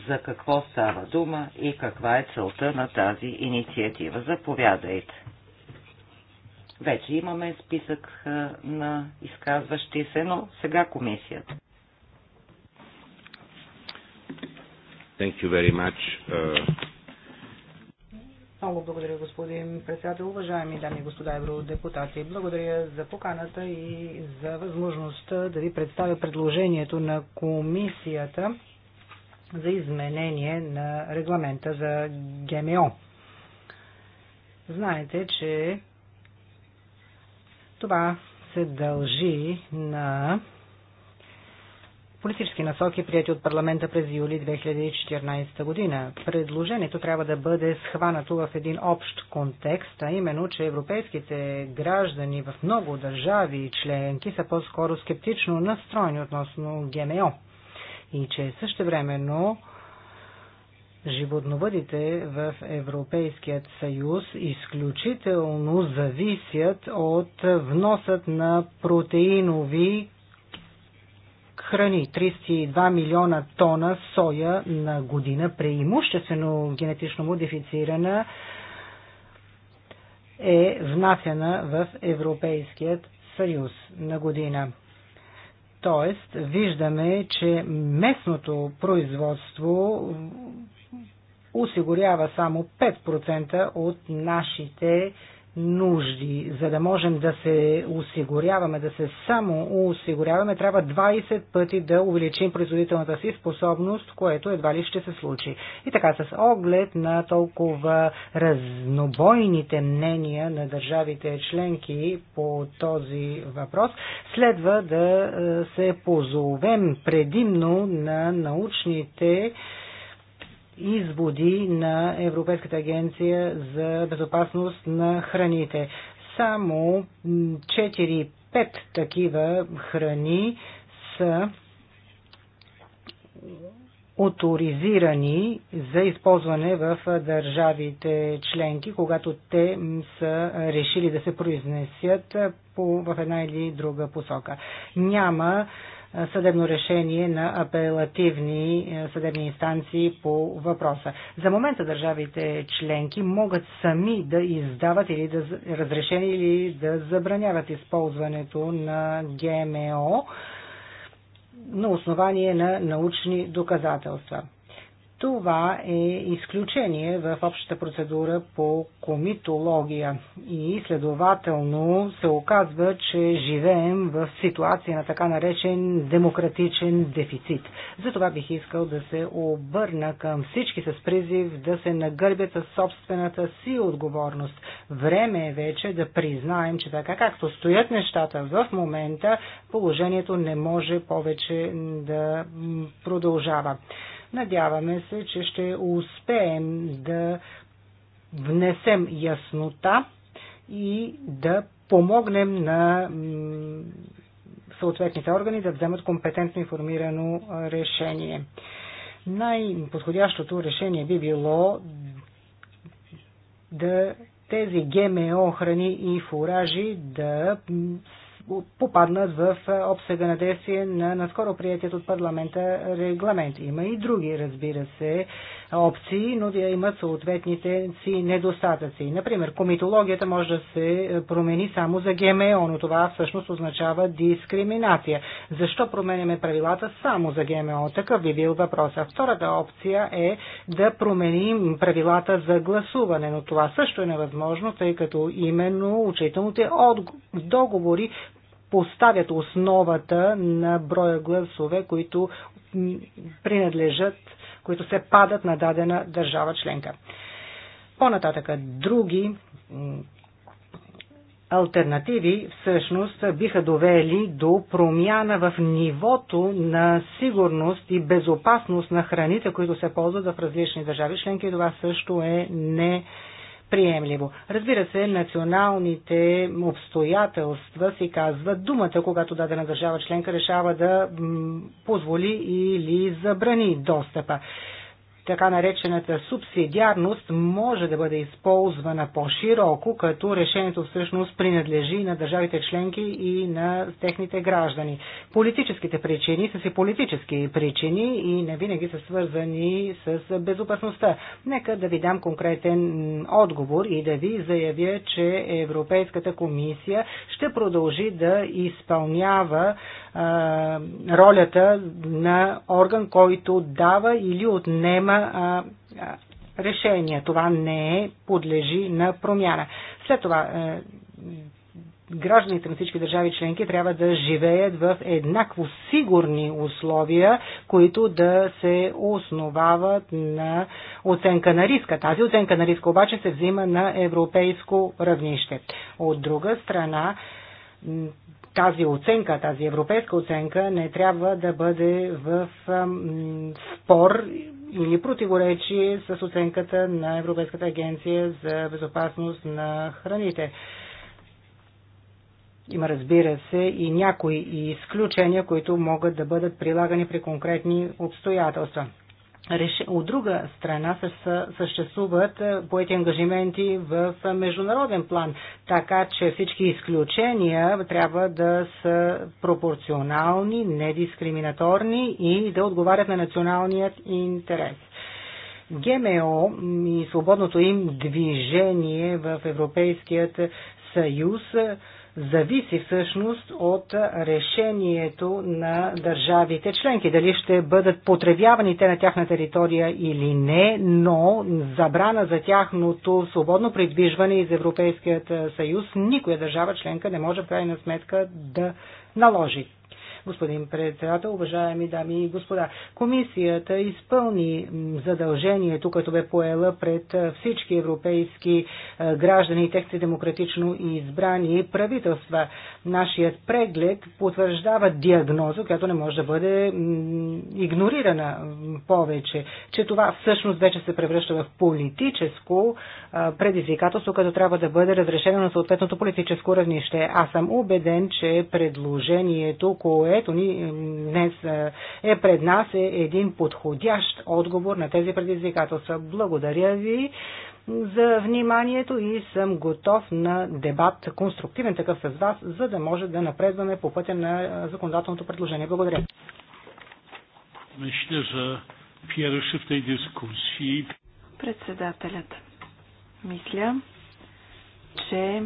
за какво става дума и каква е целта на тази инициатива. Заповядайте. Вече имаме списък на изказващи се, но сега комисията. Thank you very much. Uh... Много благодаря, господин председател. Уважаеми дами и господа евродепутати, благодаря за поканата и за възможността да ви представя предложението на комисията за изменение на регламента за ГМО. Знаете, че това се дължи на политически насоки, прияти от парламента през юли 2014 година. Предложението трябва да бъде схванато в един общ контекст, а именно, че европейските граждани в много държави и членки са по-скоро скептично настроени относно ГМО и че същевременно животновъдите в Европейският съюз изключително зависят от вносът на протеинови храни. 32 милиона тона соя на година, преимуществено генетично модифицирана, е внасяна в Европейският съюз на година. Тоест, виждаме, че местното производство осигурява само 5% от нашите нужди. За да можем да се осигуряваме, да се само осигуряваме, трябва 20 пъти да увеличим производителната си способност, което едва ли ще се случи. И така, с оглед на толкова разнобойните мнения на държавите членки по този въпрос, следва да е, се позовем предимно на научните изводи на Европейската агенция за безопасност на храните. Само 4-5 такива храни са авторизирани за използване в държавите членки, когато те са решили да се произнесят по, в една или друга посока. Няма съдебно решение на апелативни е, съдебни инстанции по въпроса. За момента държавите членки могат сами да издават или да разрешени или да забраняват използването на ГМО на основание на научни доказателства. Това е изключение в общата процедура по комитология и следователно се оказва, че живеем в ситуация на така наречен демократичен дефицит. Затова бих искал да се обърна към всички с призив да се нагърбят със собствената си отговорност. Време е вече да признаем, че така както стоят нещата в момента, положението не може повече да продължава. Надяваме се, че ще успеем да внесем яснота и да помогнем на съответните органи да вземат компетентно информирано решение. Най-подходящото решение би било да тези ГМО храни и фуражи да попаднат в е, обсега на действие на наскоро приятият от парламента регламент. Има и други, разбира се, опции, но да имат съответните си недостатъци. Например, комитологията може да се е, промени само за ГМО, но това всъщност означава дискриминация. Защо променяме правилата само за ГМО? Такъв би бил А Втората опция е да променим правилата за гласуване, но това също е невъзможно, тъй като именно учителните договори поставят основата на броя гласове, които принадлежат, които се падат на дадена държава членка. По-нататъка други альтернативи всъщност биха довели до промяна в нивото на сигурност и безопасност на храните, които се ползват в различни държави членки. Това също е не приемливо. Разбира се, националните обстоятелства си казват думата, когато дадена държава членка решава да позволи или забрани достъпа така наречената субсидиарност може да бъде използвана по-широко, като решението всъщност принадлежи на държавите членки и на техните граждани. Политическите причини са си политически причини и не винаги са свързани с безопасността. Нека да ви дам конкретен отговор и да ви заявя, че Европейската комисия ще продължи да изпълнява ролята на орган, който дава или отнема решение. Това не е подлежи на промяна. След това гражданите на всички държави членки трябва да живеят в еднакво сигурни условия, които да се основават на оценка на риска. Тази оценка на риска обаче се взима на европейско равнище. От друга страна, тази оценка, тази европейска оценка не трябва да бъде в спор или противоречие с оценката на Европейската агенция за безопасност на храните. Има, разбира се, и някои изключения, които могат да бъдат прилагани при конкретни обстоятелства. От друга страна съществуват е, поети ангажименти в международен план, така че всички изключения трябва да са пропорционални, недискриминаторни и да отговарят на националният интерес. ГМО и свободното им движение в Европейският съюз зависи всъщност от решението на държавите членки. Дали ще бъдат потребявани те на тяхна територия или не, но забрана за тяхното свободно придвижване из Европейският съюз никоя държава членка не може в крайна сметка да наложи. Господин председател, уважаеми дами и господа, комисията изпълни задължението, което бе поела пред всички европейски граждани и техните демократично избрани правителства. Нашият преглед потвърждава диагноза, която не може да бъде игнорирана повече, че това всъщност вече се превръща в политическо предизвикателство, като трябва да бъде разрешено на съответното политическо равнище. Аз съм убеден, че предложението, кое ето ни днес е, е пред нас е един подходящ отговор на тези предизвикателства. Благодаря ви за вниманието и съм готов на дебат, конструктивен такъв с вас, за да може да напредваме по пътя на е, законодателното предложение. Благодаря. Мисля за в тези дискусии. Председателят. Мисля, че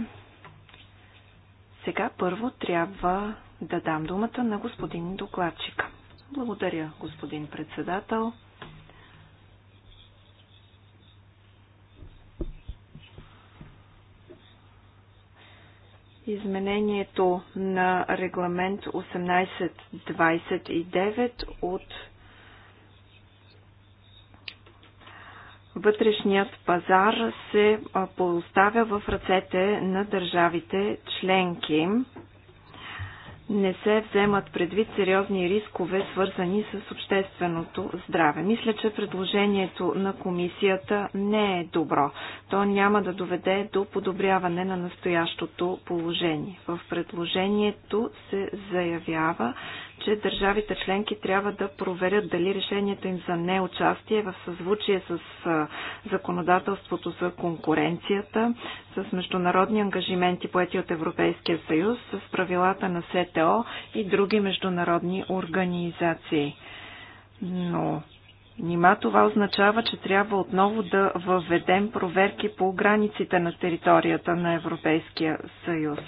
сега първо трябва да дам думата на господин докладчика. Благодаря, господин председател. изменението на регламент 1829 от вътрешният пазар се поставя в ръцете на държавите членки не се вземат предвид сериозни рискове, свързани с общественото здраве. Мисля, че предложението на комисията не е добро. То няма да доведе до подобряване на настоящото положение. В предложението се заявява, че държавите членки трябва да проверят дали решението им за неучастие е в съзвучие с законодателството за конкуренцията, с международни ангажименти поети от Европейския съюз, с правилата на СТО и други международни организации. Но Нима това означава, че трябва отново да въведем проверки по границите на територията на Европейския съюз.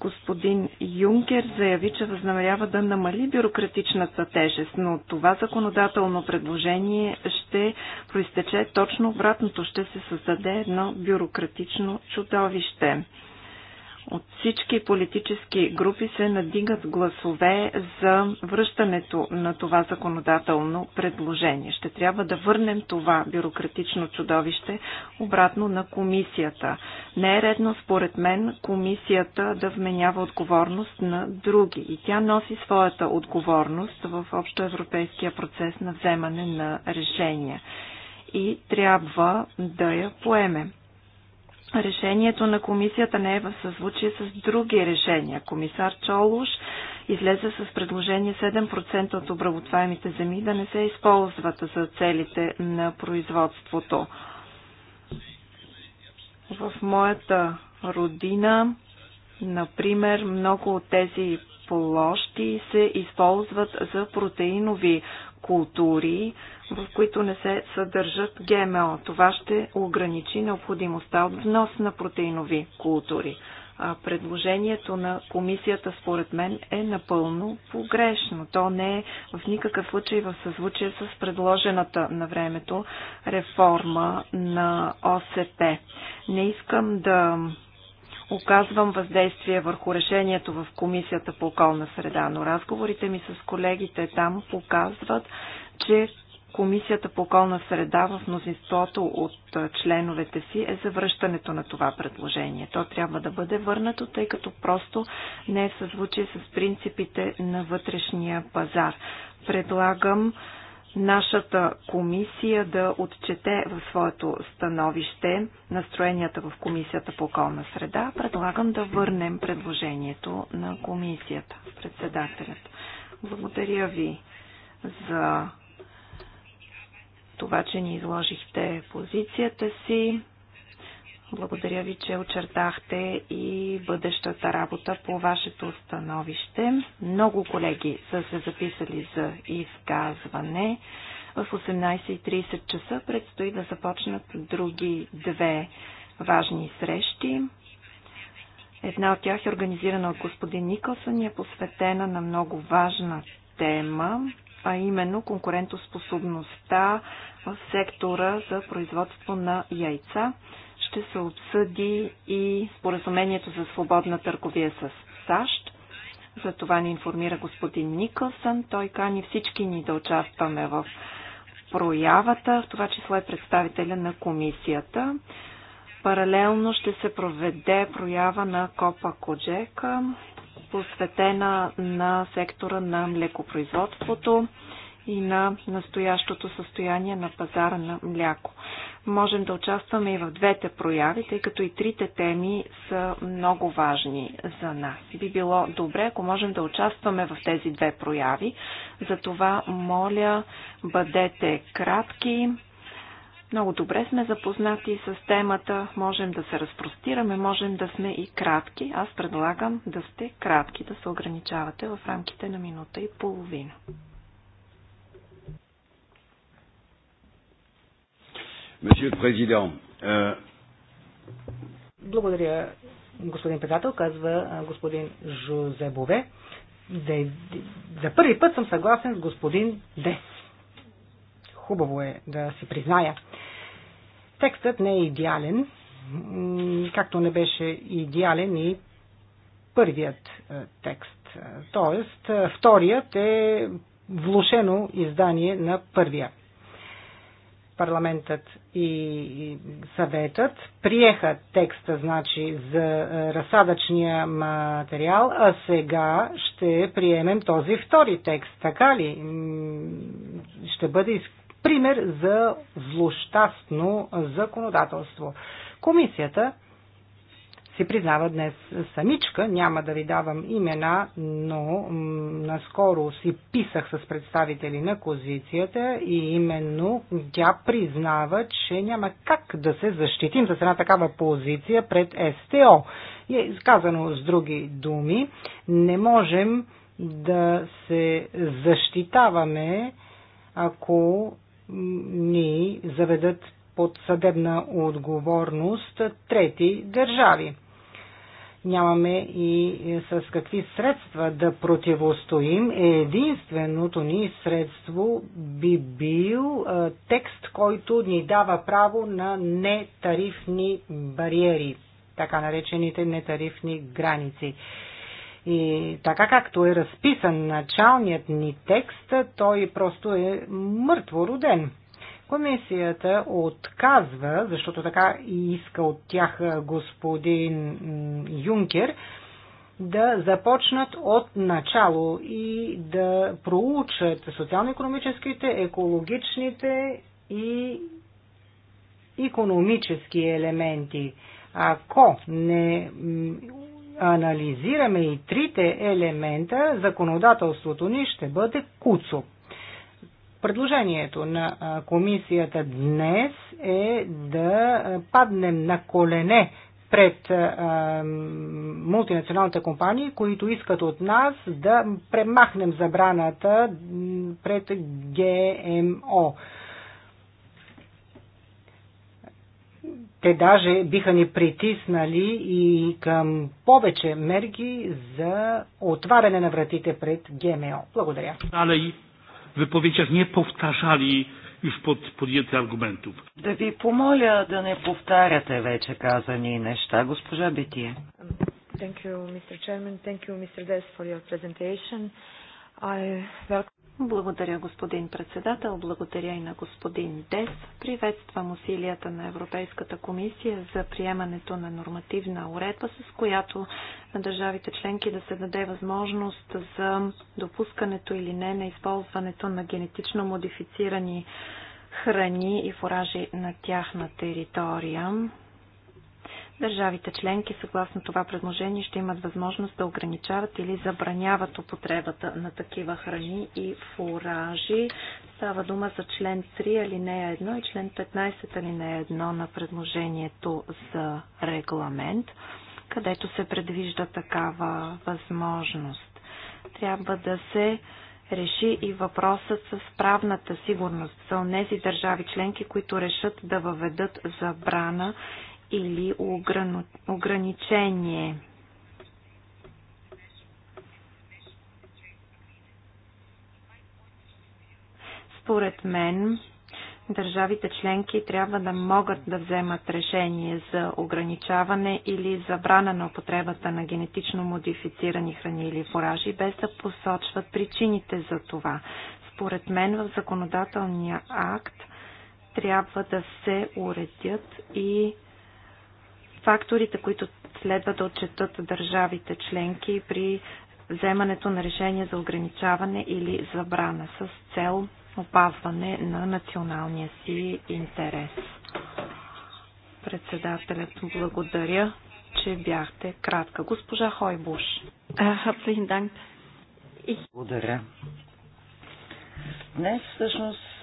Господин Юнкер заяви, че възнамерява да намали бюрократичната тежест, но това законодателно предложение ще произтече точно обратното. Ще се създаде едно бюрократично чудовище. От всички политически групи се надигат гласове за връщането на това законодателно предложение. Ще трябва да върнем това бюрократично чудовище обратно на комисията. Не е редно, според мен, комисията да вменява отговорност на други. И тя носи своята отговорност в общоевропейския процес на вземане на решения. И трябва да я поемем решението на комисията не е в съзвучие с други решения. Комисар Чолуш излезе с предложение 7% от обработваемите земи да не се използват за целите на производството. В моята родина, например, много от тези площи се използват за протеинови култури, в които не се съдържат ГМО. Това ще ограничи необходимостта от внос на протеинови култури. А предложението на комисията, според мен, е напълно погрешно. То не е в никакъв случай в съзвучие с предложената на времето реформа на ОСП. Не искам да оказвам въздействие върху решението в Комисията по околна среда, но разговорите ми с колегите там показват, че Комисията по околна среда в мнозинството от членовете си е за връщането на това предложение. То трябва да бъде върнато, тъй като просто не е съзвучие с принципите на вътрешния пазар. Предлагам нашата комисия да отчете в своето становище настроенията в комисията по околна среда, предлагам да върнем предложението на комисията, председателят. Благодаря ви за това, че ни изложихте позицията си. Благодаря ви, че очертахте и бъдещата работа по вашето становище. Много колеги са се записали за изказване. В 18.30 часа предстои да започнат други две важни срещи. Една от тях е организирана от господин Никълсън и е посветена на много важна тема, а именно конкурентоспособността в сектора за производство на яйца ще се обсъди и споразумението за свободна търговия с САЩ. За това ни информира господин Никълсън. Той кани всички ни да участваме в проявата, в това число е представителя на комисията. Паралелно ще се проведе проява на Копа Коджека, посветена на сектора на млекопроизводството и на настоящото състояние на пазара на мляко. Можем да участваме и в двете прояви, тъй като и трите теми са много важни за нас. И би било добре, ако можем да участваме в тези две прояви. Затова моля, бъдете кратки, много добре сме запознати с темата, можем да се разпростираме, можем да сме и кратки. Аз предлагам да сте кратки, да се ограничавате в рамките на минута и половина. Euh, Благодаря, господин председател, казва господин Жозебове. За първи път съм съгласен с господин Де. Хубаво е да си призная. Текстът не е идеален, както не беше идеален и първият текст. Тоест, вторият е влушено издание на първия парламентът и съветът приеха текста, значи, за е, разсадъчния материал, а сега ще приемем този втори текст. Така ли? Ще бъде пример за злощастно законодателство. Комисията се признава днес самичка. Няма да ви давам имена, но наскоро си писах с представители на козицията и именно тя признава, че няма как да се защитим с една такава позиция пред СТО. И е казано с други думи, не можем да се защитаваме, ако ни заведат под съдебна отговорност трети държави нямаме и с какви средства да противостоим. Единственото ни средство би бил текст, който ни дава право на нетарифни бариери, така наречените нетарифни граници. И така както е разписан началният ни текст, той просто е мъртво роден. Комисията отказва, защото така и иска от тях господин Юнкер, да започнат от начало и да проучат социално-економическите, екологичните и економически елементи. Ако не анализираме и трите елемента, законодателството ни ще бъде куцо. Предложението на комисията днес е да паднем на колене пред мултинационалните компании, които искат от нас да премахнем забраната пред ГМО. Те даже биха ни притиснали и към повече мерки за отваряне на вратите пред ГМО. Благодаря wypowiedziach nie powtarzali już pod podjęte argumentów. Да ви помоля да не повтаряте вече казани неща, госпожа Бетие. Thank you, Mr. Chairman. Thank you, Mr. Des, for your presentation. I welcome благодаря, господин председател. Благодаря и на господин Дес. Приветствам усилията на Европейската комисия за приемането на нормативна уредба, с която на държавите членки да се даде възможност за допускането или не на използването на генетично модифицирани храни и фуражи на тяхна територия. Държавите членки, съгласно това предложение, ще имат възможност да ограничават или забраняват употребата на такива храни и фуражи. Става дума за член 3 алинея 1 и член 15 алинея 1 на предложението за регламент, където се предвижда такава възможност. Трябва да се реши и въпросът с правната сигурност за тези държави членки, които решат да въведат забрана или ограничение. Според мен, държавите членки трябва да могат да вземат решение за ограничаване или забрана на употребата на генетично модифицирани храни или фуражи, без да посочват причините за това. Според мен в законодателния акт трябва да се уредят и факторите, които следва да отчетат държавите членки при вземането на решение за ограничаване или забрана с цел опазване на националния си интерес. Председателят благодаря, че бяхте кратка. Госпожа Хойбуш. Благодаря. Днес всъщност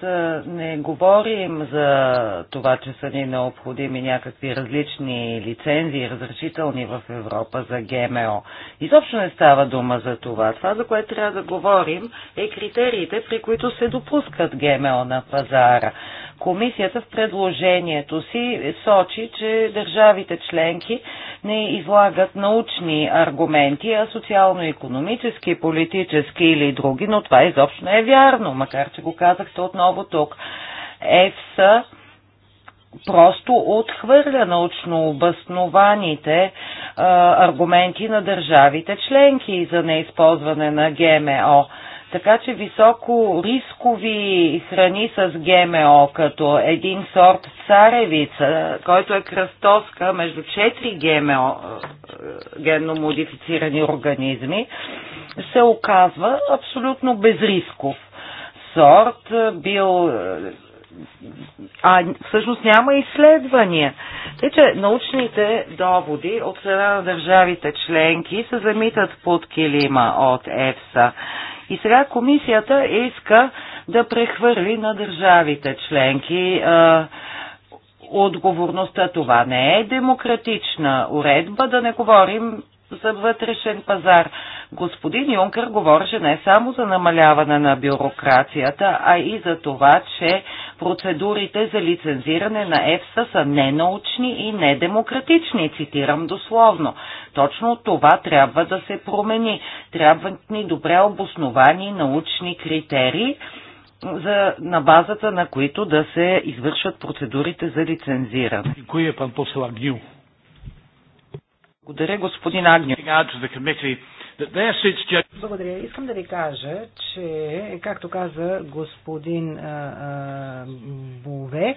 не говорим за това, че са ни необходими някакви различни лицензии, разрешителни в Европа за ГМО. Изобщо не става дума за това. Това, за което трябва да говорим, е критериите, при които се допускат ГМО на пазара. Комисията в предложението си сочи, че държавите членки не излагат научни аргументи, а социално-економически, политически или други, но това изобщо не е вярно, макар че го казахте отново отново тук. ЕФСА просто отхвърля научно обоснованите аргументи на държавите членки за неизползване на ГМО. Така че високо рискови храни с ГМО, като един сорт царевица, който е кръстоска между 4 ГМО, генно модифицирани организми, се оказва абсолютно безрисков сорт, бил а всъщност няма изследвания. Тъй, че научните доводи от страна на държавите членки се замитат под килима от ЕФСА. И сега комисията иска да прехвърли на държавите членки е, отговорността. Това не е демократична уредба, да не говорим за вътрешен пазар. Господин Юнкър говореше не само за намаляване на бюрокрацията, а и за това, че процедурите за лицензиране на ЕФСА са ненаучни и недемократични, цитирам дословно. Точно това трябва да се промени. Трябва ни добре обосновани научни критерии, за, на базата на които да се извършват процедурите за лицензиране. Кой е пан посла Гил? Благодаря, господин Агню. Благодаря. Искам да ви кажа, че, както каза господин Бове,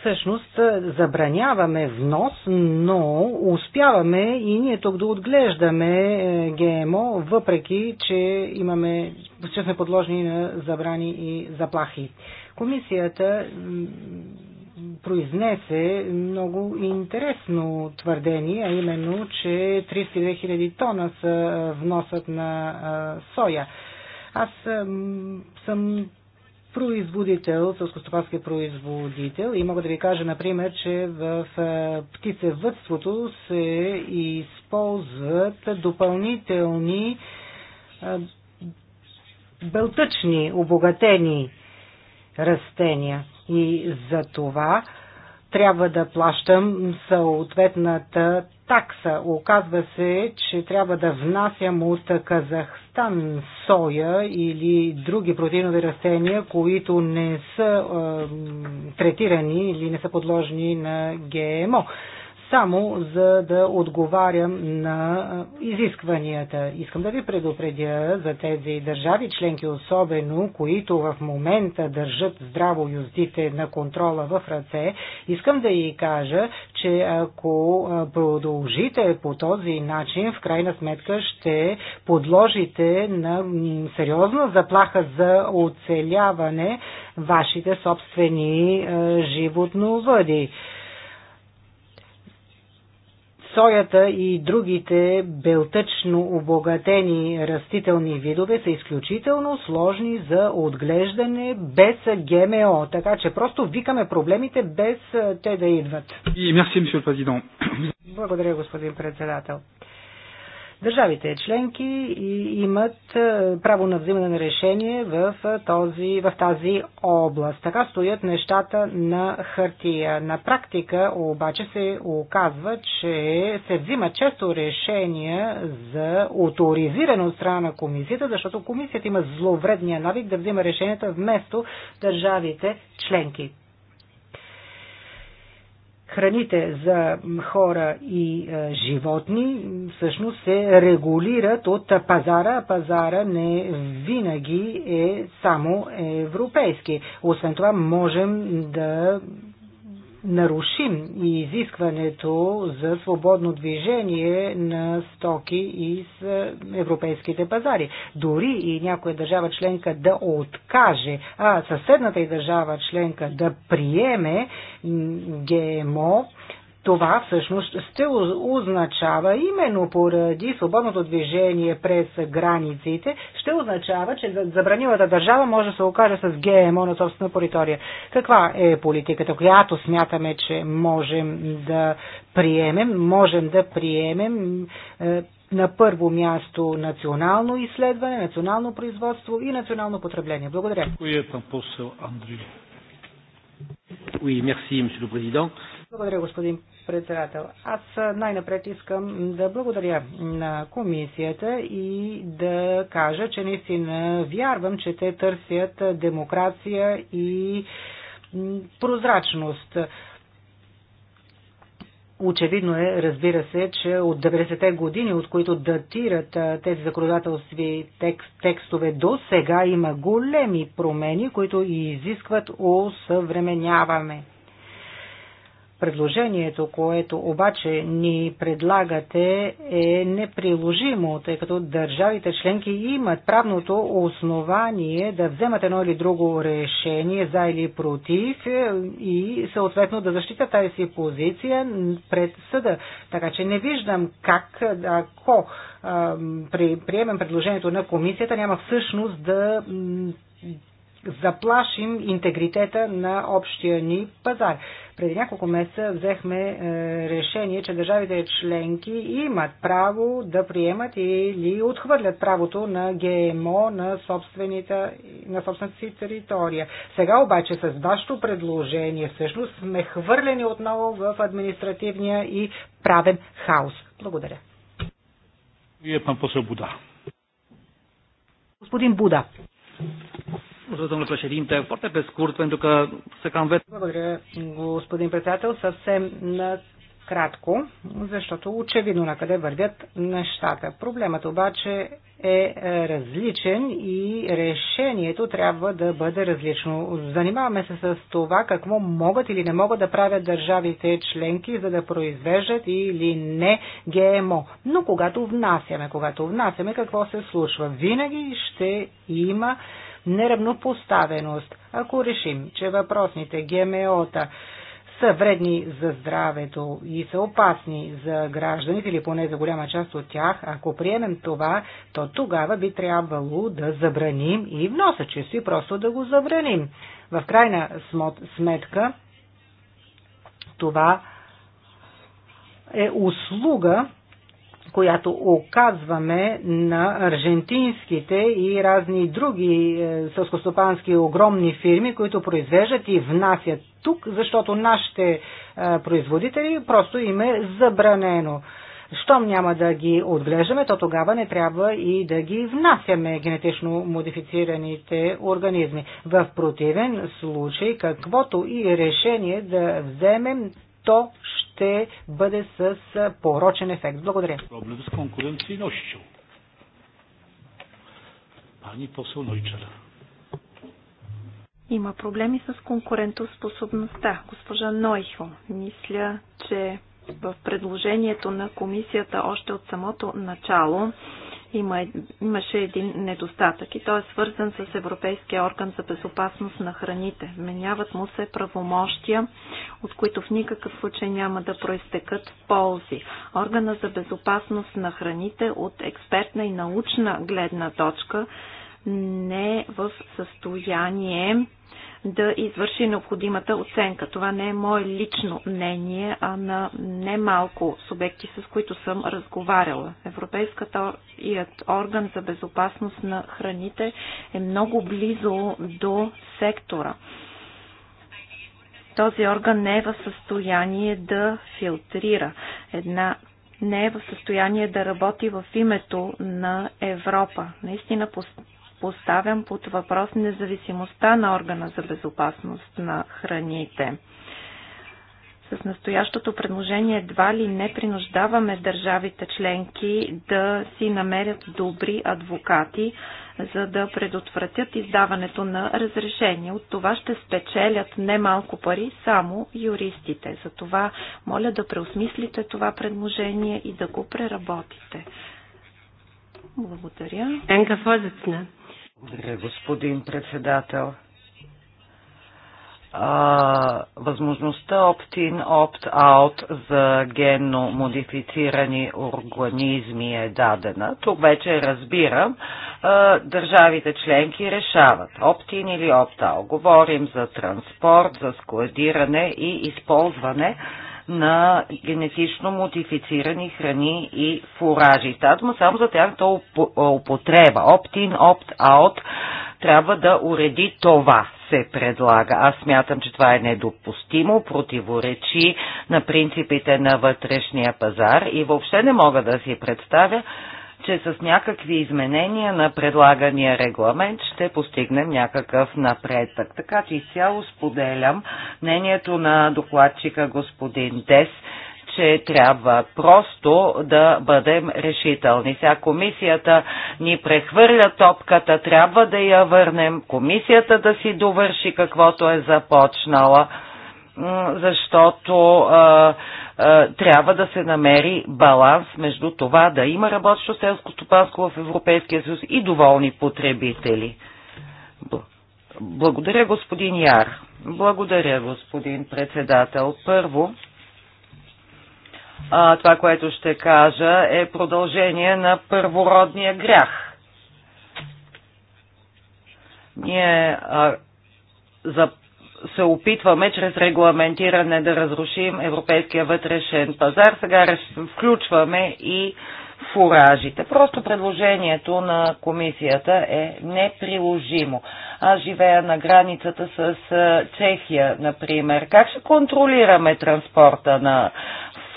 всъщност забраняваме внос, но успяваме и ние тук да отглеждаме е, ГМО, въпреки, че, имаме, че сме подложени на забрани и заплахи. Комисията произнесе много интересно твърдение, а именно, че 32 000 тона са вносът на соя. Аз съм производител, сълскостопански производител и мога да ви кажа, например, че в птицевътството се използват допълнителни белтъчни, обогатени растения и за това трябва да плащам съответната такса. Оказва се, че трябва да внасям от Казахстан соя или други протеинови растения, които не са е, третирани или не са подложени на ГМО само за да отговарям на изискванията. Искам да ви предупредя за тези държави членки особено, които в момента държат здраво юздите на контрола в ръце. Искам да ви кажа, че ако продължите по този начин, в крайна сметка ще подложите на сериозна заплаха за оцеляване вашите собствени е, животновъди соята и другите белтъчно обогатени растителни видове са изключително сложни за отглеждане без ГМО, така че просто викаме проблемите без те да идват. И мерси, Благодаря, господин председател. Държавите членки имат е, право на взимане на решение в, е, този, в тази област. Така стоят нещата на хартия. На практика обаче се оказва, че се взима често решение за авторизиране от страна на комисията, защото комисията има зловредния навик да взима решенията вместо държавите членки храните за хора и е, животни всъщност се регулират от пазара, пазара не винаги е само европейски. Освен това можем да нарушим и изискването за свободно движение на стоки из е, европейските пазари. Дори и някоя държава членка да откаже, а съседната и държава членка да приеме ГМО, това всъщност ще означава именно поради свободното движение през границите, ще означава, че забранилата държава може да се окаже с ГМО на собствена територия. Каква е политиката, която смятаме, че можем да приемем? Можем да приемем е, на първо място национално изследване, национално производство и национално потребление. Благодаря. merci, Monsieur le Président. Благодаря, господин председател. Аз най-напред искам да благодаря на комисията и да кажа, че наистина вярвам, че те търсят демокрация и прозрачност. Очевидно е, разбира се, че от 90-те години, от които датират тези законодателстви текст, текстове до сега, има големи промени, които изискват осъвременяване. Предложението, което обаче ни предлагате е неприложимо, тъй като държавите членки имат правното основание да вземат едно или друго решение за или против и съответно да защита тази си позиция пред съда. Така че не виждам как, ако приемем предложението на комисията, няма всъщност да заплашим интегритета на общия ни пазар. Преди няколко месеца взехме е, решение, че държавите членки имат право да приемат или отхвърлят правото на ГМО на, на собствената си територия. Сега обаче с вашето предложение всъщност сме хвърлени отново в административния и правен хаос. Благодаря. Господин Буда. Mulțumesc, domnule președinte. Foarte pe scurt, pentru că se cam veți... Благодаря, господин председател. Съвсем кратко, защото очевидно на къде вървят нещата. Проблемът обаче е различен и решението трябва да бъде различно. Занимаваме се с това какво могат или не могат да правят държавите членки, за да произвеждат или не ГМО. Но когато внасяме, когато внасяме, какво се случва? Винаги ще има неравнопоставеност. Ако решим, че въпросните ГМО-та са вредни за здравето и са опасни за гражданите или поне за голяма част от тях, ако приемем това, то тогава би трябвало да забраним и вноса чисто и просто да го забраним. В крайна сметка това е услуга, която оказваме на аржентинските и разни други е, сълскостопански огромни фирми, които произвеждат и внасят тук, защото нашите е, производители просто им е забранено. Щом няма да ги отглеждаме, то тогава не трябва и да ги внасяме генетично модифицираните организми. В противен случай, каквото и решение да вземем, то ще ще бъде с порочен ефект. Благодаря. Проблем с конкуренцийностью. Пани посол Нойчера. Има проблеми с конкурентоспособността. Госпожа Нойхо, мисля, че в предложението на комисията още от самото начало има, имаше един недостатък и той е свързан с Европейския орган за безопасност на храните. Меняват му се правомощия, от които в никакъв случай няма да проистекат ползи. Органа за безопасност на храните от експертна и научна гледна точка не е в състояние да извърши необходимата оценка. Това не е мое лично мнение, а на немалко субекти, с които съм разговаряла. Европейската орган за безопасност на храните е много близо до сектора този орган не е в състояние да филтрира. Една не е в състояние да работи в името на Европа. Наистина поставям под въпрос независимостта на органа за безопасност на храните. С настоящото предложение едва ли не принуждаваме държавите членки да си намерят добри адвокати, за да предотвратят издаването на разрешение. От това ще спечелят немалко пари само юристите. Затова моля да преосмислите това предложение и да го преработите. Благодаря. Благодаря, господин председател. А, възможността opt-in, opt-out за генно модифицирани организми е дадена. Тук вече разбирам, а, държавите членки решават opt-in или opt-out. Говорим за транспорт, за складиране и използване на генетично модифицирани храни и фуражи. Тазма само за тяхната е, употреба, opt-in, opt-out, трябва да уреди това се предлага. Аз смятам, че това е недопустимо, противоречи на принципите на вътрешния пазар и въобще не мога да си представя че с някакви изменения на предлагания регламент ще постигнем някакъв напредък. Така че изцяло споделям мнението на докладчика господин Дес, че трябва просто да бъдем решителни. Сега комисията ни прехвърля топката, трябва да я върнем, комисията да си довърши каквото е започнала защото а, а, трябва да се намери баланс между това да има работещо селско стопанство в Европейския съюз и доволни потребители. Благодаря, господин Яр. Благодаря, господин председател. Първо, а, това, което ще кажа, е продължение на първородния грях. Ние а, за се опитваме чрез регламентиране да разрушим европейския вътрешен пазар. Сега включваме и фуражите. Просто предложението на комисията е неприложимо. Аз живея на границата с Чехия, например. Как ще контролираме транспорта на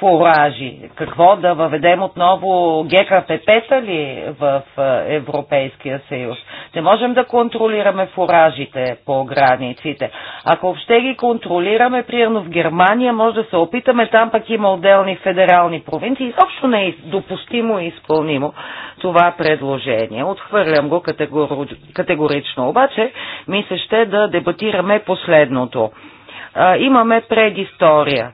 фуражи. Какво да въведем отново ГКПП-та ли в Европейския съюз? Не можем да контролираме фуражите по границите. Ако въобще ги контролираме, примерно в Германия, може да се опитаме, там пък има отделни федерални провинции. Изобщо не е допустимо и изпълнимо това предложение. Отхвърлям го категорично. Обаче ми се ще да дебатираме последното. Имаме предистория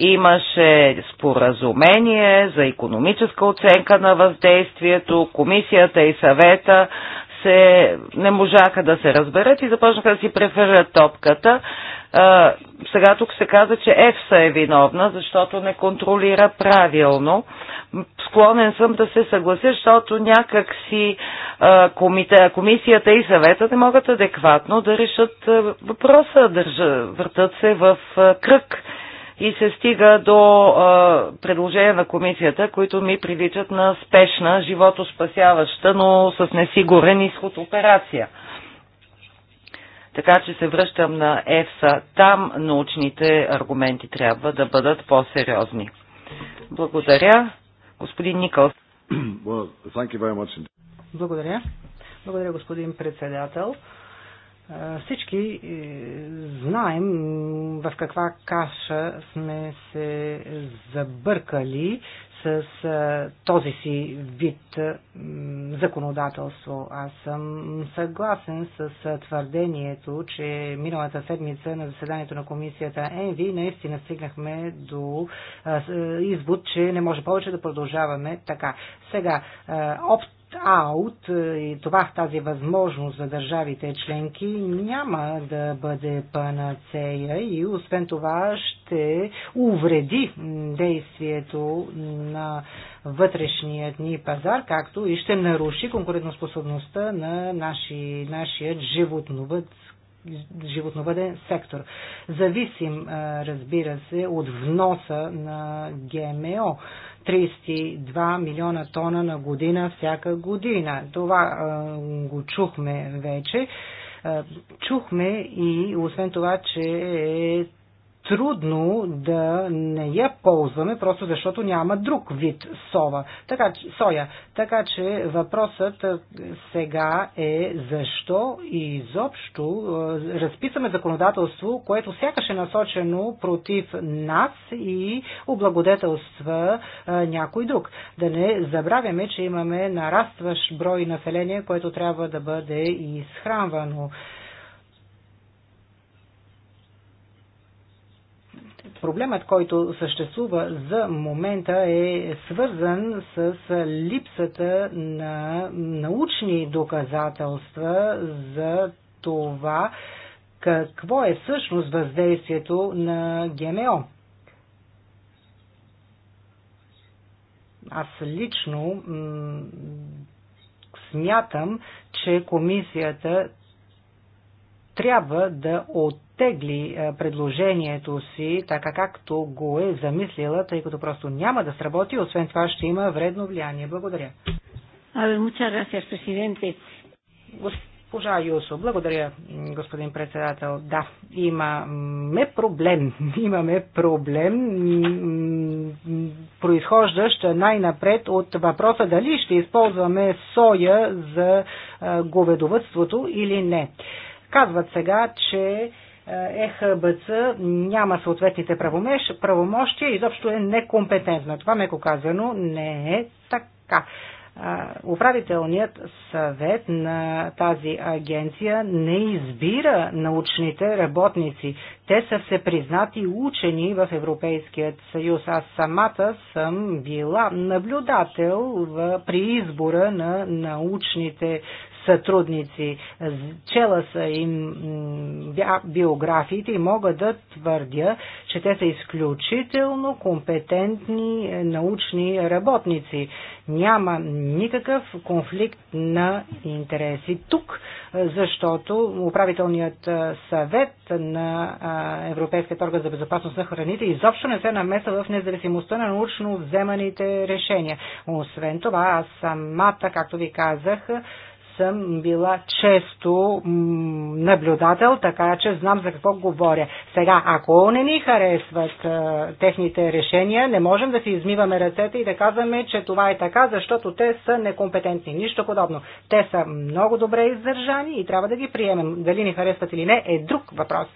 Имаше споразумение за економическа оценка на въздействието. Комисията и съвета се, не можаха да се разберат и започнаха да си преферят топката. А, сега тук се каза, че ЕФСА е виновна, защото не контролира правилно. Склонен съм да се съглася, защото някак си комисията и съвета не могат адекватно да решат въпроса, държа, въртат се в а, кръг и се стига до а, предложения на комисията, които ми приличат на спешна, животоспасяваща, но с несигурен изход операция. Така че се връщам на ЕФСА. Там научните аргументи трябва да бъдат по-сериозни. Благодаря. Господин Никълс. Благодаря. Благодаря, господин председател. Всички е, знаем в каква каша сме се забъркали с този си вид законодателство. Аз съм съгласен с твърдението, че миналата седмица на заседанието на комисията ЕНВИ наистина стигнахме до извод, че не може повече да продължаваме така. Сега, опт opt-out е, и това, тази възможност за държавите членки няма да бъде панацея и освен това ще увреди действието на вътрешният ни пазар, както и ще наруши конкурентоспособността на наши, нашият животновът животновъден сектор. Зависим, е, разбира се, от вноса на ГМО. 32 милиона тона на година всяка година. Това а, го чухме вече. А, чухме и освен това, че е трудно да не я ползваме, просто защото няма друг вид сова, така, соя. Така че въпросът сега е защо изобщо разписаме законодателство, което сякаш е насочено против нас и облагодетелства някой друг. Да не забравяме, че имаме нарастващ брой население, което трябва да бъде изхранвано. Проблемът, който съществува за момента е свързан с липсата на научни доказателства за това какво е всъщност въздействието на ГМО. Аз лично смятам, че комисията трябва да оттегли е, предложението си, така както го е замислила, тъй като просто няма да сработи, освен това ще има вредно влияние. Благодаря. Госпожа Юсо, благодаря, господин председател. Да, имаме проблем. Имаме проблем, произхождащ най-напред от въпроса дали ще използваме соя за говедовътството или не. Казват сега, че ЕХБЦ няма съответните правомощия и изобщо е некомпетентна. Това, меко казано, не е така. Управителният съвет на тази агенция не избира научните работници. Те са всепризнати учени в Европейският съюз. Аз самата съм била наблюдател при избора на научните сътрудници. Чела са им биографиите и мога да твърдя, че те са изключително компетентни е, научни работници. Няма никакъв конфликт на интереси тук, е, защото управителният е, съвет на Европейската орган за безопасност на храните изобщо не се намеса в независимостта на научно вземаните решения. Освен това, аз самата, както ви казах, съм била често наблюдател, така че знам за какво говоря. Сега, ако не ни харесват а, техните решения, не можем да си измиваме ръцете и да казваме, че това е така, защото те са некомпетентни. Нищо подобно. Те са много добре издържани и трябва да ги приемем. Дали ни харесват или не е друг въпрос.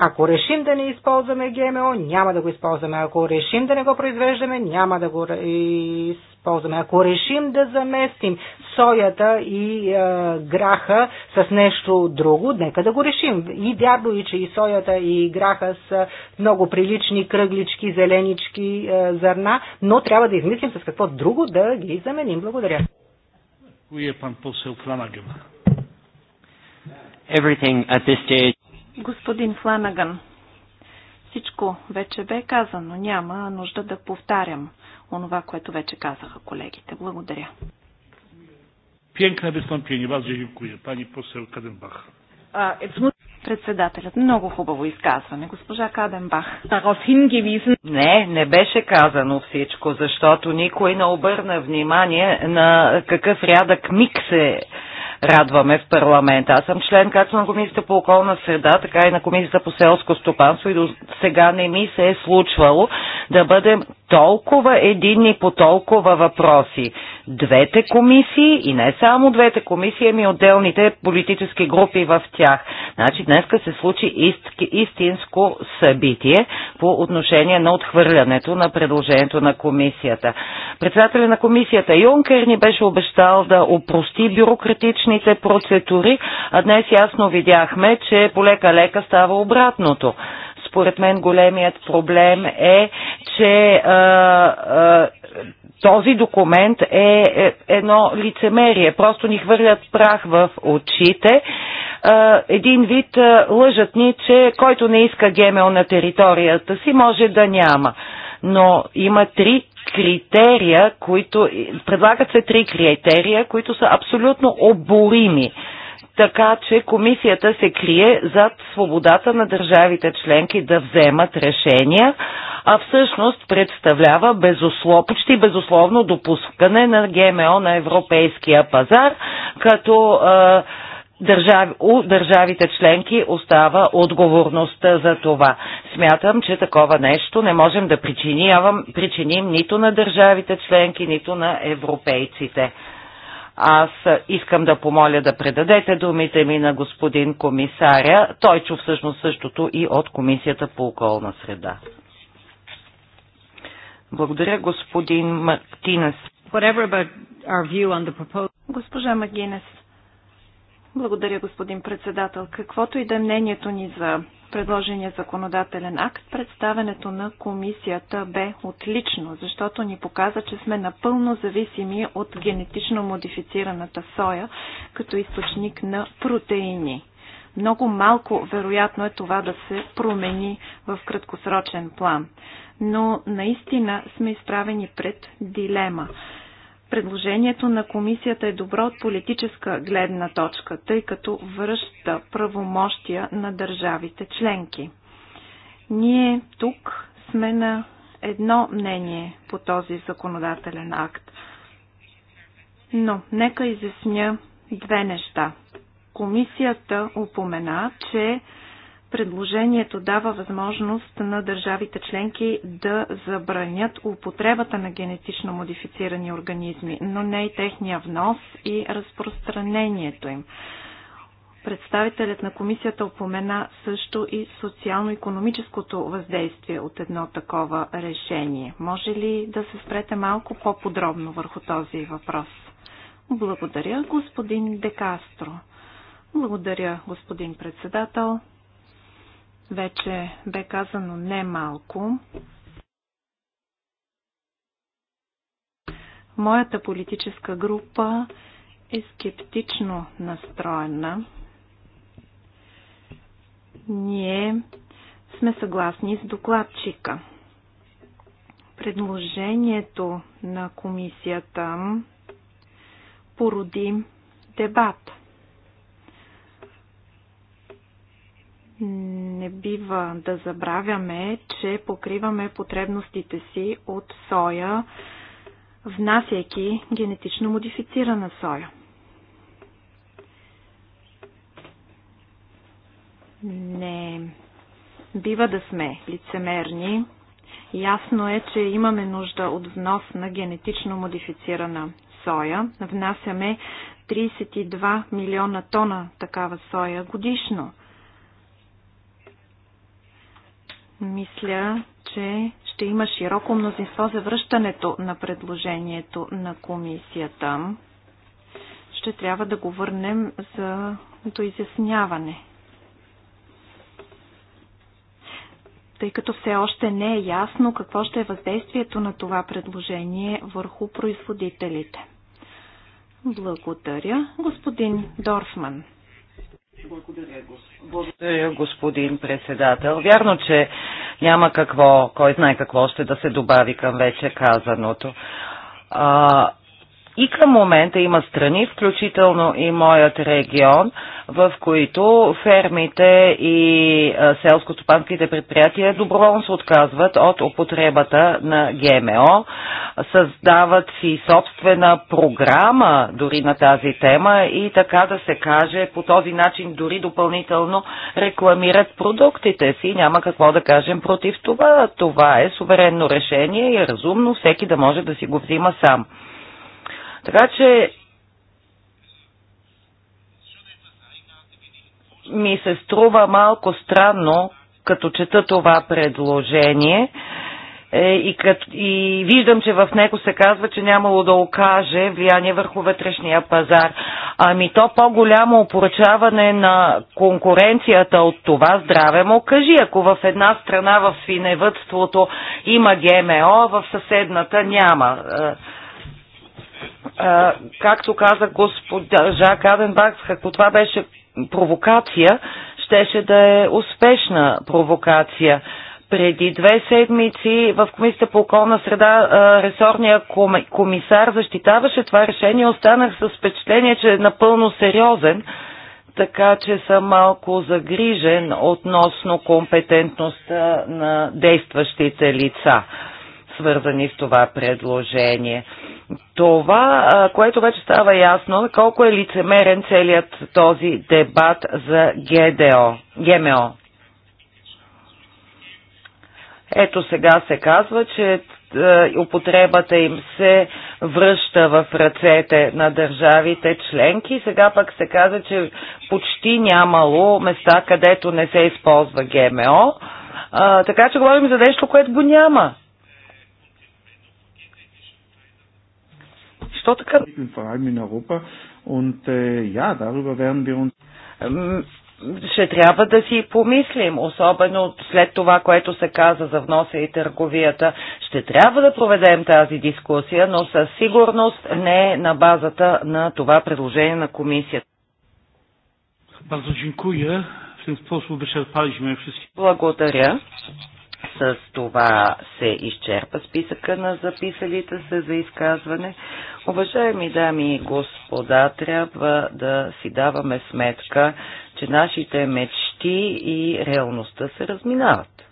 Ако решим да не използваме ГМО, няма да го използваме. Ако решим да не го произвеждаме, няма да го използваме използваме. Ако решим да заместим соята и е, граха с нещо друго, нека да го решим. И вярно и, че и соята и граха са много прилични кръглички, зеленички е, зърна, но трябва да измислим с какво друго да ги заменим. Благодаря. Е Господин Фланаган, всичко вече бе казано, няма нужда да повтарям онова, което вече казаха колегите. Благодаря. Piękne wystąpienie, bardzo Председателят, много хубаво изказване, госпожа Каденбах. Не, не беше казано всичко, защото никой не обърна внимание на какъв рядък миг се радваме в парламента. Аз съм член както на Комисията по околна среда, така и на Комисията по селско стопанство и до сега не ми се е случвало да бъдем толкова единни по толкова въпроси. Двете комисии и не само двете комисии, ами отделните политически групи в тях. Значи днеска се случи истинско събитие по отношение на отхвърлянето на предложението на комисията. Председателя на комисията Юнкер ни беше обещал да опрости бюрократичните процедури, а днес ясно видяхме, че полека-лека става обратното. Според мен големият проблем е, че а, а, този документ е, е едно лицемерие. Просто ни хвърлят прах в очите. Един вид лъжат ни, че който не иска гемел на територията си, може да няма. Но има три критерия, които, предлагат се три критерия, които са абсолютно оборими така че комисията се крие зад свободата на държавите членки да вземат решения, а всъщност представлява безуслов, почти безусловно допускане на ГМО на европейския пазар, като е, държав, у държавите членки остава отговорността за това. Смятам, че такова нещо не можем да причиним нито на държавите членки, нито на европейците. Аз искам да помоля да предадете думите ми на господин комисаря. Той чу всъщност същото и от Комисията по околна среда. Благодаря, господин Мактинес. Госпожа Магинес, благодаря, господин председател. Каквото и да е мнението ни за предложения законодателен акт, представенето на комисията бе отлично, защото ни показа, че сме напълно зависими от генетично модифицираната соя като източник на протеини. Много малко вероятно е това да се промени в краткосрочен план. Но наистина сме изправени пред дилема. Предложението на комисията е добро от политическа гледна точка, тъй като връща правомощия на държавите членки. Ние тук сме на едно мнение по този законодателен акт. Но нека изясня две неща. Комисията упомена, че предложението дава възможност на държавите членки да забранят употребата на генетично модифицирани организми, но не и техния внос и разпространението им. Представителят на комисията опомена също и социално-економическото въздействие от едно такова решение. Може ли да се спрете малко по-подробно върху този въпрос? Благодаря, господин Декастро. Благодаря, господин председател. Вече бе казано не малко. Моята политическа група е скептично настроена. Ние сме съгласни с докладчика. Предложението на комисията породи дебат – Не бива да забравяме, че покриваме потребностите си от соя, внасяйки генетично модифицирана соя. Не бива да сме лицемерни. Ясно е, че имаме нужда от внос на генетично модифицирана соя. Внасяме 32 милиона тона такава соя годишно – Мисля, че ще има широко мнозинство за връщането на предложението на комисията. Ще трябва да го върнем за доизясняване. Тъй като все още не е ясно какво ще е въздействието на това предложение върху производителите. Благодаря, господин Дорфман. Благодаря, господин. председател. Вярно, че няма какво, кой знае какво ще да се добави към вече казаното. А, и към момента има страни, включително и моят регион, в които фермите и селско-стопанските предприятия доброволно се отказват от употребата на ГМО, създават си собствена програма дори на тази тема и така да се каже, по този начин дори допълнително рекламират продуктите си. Няма какво да кажем против това. Това е суверенно решение и е разумно всеки да може да си го взима сам. Така че ми се струва малко странно, като чета това предложение е, и, като, и виждам, че в него се казва, че нямало да окаже влияние върху вътрешния пазар. Ами то по-голямо опоръчаване на конкуренцията от това здраве му кажи. Ако в една страна в свиневътството има ГМО, в съседната няма. Е, а, както каза госпожа Каденбакс, ако това беше провокация, щеше да е успешна провокация. Преди две седмици в Комисията по околна среда ресорният комисар защитаваше това решение. Останах с впечатление, че е напълно сериозен, така че съм малко загрижен относно компетентността на действащите лица свързани с това предложение. Това, което вече става ясно, колко е лицемерен целият този дебат за ГДО, ГМО. Ето сега се казва, че употребата им се връща в ръцете на държавите членки. Сега пък се каза, че почти нямало места, където не се използва ГМО. А, така че говорим за нещо, което го няма. Защо така? Äh, ще трябва да си помислим, особено след това, което се каза за вноса и търговията. Ще трябва да проведем тази дискусия, но със сигурност не е на базата на това предложение на комисията. Bardzo dziękuję. W ten sposób wyczerpaliśmy wszystkie. Благодаря. С това се изчерпа списъка на записалите се за изказване. Уважаеми дами и господа, трябва да си даваме сметка, че нашите мечти и реалността се разминават.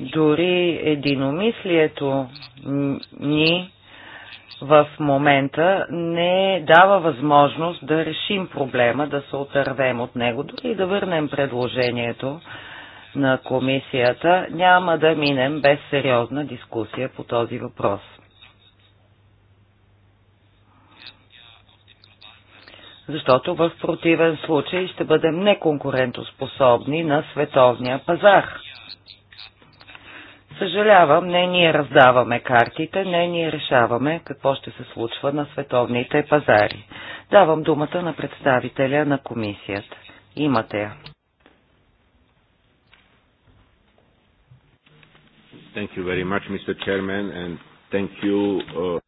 Дори единомислието ни в момента не дава възможност да решим проблема, да се отървем от него, дори да върнем предложението на комисията, няма да минем без сериозна дискусия по този въпрос. Защото в противен случай ще бъдем неконкурентоспособни на световния пазар. Съжалявам, не ние раздаваме картите, не ние решаваме какво ще се случва на световните пазари. Давам думата на представителя на комисията. Имате я. Thank you very much, Mr. Chairman, and thank you, uh...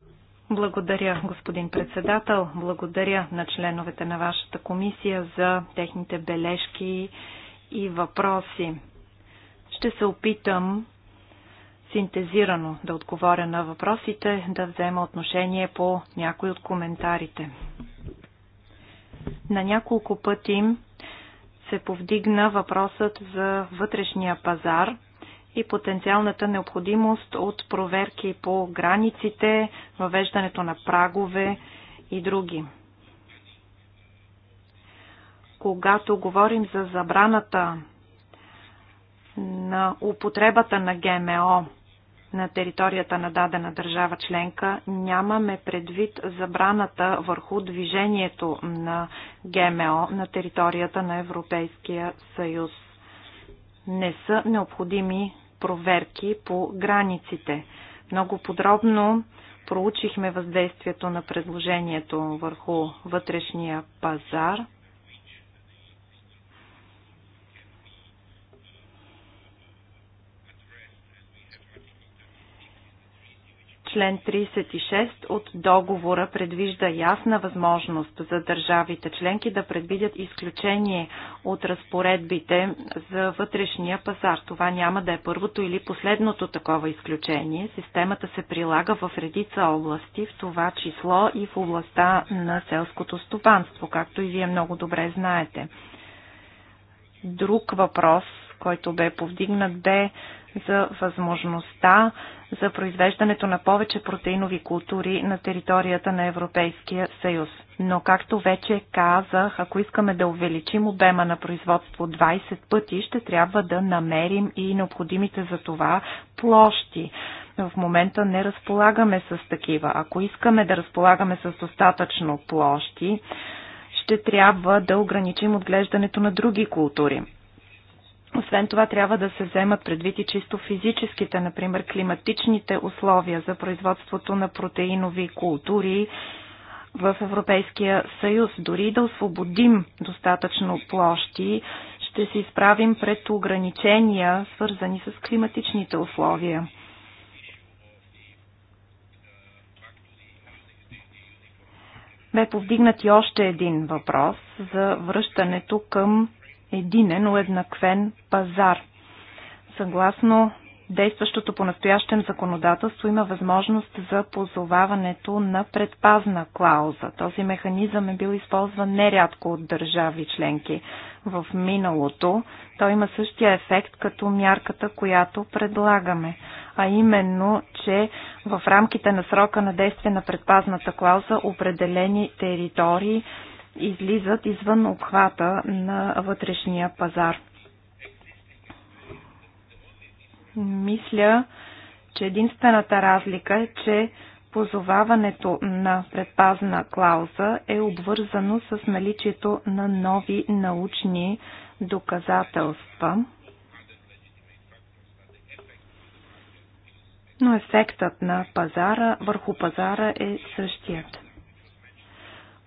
Благодаря, господин председател. Благодаря на членовете на вашата комисия за техните бележки и въпроси. Ще се опитам синтезирано да отговоря на въпросите, да взема отношение по някои от коментарите. На няколко пъти се повдигна въпросът за вътрешния пазар – и потенциалната необходимост от проверки по границите, въвеждането на прагове и други. Когато говорим за забраната на употребата на ГМО на територията на дадена държава членка, нямаме предвид забраната върху движението на ГМО на територията на Европейския съюз не са необходими проверки по границите. Много подробно проучихме въздействието на предложението върху вътрешния пазар. Член 36 от договора предвижда ясна възможност за държавите членки да предвидят изключение от разпоредбите за вътрешния пазар. Това няма да е първото или последното такова изключение. Системата се прилага в редица области, в това число и в областта на селското стопанство, както и вие много добре знаете. Друг въпрос, който бе повдигнат, бе за възможността за произвеждането на повече протеинови култури на територията на Европейския съюз. Но както вече казах, ако искаме да увеличим обема на производство 20 пъти, ще трябва да намерим и необходимите за това площи. В момента не разполагаме с такива. Ако искаме да разполагаме с достатъчно площи, ще трябва да ограничим отглеждането на други култури. Освен това трябва да се вземат предвид и чисто физическите, например климатичните условия за производството на протеинови култури в Европейския съюз. Дори да освободим достатъчно площи, ще се изправим пред ограничения, свързани с климатичните условия. Бе повдигнат и още един въпрос за връщането към единен уеднаквен пазар. Съгласно действащото по настоящем законодателство има възможност за позоваването на предпазна клауза. Този механизъм е бил използван нерядко от държави членки в миналото. Той има същия ефект като мярката, която предлагаме. А именно, че в рамките на срока на действие на предпазната клауза определени територии излизат извън обхвата на вътрешния пазар. Мисля, че единствената разлика е, че позоваването на предпазна клауза е обвързано с наличието на нови научни доказателства. Но ефектът на пазара върху пазара е същият.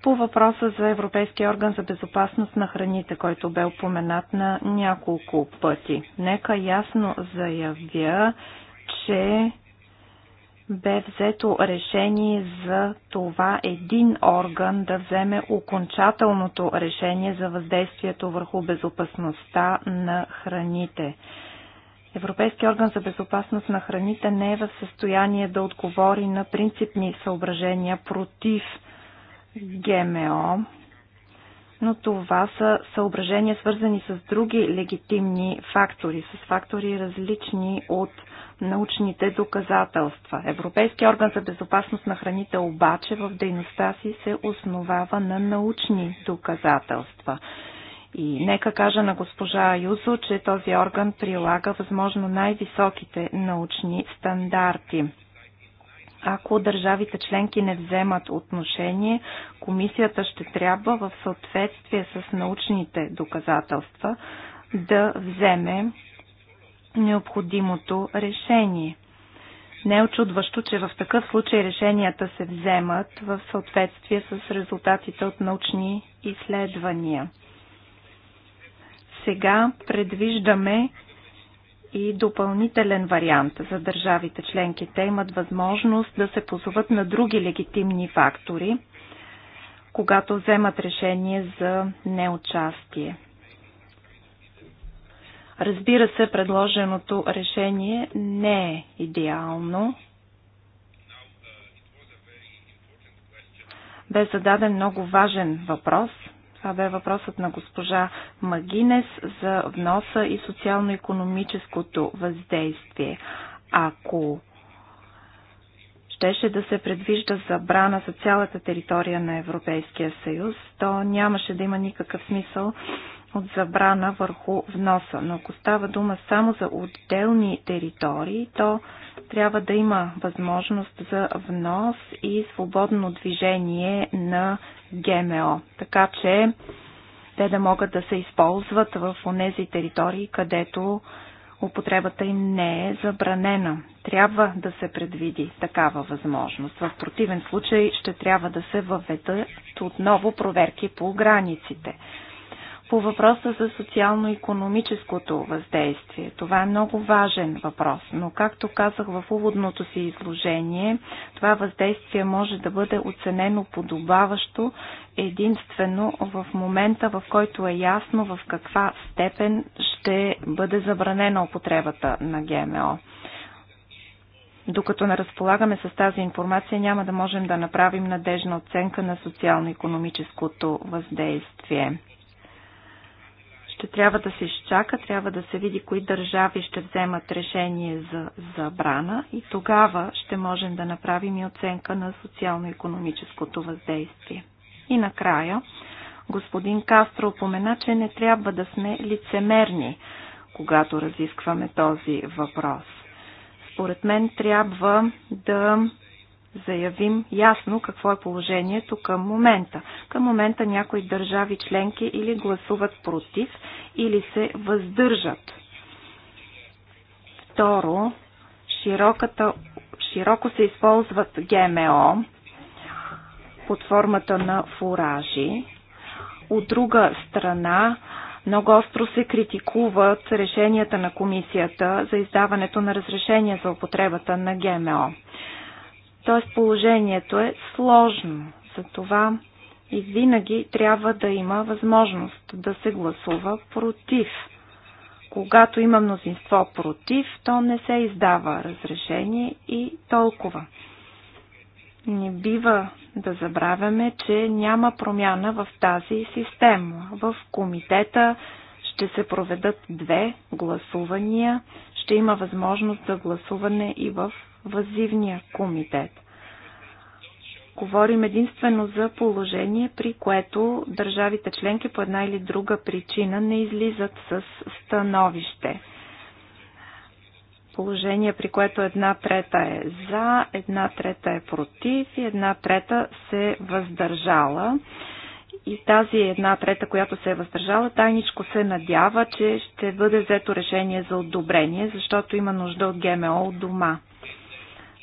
По въпроса за Европейския орган за безопасност на храните, който бе упоменат на няколко пъти. Нека ясно заявя, че бе взето решение за това един орган да вземе окончателното решение за въздействието върху безопасността на храните. Европейския орган за безопасност на храните не е в състояние да отговори на принципни съображения против ГМО, но това са съображения свързани с други легитимни фактори, с фактори различни от научните доказателства. Европейския орган за безопасност на храните обаче в дейността си се основава на научни доказателства. И нека кажа на госпожа Юзо, че този орган прилага възможно най-високите научни стандарти. Ако държавите членки не вземат отношение, комисията ще трябва в съответствие с научните доказателства да вземе необходимото решение. Не е очудващо, че в такъв случай решенията се вземат в съответствие с резултатите от научни изследвания. Сега предвиждаме и допълнителен вариант за държавите членки. Те имат възможност да се позоват на други легитимни фактори, когато вземат решение за неучастие. Разбира се, предложеното решение не е идеално. Бе зададен много важен въпрос – това бе въпросът на госпожа Магинес за вноса и социално-економическото въздействие. Ако щеше да се предвижда забрана за цялата територия на Европейския съюз, то нямаше да има никакъв смисъл от забрана върху вноса. Но ако става дума само за отделни територии, то трябва да има възможност за внос и свободно движение на ГМО. Така че те да могат да се използват в тези територии, където употребата им не е забранена. Трябва да се предвиди такава възможност. В противен случай ще трябва да се въведат отново проверки по границите по въпроса за социално-економическото въздействие. Това е много важен въпрос, но както казах в уводното си изложение, това въздействие може да бъде оценено подобаващо единствено в момента, в който е ясно в каква степен ще бъде забранена употребата на ГМО. Докато не разполагаме с тази информация, няма да можем да направим надежна оценка на социално-економическото въздействие. Ще трябва да се изчака, трябва да се види кои държави ще вземат решение за забрана и тогава ще можем да направим и оценка на социално-економическото въздействие. И накрая, господин Кастро упомена, че не трябва да сме лицемерни, когато разискваме този въпрос. Според мен трябва да заявим ясно какво е положението към момента. Към момента някои държави членки или гласуват против, или се въздържат. Второ, широката, широко се използват ГМО под формата на фуражи. От друга страна, много остро се критикуват решенията на комисията за издаването на разрешение за употребата на ГМО. Т.е. положението е сложно. Затова и винаги трябва да има възможност да се гласува против. Когато има мнозинство против, то не се издава разрешение и толкова. Не бива да забравяме, че няма промяна в тази система. В комитета ще се проведат две гласувания, ще има възможност за гласуване и в въззивния комитет. Говорим единствено за положение, при което държавите членки по една или друга причина не излизат с становище положение, при което една трета е за, една трета е против и една трета се въздържала. И тази една трета, която се е въздържала, тайничко се надява, че ще бъде взето решение за одобрение, защото има нужда от ГМО от дома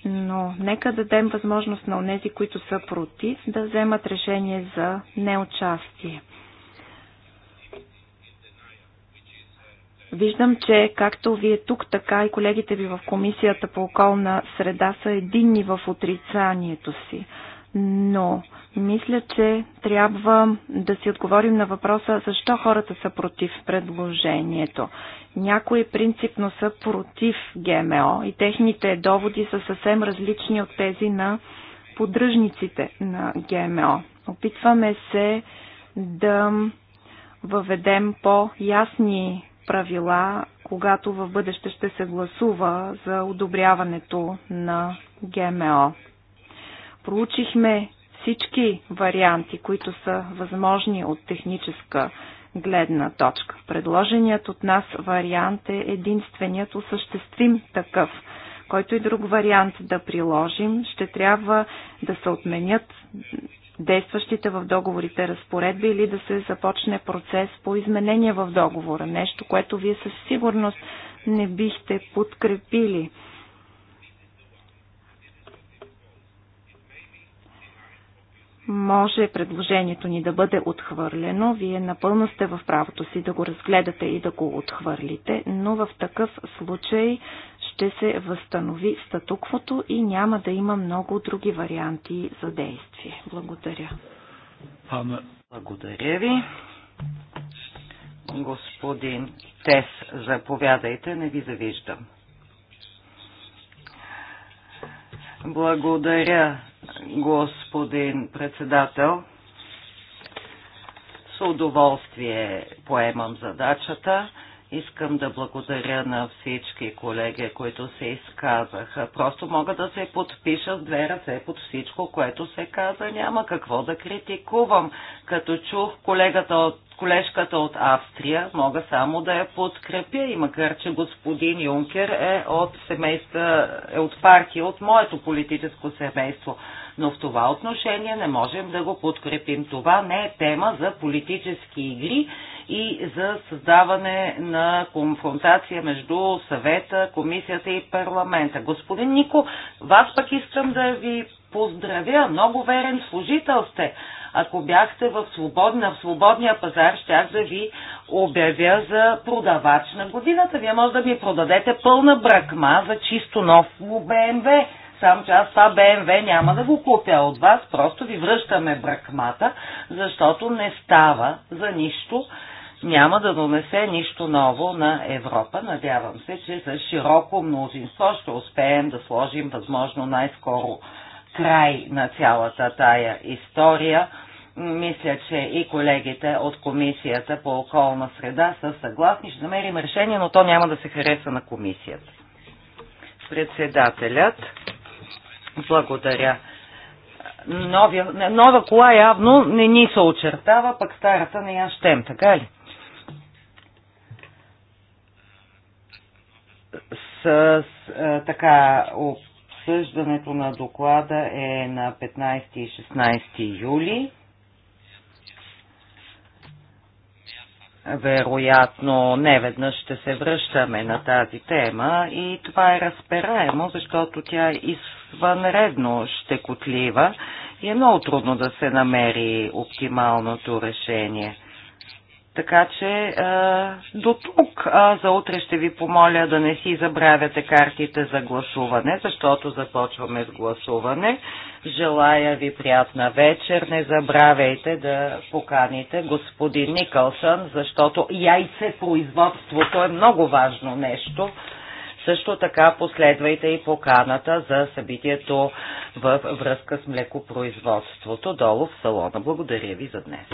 но нека дадем възможност на онези, които са против, да вземат решение за неучастие. Виждам, че както вие тук, така и колегите ви в Комисията по околна среда са единни в отрицанието си но мисля, че трябва да си отговорим на въпроса защо хората са против предложението. Някои принципно са против ГМО и техните доводи са съвсем различни от тези на поддръжниците на ГМО. Опитваме се да въведем по-ясни правила, когато в бъдеще ще се гласува за одобряването на ГМО проучихме всички варианти, които са възможни от техническа гледна точка. Предложеният от нас вариант е единственият осъществим такъв. Който и друг вариант да приложим, ще трябва да се отменят действащите в договорите разпоредби или да се започне процес по изменение в договора. Нещо, което вие със сигурност не бихте подкрепили. може предложението ни да бъде отхвърлено. Вие напълно сте в правото си да го разгледате и да го отхвърлите, но в такъв случай ще се възстанови статуквото и няма да има много други варианти за действие. Благодаря. Ана. Благодаря ви. Господин Тес, заповядайте, не ви завиждам. Благодаря господин председател. С удоволствие поемам задачата. Искам да благодаря на всички колеги, които се изказаха. Просто мога да се подпиша с две ръце под всичко, което се каза. Няма какво да критикувам. Като чух колегата от, колежката от Австрия, мога само да я подкрепя. И макар, че господин Юнкер е от, семейства, е от партия, от моето политическо семейство но в това отношение не можем да го подкрепим. Това не е тема за политически игри и за създаване на конфронтация между съвета, комисията и парламента. Господин Нико, вас пък искам да ви поздравя, много верен служител сте. Ако бяхте в, свободна, в свободния пазар, щях да ви обявя за продавач на годината. Вие може да ми продадете пълна бракма за чисто нов BMW. Само че аз това БМВ няма да го купя от вас, просто ви връщаме бракмата, защото не става за нищо няма да донесе нищо ново на Европа. Надявам се, че с широко мнозинство ще успеем да сложим възможно най-скоро край на цялата тая история. Мисля, че и колегите от Комисията по околна среда са съгласни. Ще намерим решение, но то няма да се хареса на Комисията. Председателят благодаря. Новия, нова кола явно не ни се очертава, пък старата не я щем, така ли? С, с е, така, обсъждането на доклада е на 15 и 16 юли. Вероятно, не веднъж ще се връщаме на тази тема и това е разпераемо, защото тя из извънредно щекотлива и е много трудно да се намери оптималното решение. Така че а, до тук а, за утре ще ви помоля да не си забравяте картите за гласуване, защото започваме с гласуване. Желая ви приятна вечер. Не забравяйте да поканите господин Никълсън, защото яйцепроизводството е много важно нещо. Също така последвайте и поканата за събитието във връзка с млекопроизводството долу в салона. Благодаря ви за днес.